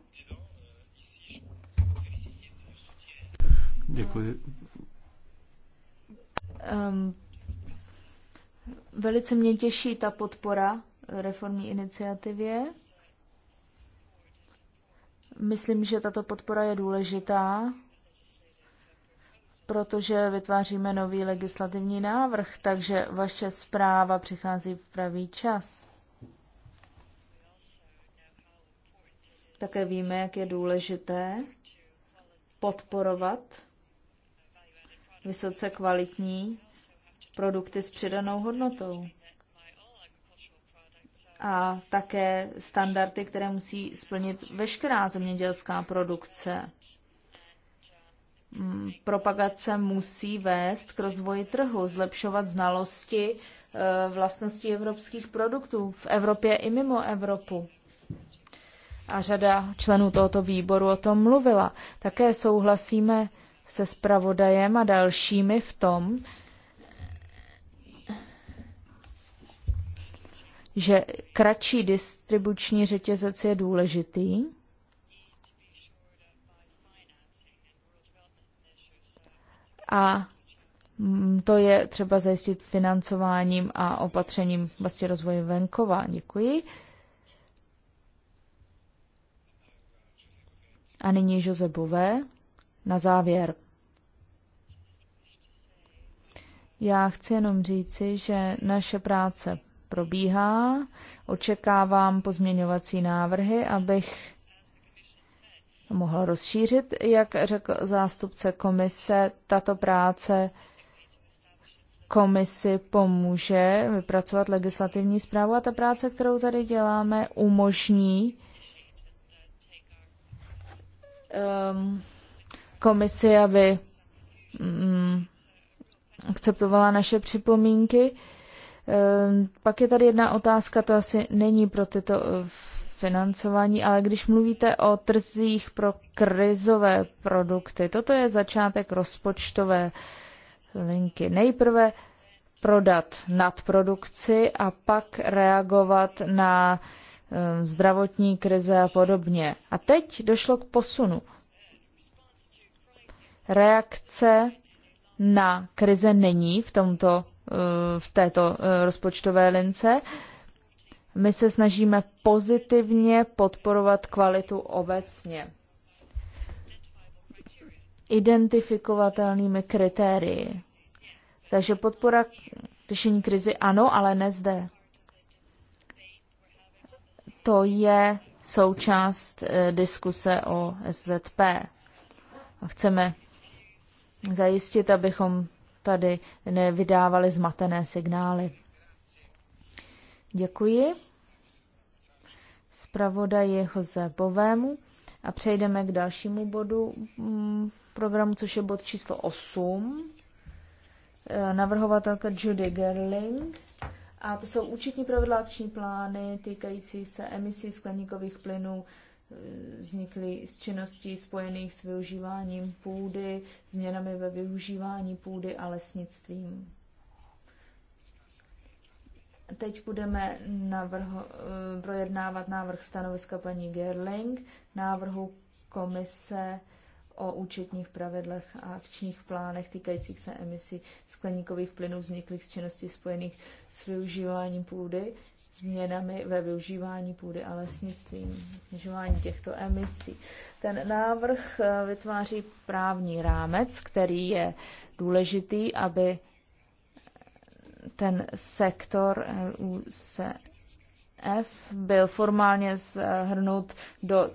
Děkuji. Um, velice mě těší ta podpora reformní iniciativě. Myslím, že tato podpora je důležitá, protože vytváříme nový legislativní návrh, takže vaše zpráva přichází v pravý čas. Také víme, jak je důležité podporovat vysoce kvalitní produkty s přidanou hodnotou. A také standardy, které musí splnit veškerá zemědělská produkce. Mm, propagace musí vést k rozvoji trhu, zlepšovat znalosti eh, vlastností evropských produktů v Evropě i mimo Evropu a řada členů tohoto výboru o tom mluvila. Také souhlasíme se spravodajem a dalšími v tom, že kratší distribuční řetězec je důležitý. A to je třeba zajistit financováním a opatřením vlastně rozvoje venkova. Děkuji. A nyní Jose Bové na závěr. Já chci jenom říci, že naše práce probíhá. Očekávám pozměňovací návrhy, abych mohl rozšířit, jak řekl zástupce komise, tato práce komisi pomůže vypracovat legislativní zprávu a ta práce, kterou tady děláme, umožní um, komisi, aby um, akceptovala naše připomínky. Um, pak je tady jedna otázka, to asi není pro tyto uh, financování, ale když mluvíte o trzích pro krizové produkty, toto je začátek rozpočtové linky. Nejprve prodat nadprodukci a pak reagovat na uh, Eh, zdravotní krize a podobně. A teď došlo k posunu. Reakce na krize není v, tomto, eh, v této eh, rozpočtové lince. My se snažíme pozitivně podporovat kvalitu obecně. Identifikovatelnými kritérii. Takže podpora řešení krizi ano, ale ne zde to je součást eh, diskuse o SZP. Chceme zajistit, abychom tady nevydávali zmatené signály. Děkuji zpravodaji Jose Bovému a přejdeme k dalšímu bodu mm, programu, což je bod číslo 8. Eh, navrhovatelka Judy Gerling a to jsou účetní pravidla plány týkající se emisí skleníkových plynů, eh, vznikly z činností spojených s využíváním půdy, změnami ve využívání půdy a lesnictvím. Teď budeme navrho, eh, projednávat návrh stanoviska paní Gerling, návrhu komise o účetních pravidlech a akčních plánech týkajících se emisí skleníkových plynů vzniklých z činností spojených s využíváním půdy, změnami ve využívání půdy a lesnictvím, snižování těchto emisí. Ten návrh eh, vytváří právní rámec, který je důležitý, aby ten sektor eh, se F byl formálně zhrnut do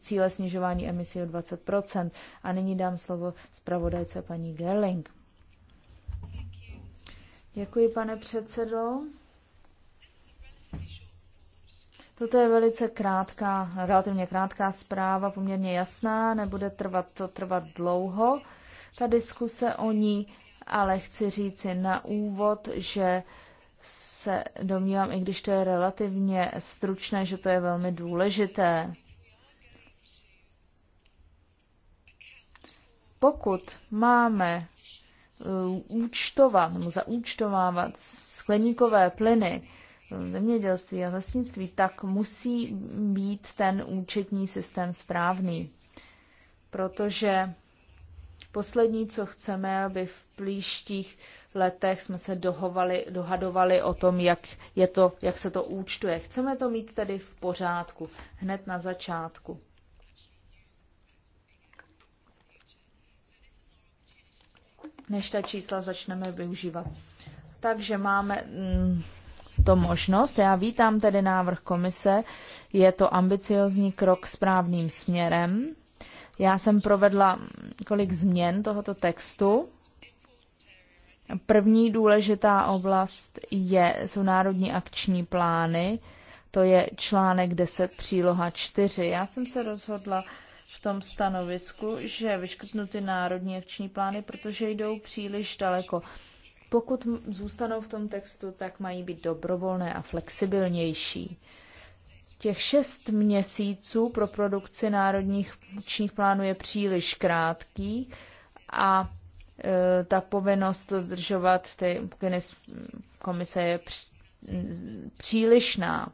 cíle snižování emisí o 20 A nyní dám slovo zpravodajce paní Gerling. Děkuji, pane předsedo. Toto je velice krátká, relativně krátká zpráva, poměrně jasná, nebude trvat to trvat dlouho, ta diskuse o ní, ale chci říci na úvod, že se domnívám, i když to je relativně stručné, že to je velmi důležité. Pokud máme uh, účtovat nebo zaúčtovávat skleníkové plyny v uh, zemědělství a lesnictví, tak musí být ten účetní systém správný. Protože Poslední, co chceme, aby v příštích letech jsme se dohovali, dohadovali o tom, jak, je to, jak se to účtuje. Chceme to mít tedy v pořádku, hned na začátku. Než ta čísla začneme využívat. Takže máme mm, to možnost. Já vítám tedy návrh komise. Je to ambiciozní krok správným směrem já jsem provedla kolik změn tohoto textu. První důležitá oblast je, jsou národní akční plány, to je článek 10 příloha 4. Já jsem se rozhodla v tom stanovisku, že vyškrtnu ty národní akční plány, protože jdou příliš daleko. Pokud zůstanou v tom textu, tak mají být dobrovolné a flexibilnější těch šest měsíců pro produkci národních učních plánů je příliš krátký a e, ta povinnost dodržovat ty pokyny komise je přílišná.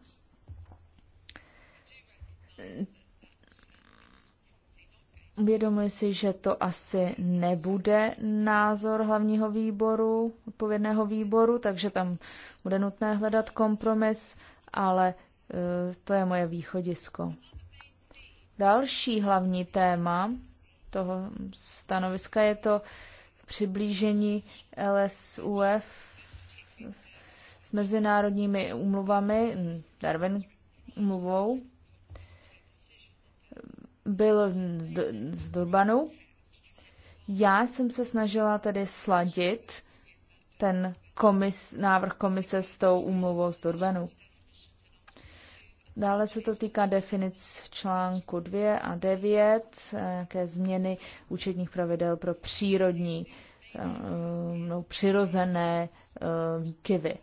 Uvědomuji si, že to asi nebude názor hlavního výboru, odpovědného výboru, takže tam bude nutné hledat kompromis, ale Eh, to je moje východisko. Další hlavní téma toho stanoviska je to přiblížení LSUF s mezinárodními umluvami, Darwin umluvou, byl v Durbanu. Já jsem se snažila tedy sladit ten komis, návrh komise s tou umluvou z Durbanu. Dále se to týká definic článku 2 a 9, eh, ke změny účetních pravidel pro přírodní, eh, no, přirozené eh, výkyvy.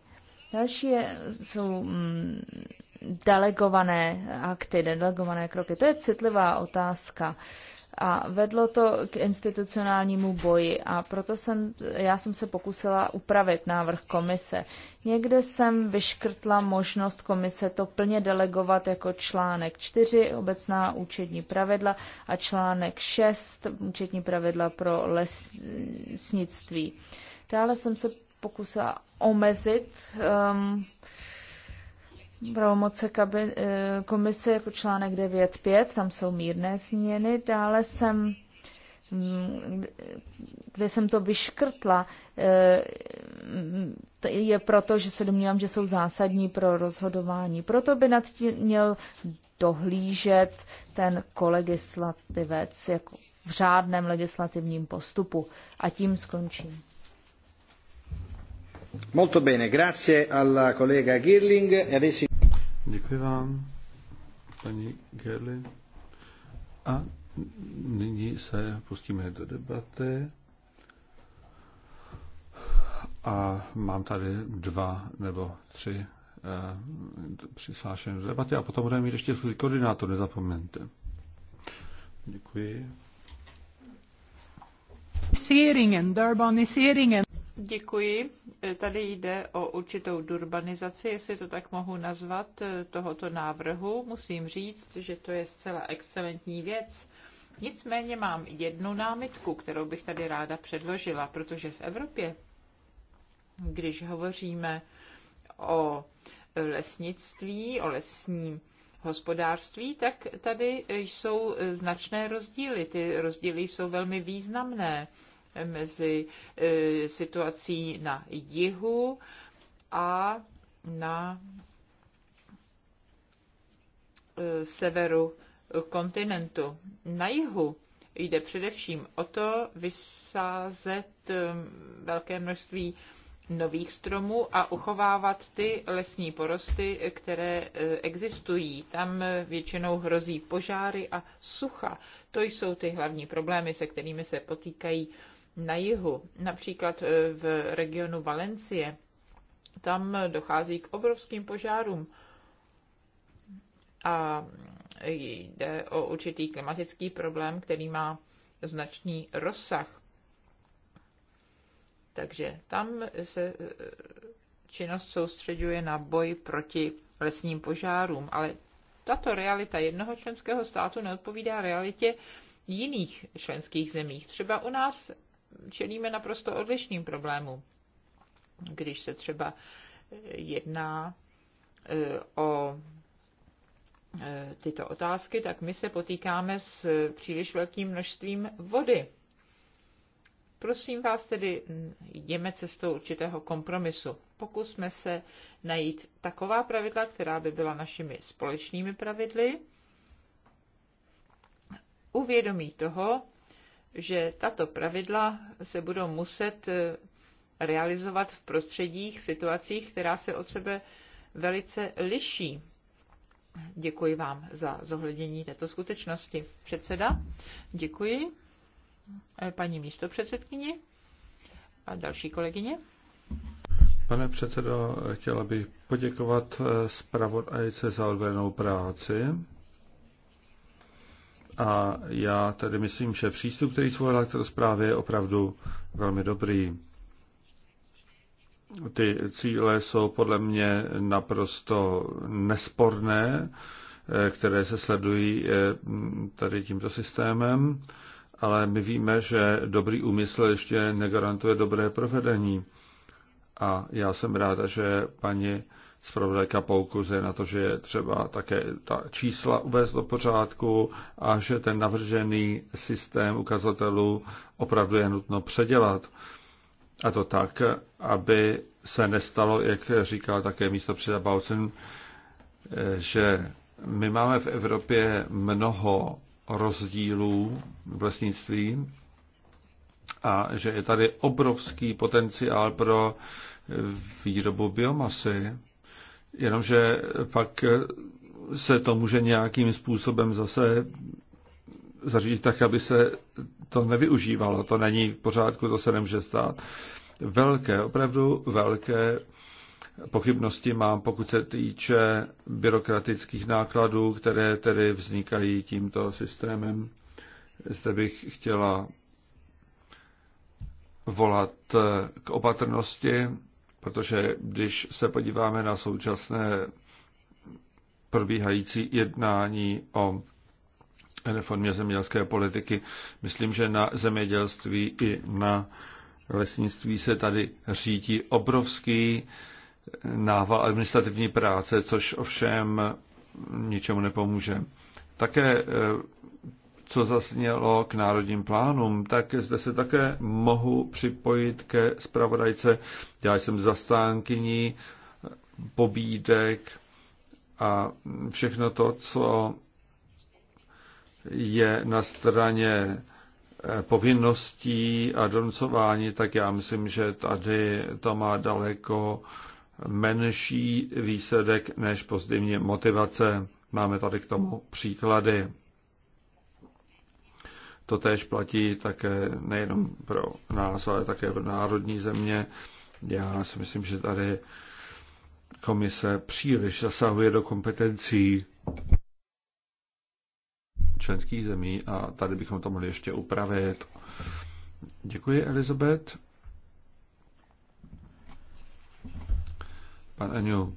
Další je, jsou mm, delegované akty, delegované kroky. To je citlivá otázka. A vedlo to k institucionálnímu boji a proto jsem, já jsem se pokusila upravit návrh komise. Někde jsem vyškrtla možnost komise to plně delegovat jako článek 4, obecná účetní pravidla, a článek 6, účetní pravidla pro lesnictví. Dále jsem se pokusila omezit um, pravomoce eh, komise jako článek 9.5, tam jsou mírné změny. Dále jsem, mm, kde jsem to vyškrtla, eh, je proto, že se domnívám, že jsou zásadní pro rozhodování. Proto by nad tím měl dohlížet ten kolegislativec jako v řádném legislativním postupu. A tím skončím. Molto bene, grazie alla collega Girling. E Děkuji vám, paní Gerli. A nyní se pustíme do debaty. A mám tady dva nebo tři eh, přihlášené do debaty a potom budeme mít ještě svůj koordinátor, nezapomeňte. Děkuji. Durban, Seringen. Děkuji. Tady jde o určitou durbanizaci, jestli to tak mohu nazvat, tohoto návrhu. Musím říct, že to je zcela excelentní věc. Nicméně mám jednu námitku, kterou bych tady ráda předložila, protože v Evropě, když hovoříme o lesnictví, o lesním hospodářství, tak tady jsou značné rozdíly. Ty rozdíly jsou velmi významné mezi e, situací na jihu a na e, severu kontinentu. Na jihu jde především o to vysázet e, velké množství nových stromů a uchovávat ty lesní porosty, které existují. Tam většinou hrozí požáry a sucha. To jsou ty hlavní problémy, se kterými se potýkají na jihu, například e, v regionu Valencie, tam dochází k obrovským požárům a jde o určitý klimatický problém, který má značný rozsah. Takže tam se e, činnost soustředuje na boj proti lesním požárům, ale tato realita jednoho členského státu neodpovídá realitě jiných členských zemích. Třeba u nás čelíme naprosto odlišným problémům. Když se třeba jedná e, o e, tyto otázky, tak my se potýkáme s příliš velkým množstvím vody. Prosím vás tedy, jdeme cestou určitého kompromisu. Pokusme se najít taková pravidla, která by byla našimi společnými pravidly, uvědomí toho, že tato pravidla se budou muset eh, realizovat v prostředích, situacích, která se od sebe velice liší. Děkuji vám za zohlednění této skutečnosti. Předseda, děkuji. Eh, paní místo předsedkyni a další kolegyně. Pane předsedo, chtěla bych poděkovat eh, zpravodajce za odvedenou práci. A já tedy myslím, že přístup, který zvolila k této zprávě, je opravdu velmi dobrý. Ty cíle jsou podle mě naprosto nesporné, eh, které se sledují eh, tady tímto systémem, ale my víme, že dobrý úmysl ještě negarantuje dobré provedení. A já jsem ráda, že paní zpravodajka poukazuje na to, že je třeba také ta čísla uvést do pořádku a že ten navržený systém ukazatelů opravdu je nutno předělat. A to tak, aby se nestalo, jak říkal také místo předseda Bautzen, že my máme v Evropě mnoho rozdílů v lesnictví a že je tady obrovský potenciál pro výrobu biomasy jenomže pak se to může nějakým způsobem zase zařídit tak, aby se to nevyužívalo. To není v pořádku, to se nemůže stát. Velké, opravdu velké pochybnosti mám, pokud se týče byrokratických nákladů, které tedy vznikají tímto systémem. Zde bych chtěla volat k opatrnosti Protože když se podíváme na současné probíhající jednání o reformě zemědělské politiky, myslím, že na zemědělství i na lesnictví se tady řídí obrovský nával administrativní práce, což ovšem ničemu nepomůže. Také eh, co zasnělo k národním plánům, tak zde se také mohu připojit ke zpravodajce. Já jsem zastánkyní pobídek a všechno to, co je na straně eh, povinností a donucování, tak já myslím, že tady to má daleko menší výsledek než pozitivní motivace. Máme tady k tomu příklady. To též platí také nejenom pro nás, ale také pro národní země. Já si myslím, že tady komise příliš zasahuje do kompetencí členských zemí a tady bychom to mohli ještě upravit. Děkuji, Elizabeth. Pan Eňu,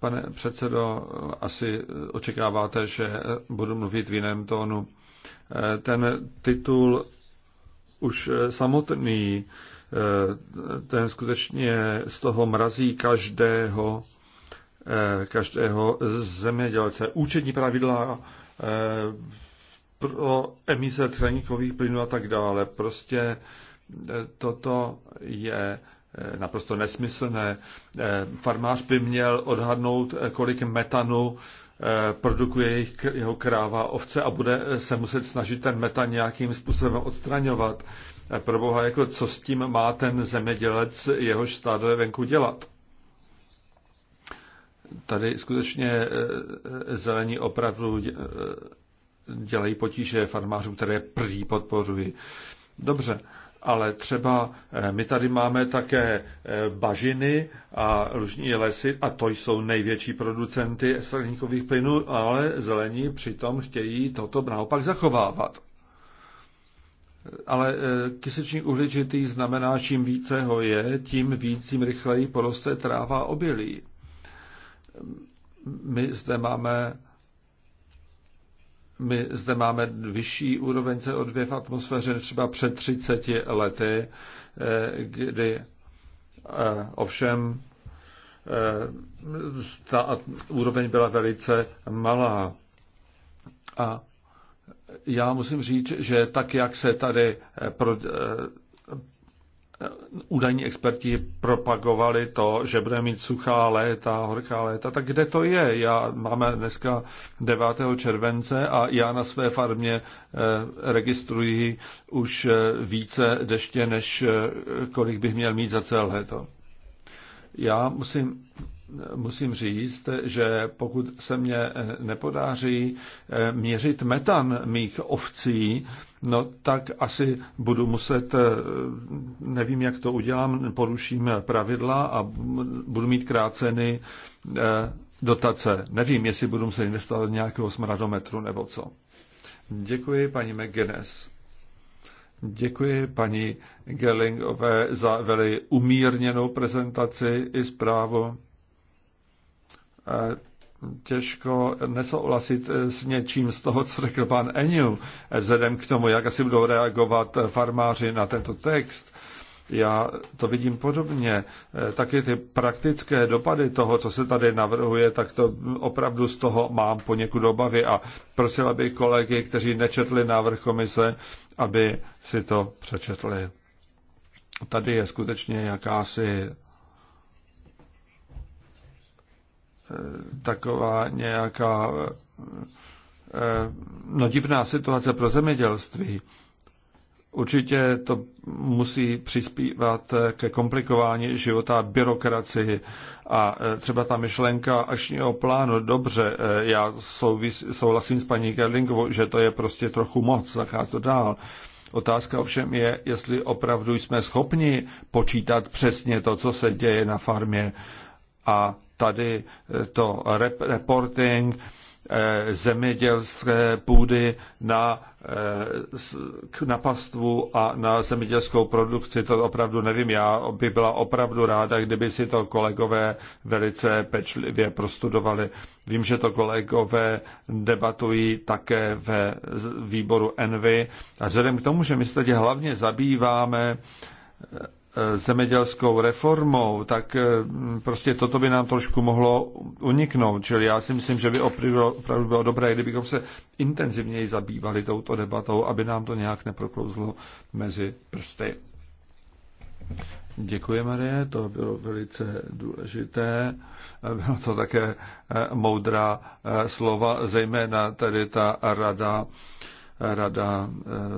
pane předsedo, asi očekáváte, že budu mluvit v jiném tónu. Eh, ten titul už eh, samotný, eh, ten skutečně z toho mrazí každého, každého zemědělce. Účetní pravidla pro emise třeníkových plynů a tak dále. Prostě toto je naprosto nesmyslné. Farmář by měl odhadnout, kolik metanu Eh, produkuje jejich, jeho kráva ovce a bude eh, se muset snažit ten metan nějakým způsobem odstraňovat. Proboha, jako co s tím má ten zemědělec jehož stádo je venku dělat? Tady skutečně eh, zelení opravdu dělají potíže farmářům, které prý podporují. Dobře, ale třeba eh, my tady máme také eh, bažiny a lužní lesy a to jsou největší producenty skleníkových plynů, ale zelení přitom chtějí toto naopak zachovávat. Ale eh, kysečník uhličitý znamená, čím více ho je, tím víc, tím rychleji poroste tráva obilí. My zde máme my zde máme vyšší úroveň CO2 v atmosféře třeba před 30 lety, eh, kdy eh, ovšem eh, ta úroveň byla velice malá. A já musím říct, že tak, jak se tady údajní experti propagovali to, že budeme mít suchá léta, horká léta, tak kde to je? Já máme dneska 9. července a já na své farmě eh, registruji už eh, více deště, než eh, kolik bych měl mít za celé léto. Já musím musím říct, že pokud se mě eh, nepodáří eh, měřit metan mých ovcí, no tak asi budu muset, eh, nevím, jak to udělám, poruším pravidla a budu mít kráceny dotace. Nevím, jestli budu muset investovat do nějakého smradometru nebo co. Děkuji, paní McGuinness. Děkuji paní Gellingové za veli umírněnou prezentaci i zprávu těžko nesouhlasit s něčím z toho, co řekl pan Eniu, vzhledem k tomu, jak asi budou reagovat farmáři na tento text. Já to vidím podobně. Taky ty praktické dopady toho, co se tady navrhuje, tak to opravdu z toho mám poněkud obavy a prosila bych kolegy, kteří nečetli návrh komise, aby si to přečetli. Tady je skutečně jakási taková nějaká eh, no, divná situace pro zemědělství. Určitě to musí přispívat ke komplikování života, byrokracii a eh, třeba ta myšlenka akčního plánu, dobře, eh, já souvis, souhlasím s paní Gerlingovou, že to je prostě trochu moc, zachází to dál. Otázka ovšem je, jestli opravdu jsme schopni počítat přesně to, co se děje na farmě a tady eh, to reporting eh, zemědělské půdy na, eh, na pastvu a na zemědělskou produkci, to opravdu nevím. Já by byla opravdu ráda, kdyby si to kolegové velice pečlivě prostudovali. Vím, že to kolegové debatují také ve výboru Envy a vzhledem k tomu, že my se tady hlavně zabýváme Eh, zemědělskou reformou, tak eh, prostě toto by nám trošku mohlo uniknout. Čili já si myslím, že by opravdu bylo dobré, kdybychom se intenzivněji zabývali touto debatou, aby nám to nějak neproklouzlo mezi prsty. Děkuji, Marie, to bylo velice důležité. Bylo to také eh, moudrá slova, zejména tady ta rada, rada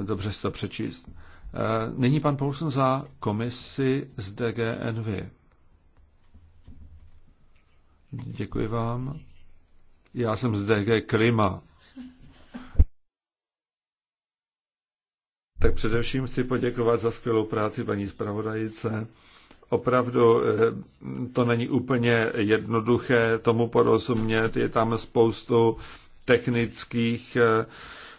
dobře si to přečíst. Eh, nyní pan Poulsen za komisi z DGNV. Děkuji vám. Já jsem z DG Klima. Tak především chci poděkovat za skvělou práci paní zpravodajice. Opravdu eh, to není úplně jednoduché tomu porozumět. Je tam spoustu technických eh,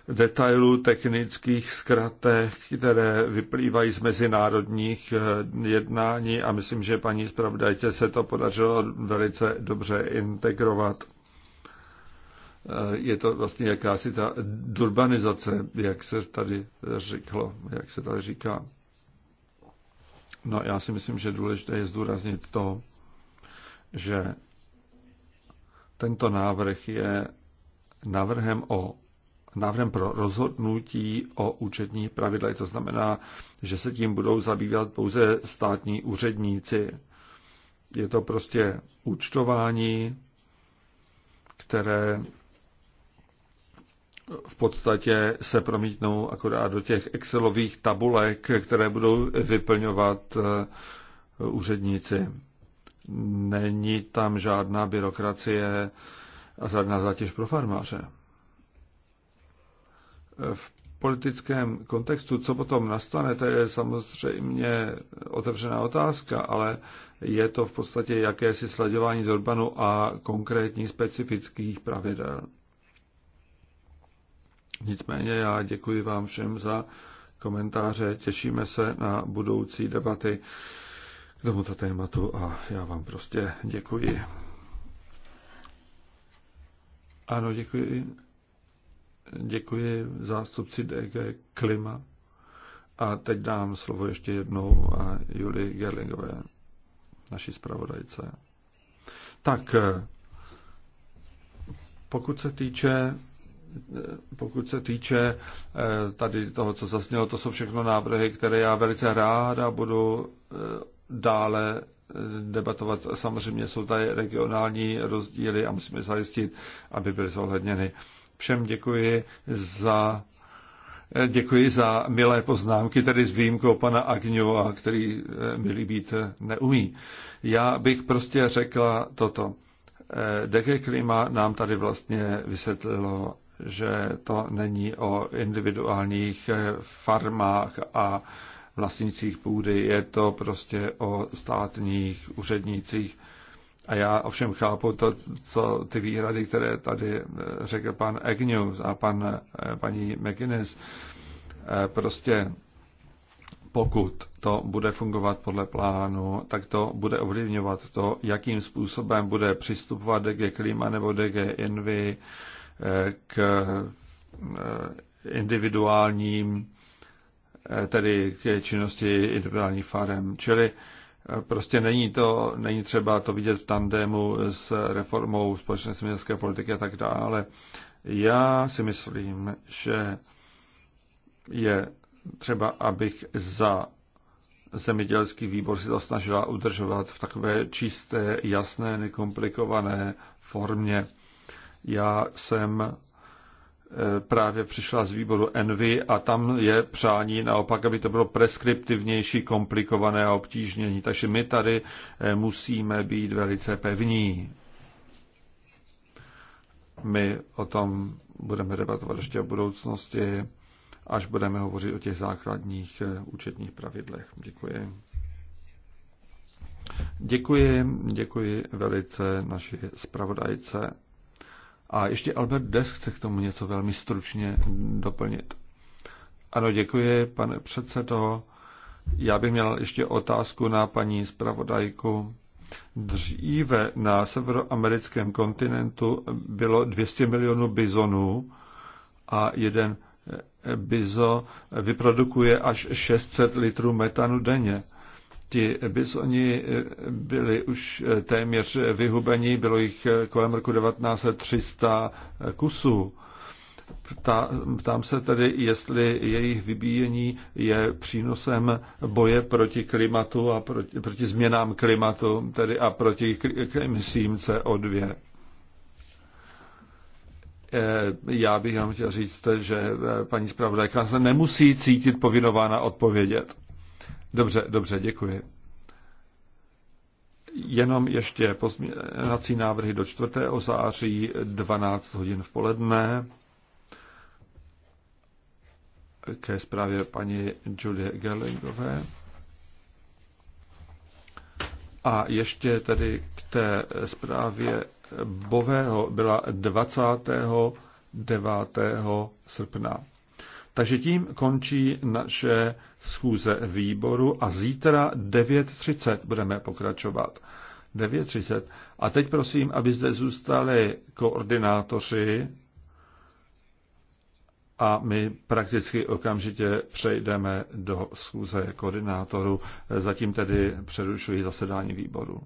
detailů, technických zkratech, které vyplývají z mezinárodních eh, jednání a myslím, že paní zpravodajce se to podařilo velice dobře integrovat. Eh, je to vlastně jakási ta durbanizace, jak se tady říklo, jak se tady říká. No já si myslím, že důležité je zdůraznit to, že tento návrh je návrhem o návrhem pro rozhodnutí o účetních pravidlech. To znamená, že se tím budou zabývat pouze státní úředníci. Je to prostě účtování, které v podstatě se promítnou akorát do těch Excelových tabulek, které budou vyplňovat eh, úředníci. Není tam žádná byrokracie a žádná zátěž pro farmáře v politickém kontextu, co potom nastane, to je samozřejmě otevřená otázka, ale je to v podstatě jakési sladěvání zorbanu a konkrétních specifických pravidel. Nicméně já děkuji vám všem za komentáře, těšíme se na budoucí debaty k tomuto tématu a já vám prostě děkuji. Ano, děkuji. Děkuji zástupci DG Klima. A teď dám slovo ještě jednou a Julii Gerlingové, naší zpravodajce. Tak, pokud se týče pokud se týče eh, tady toho, co zaznělo, to jsou všechno návrhy, které já velice rád a budu eh, dále eh, debatovat. Samozřejmě jsou tady regionální rozdíly a musíme zajistit, aby byly zohledněny všem děkuji za eh, Děkuji za milé poznámky, tedy s výjimkou pana Agňova, který eh, milý být eh, neumí. Já bych prostě řekla toto. DG Klima nám tady vlastně vysvětlilo, že to není o individuálních farmách a vlastnících půdy, je to prostě o státních úřednících. A já ovšem chápu to, co ty výhrady, které tady eh, řekl pan Agnew a pan, eh, paní McInnes. Eh, prostě pokud to bude fungovat podle plánu, tak to bude ovlivňovat to, jakým způsobem bude přistupovat DG Klima nebo DG Envy k individuálním, tedy k činnosti individuálních farem. Čili Prostě není, to, není třeba to vidět v tandému s reformou společné zemědělské politiky a tak dále. Já si myslím, že je třeba, abych za zemědělský výbor si to snažila udržovat v takové čisté, jasné, nekomplikované formě. Já jsem Eh, právě přišla z výboru Envy a tam je přání naopak, aby to bylo preskriptivnější, komplikované a obtížnění. Takže my tady eh, musíme být velice pevní. My o tom budeme debatovat ještě v budoucnosti, až budeme hovořit o těch základních eh, účetních pravidlech. Děkuji. Děkuji, děkuji velice naší zpravodajce. A ještě Albert Desk chce k tomu něco velmi stručně doplnit. Ano, děkuji, pane předsedo. Já bych měl ještě otázku na paní zpravodajku. Dříve na severoamerickém kontinentu bylo 200 milionů bizonů a jeden bizo vyprodukuje až 600 litrů metanu denně ti bizoni byli už téměř vyhubení, bylo jich kolem roku 1900 kusů. Ptá, ptám se tedy, jestli jejich vybíjení je přínosem boje proti klimatu a proti, proti změnám klimatu, tedy a proti emisím CO2. E, já bych vám chtěl říct, že e, paní zpravodajka se nemusí cítit povinována odpovědět. Dobře, dobře, děkuji. Jenom ještě pozměňovací návrhy do 4. září 12 hodin v poledne ke zprávě paní Julie Gerlingové. A ještě tedy k té zprávě Bového byla 29. srpna. Takže tím končí naše schůze výboru a zítra 9.30 budeme pokračovat. 9.30. A teď prosím, aby zde zůstali koordinátoři a my prakticky okamžitě přejdeme do schůze koordinátoru. Zatím tedy přerušuji zasedání výboru.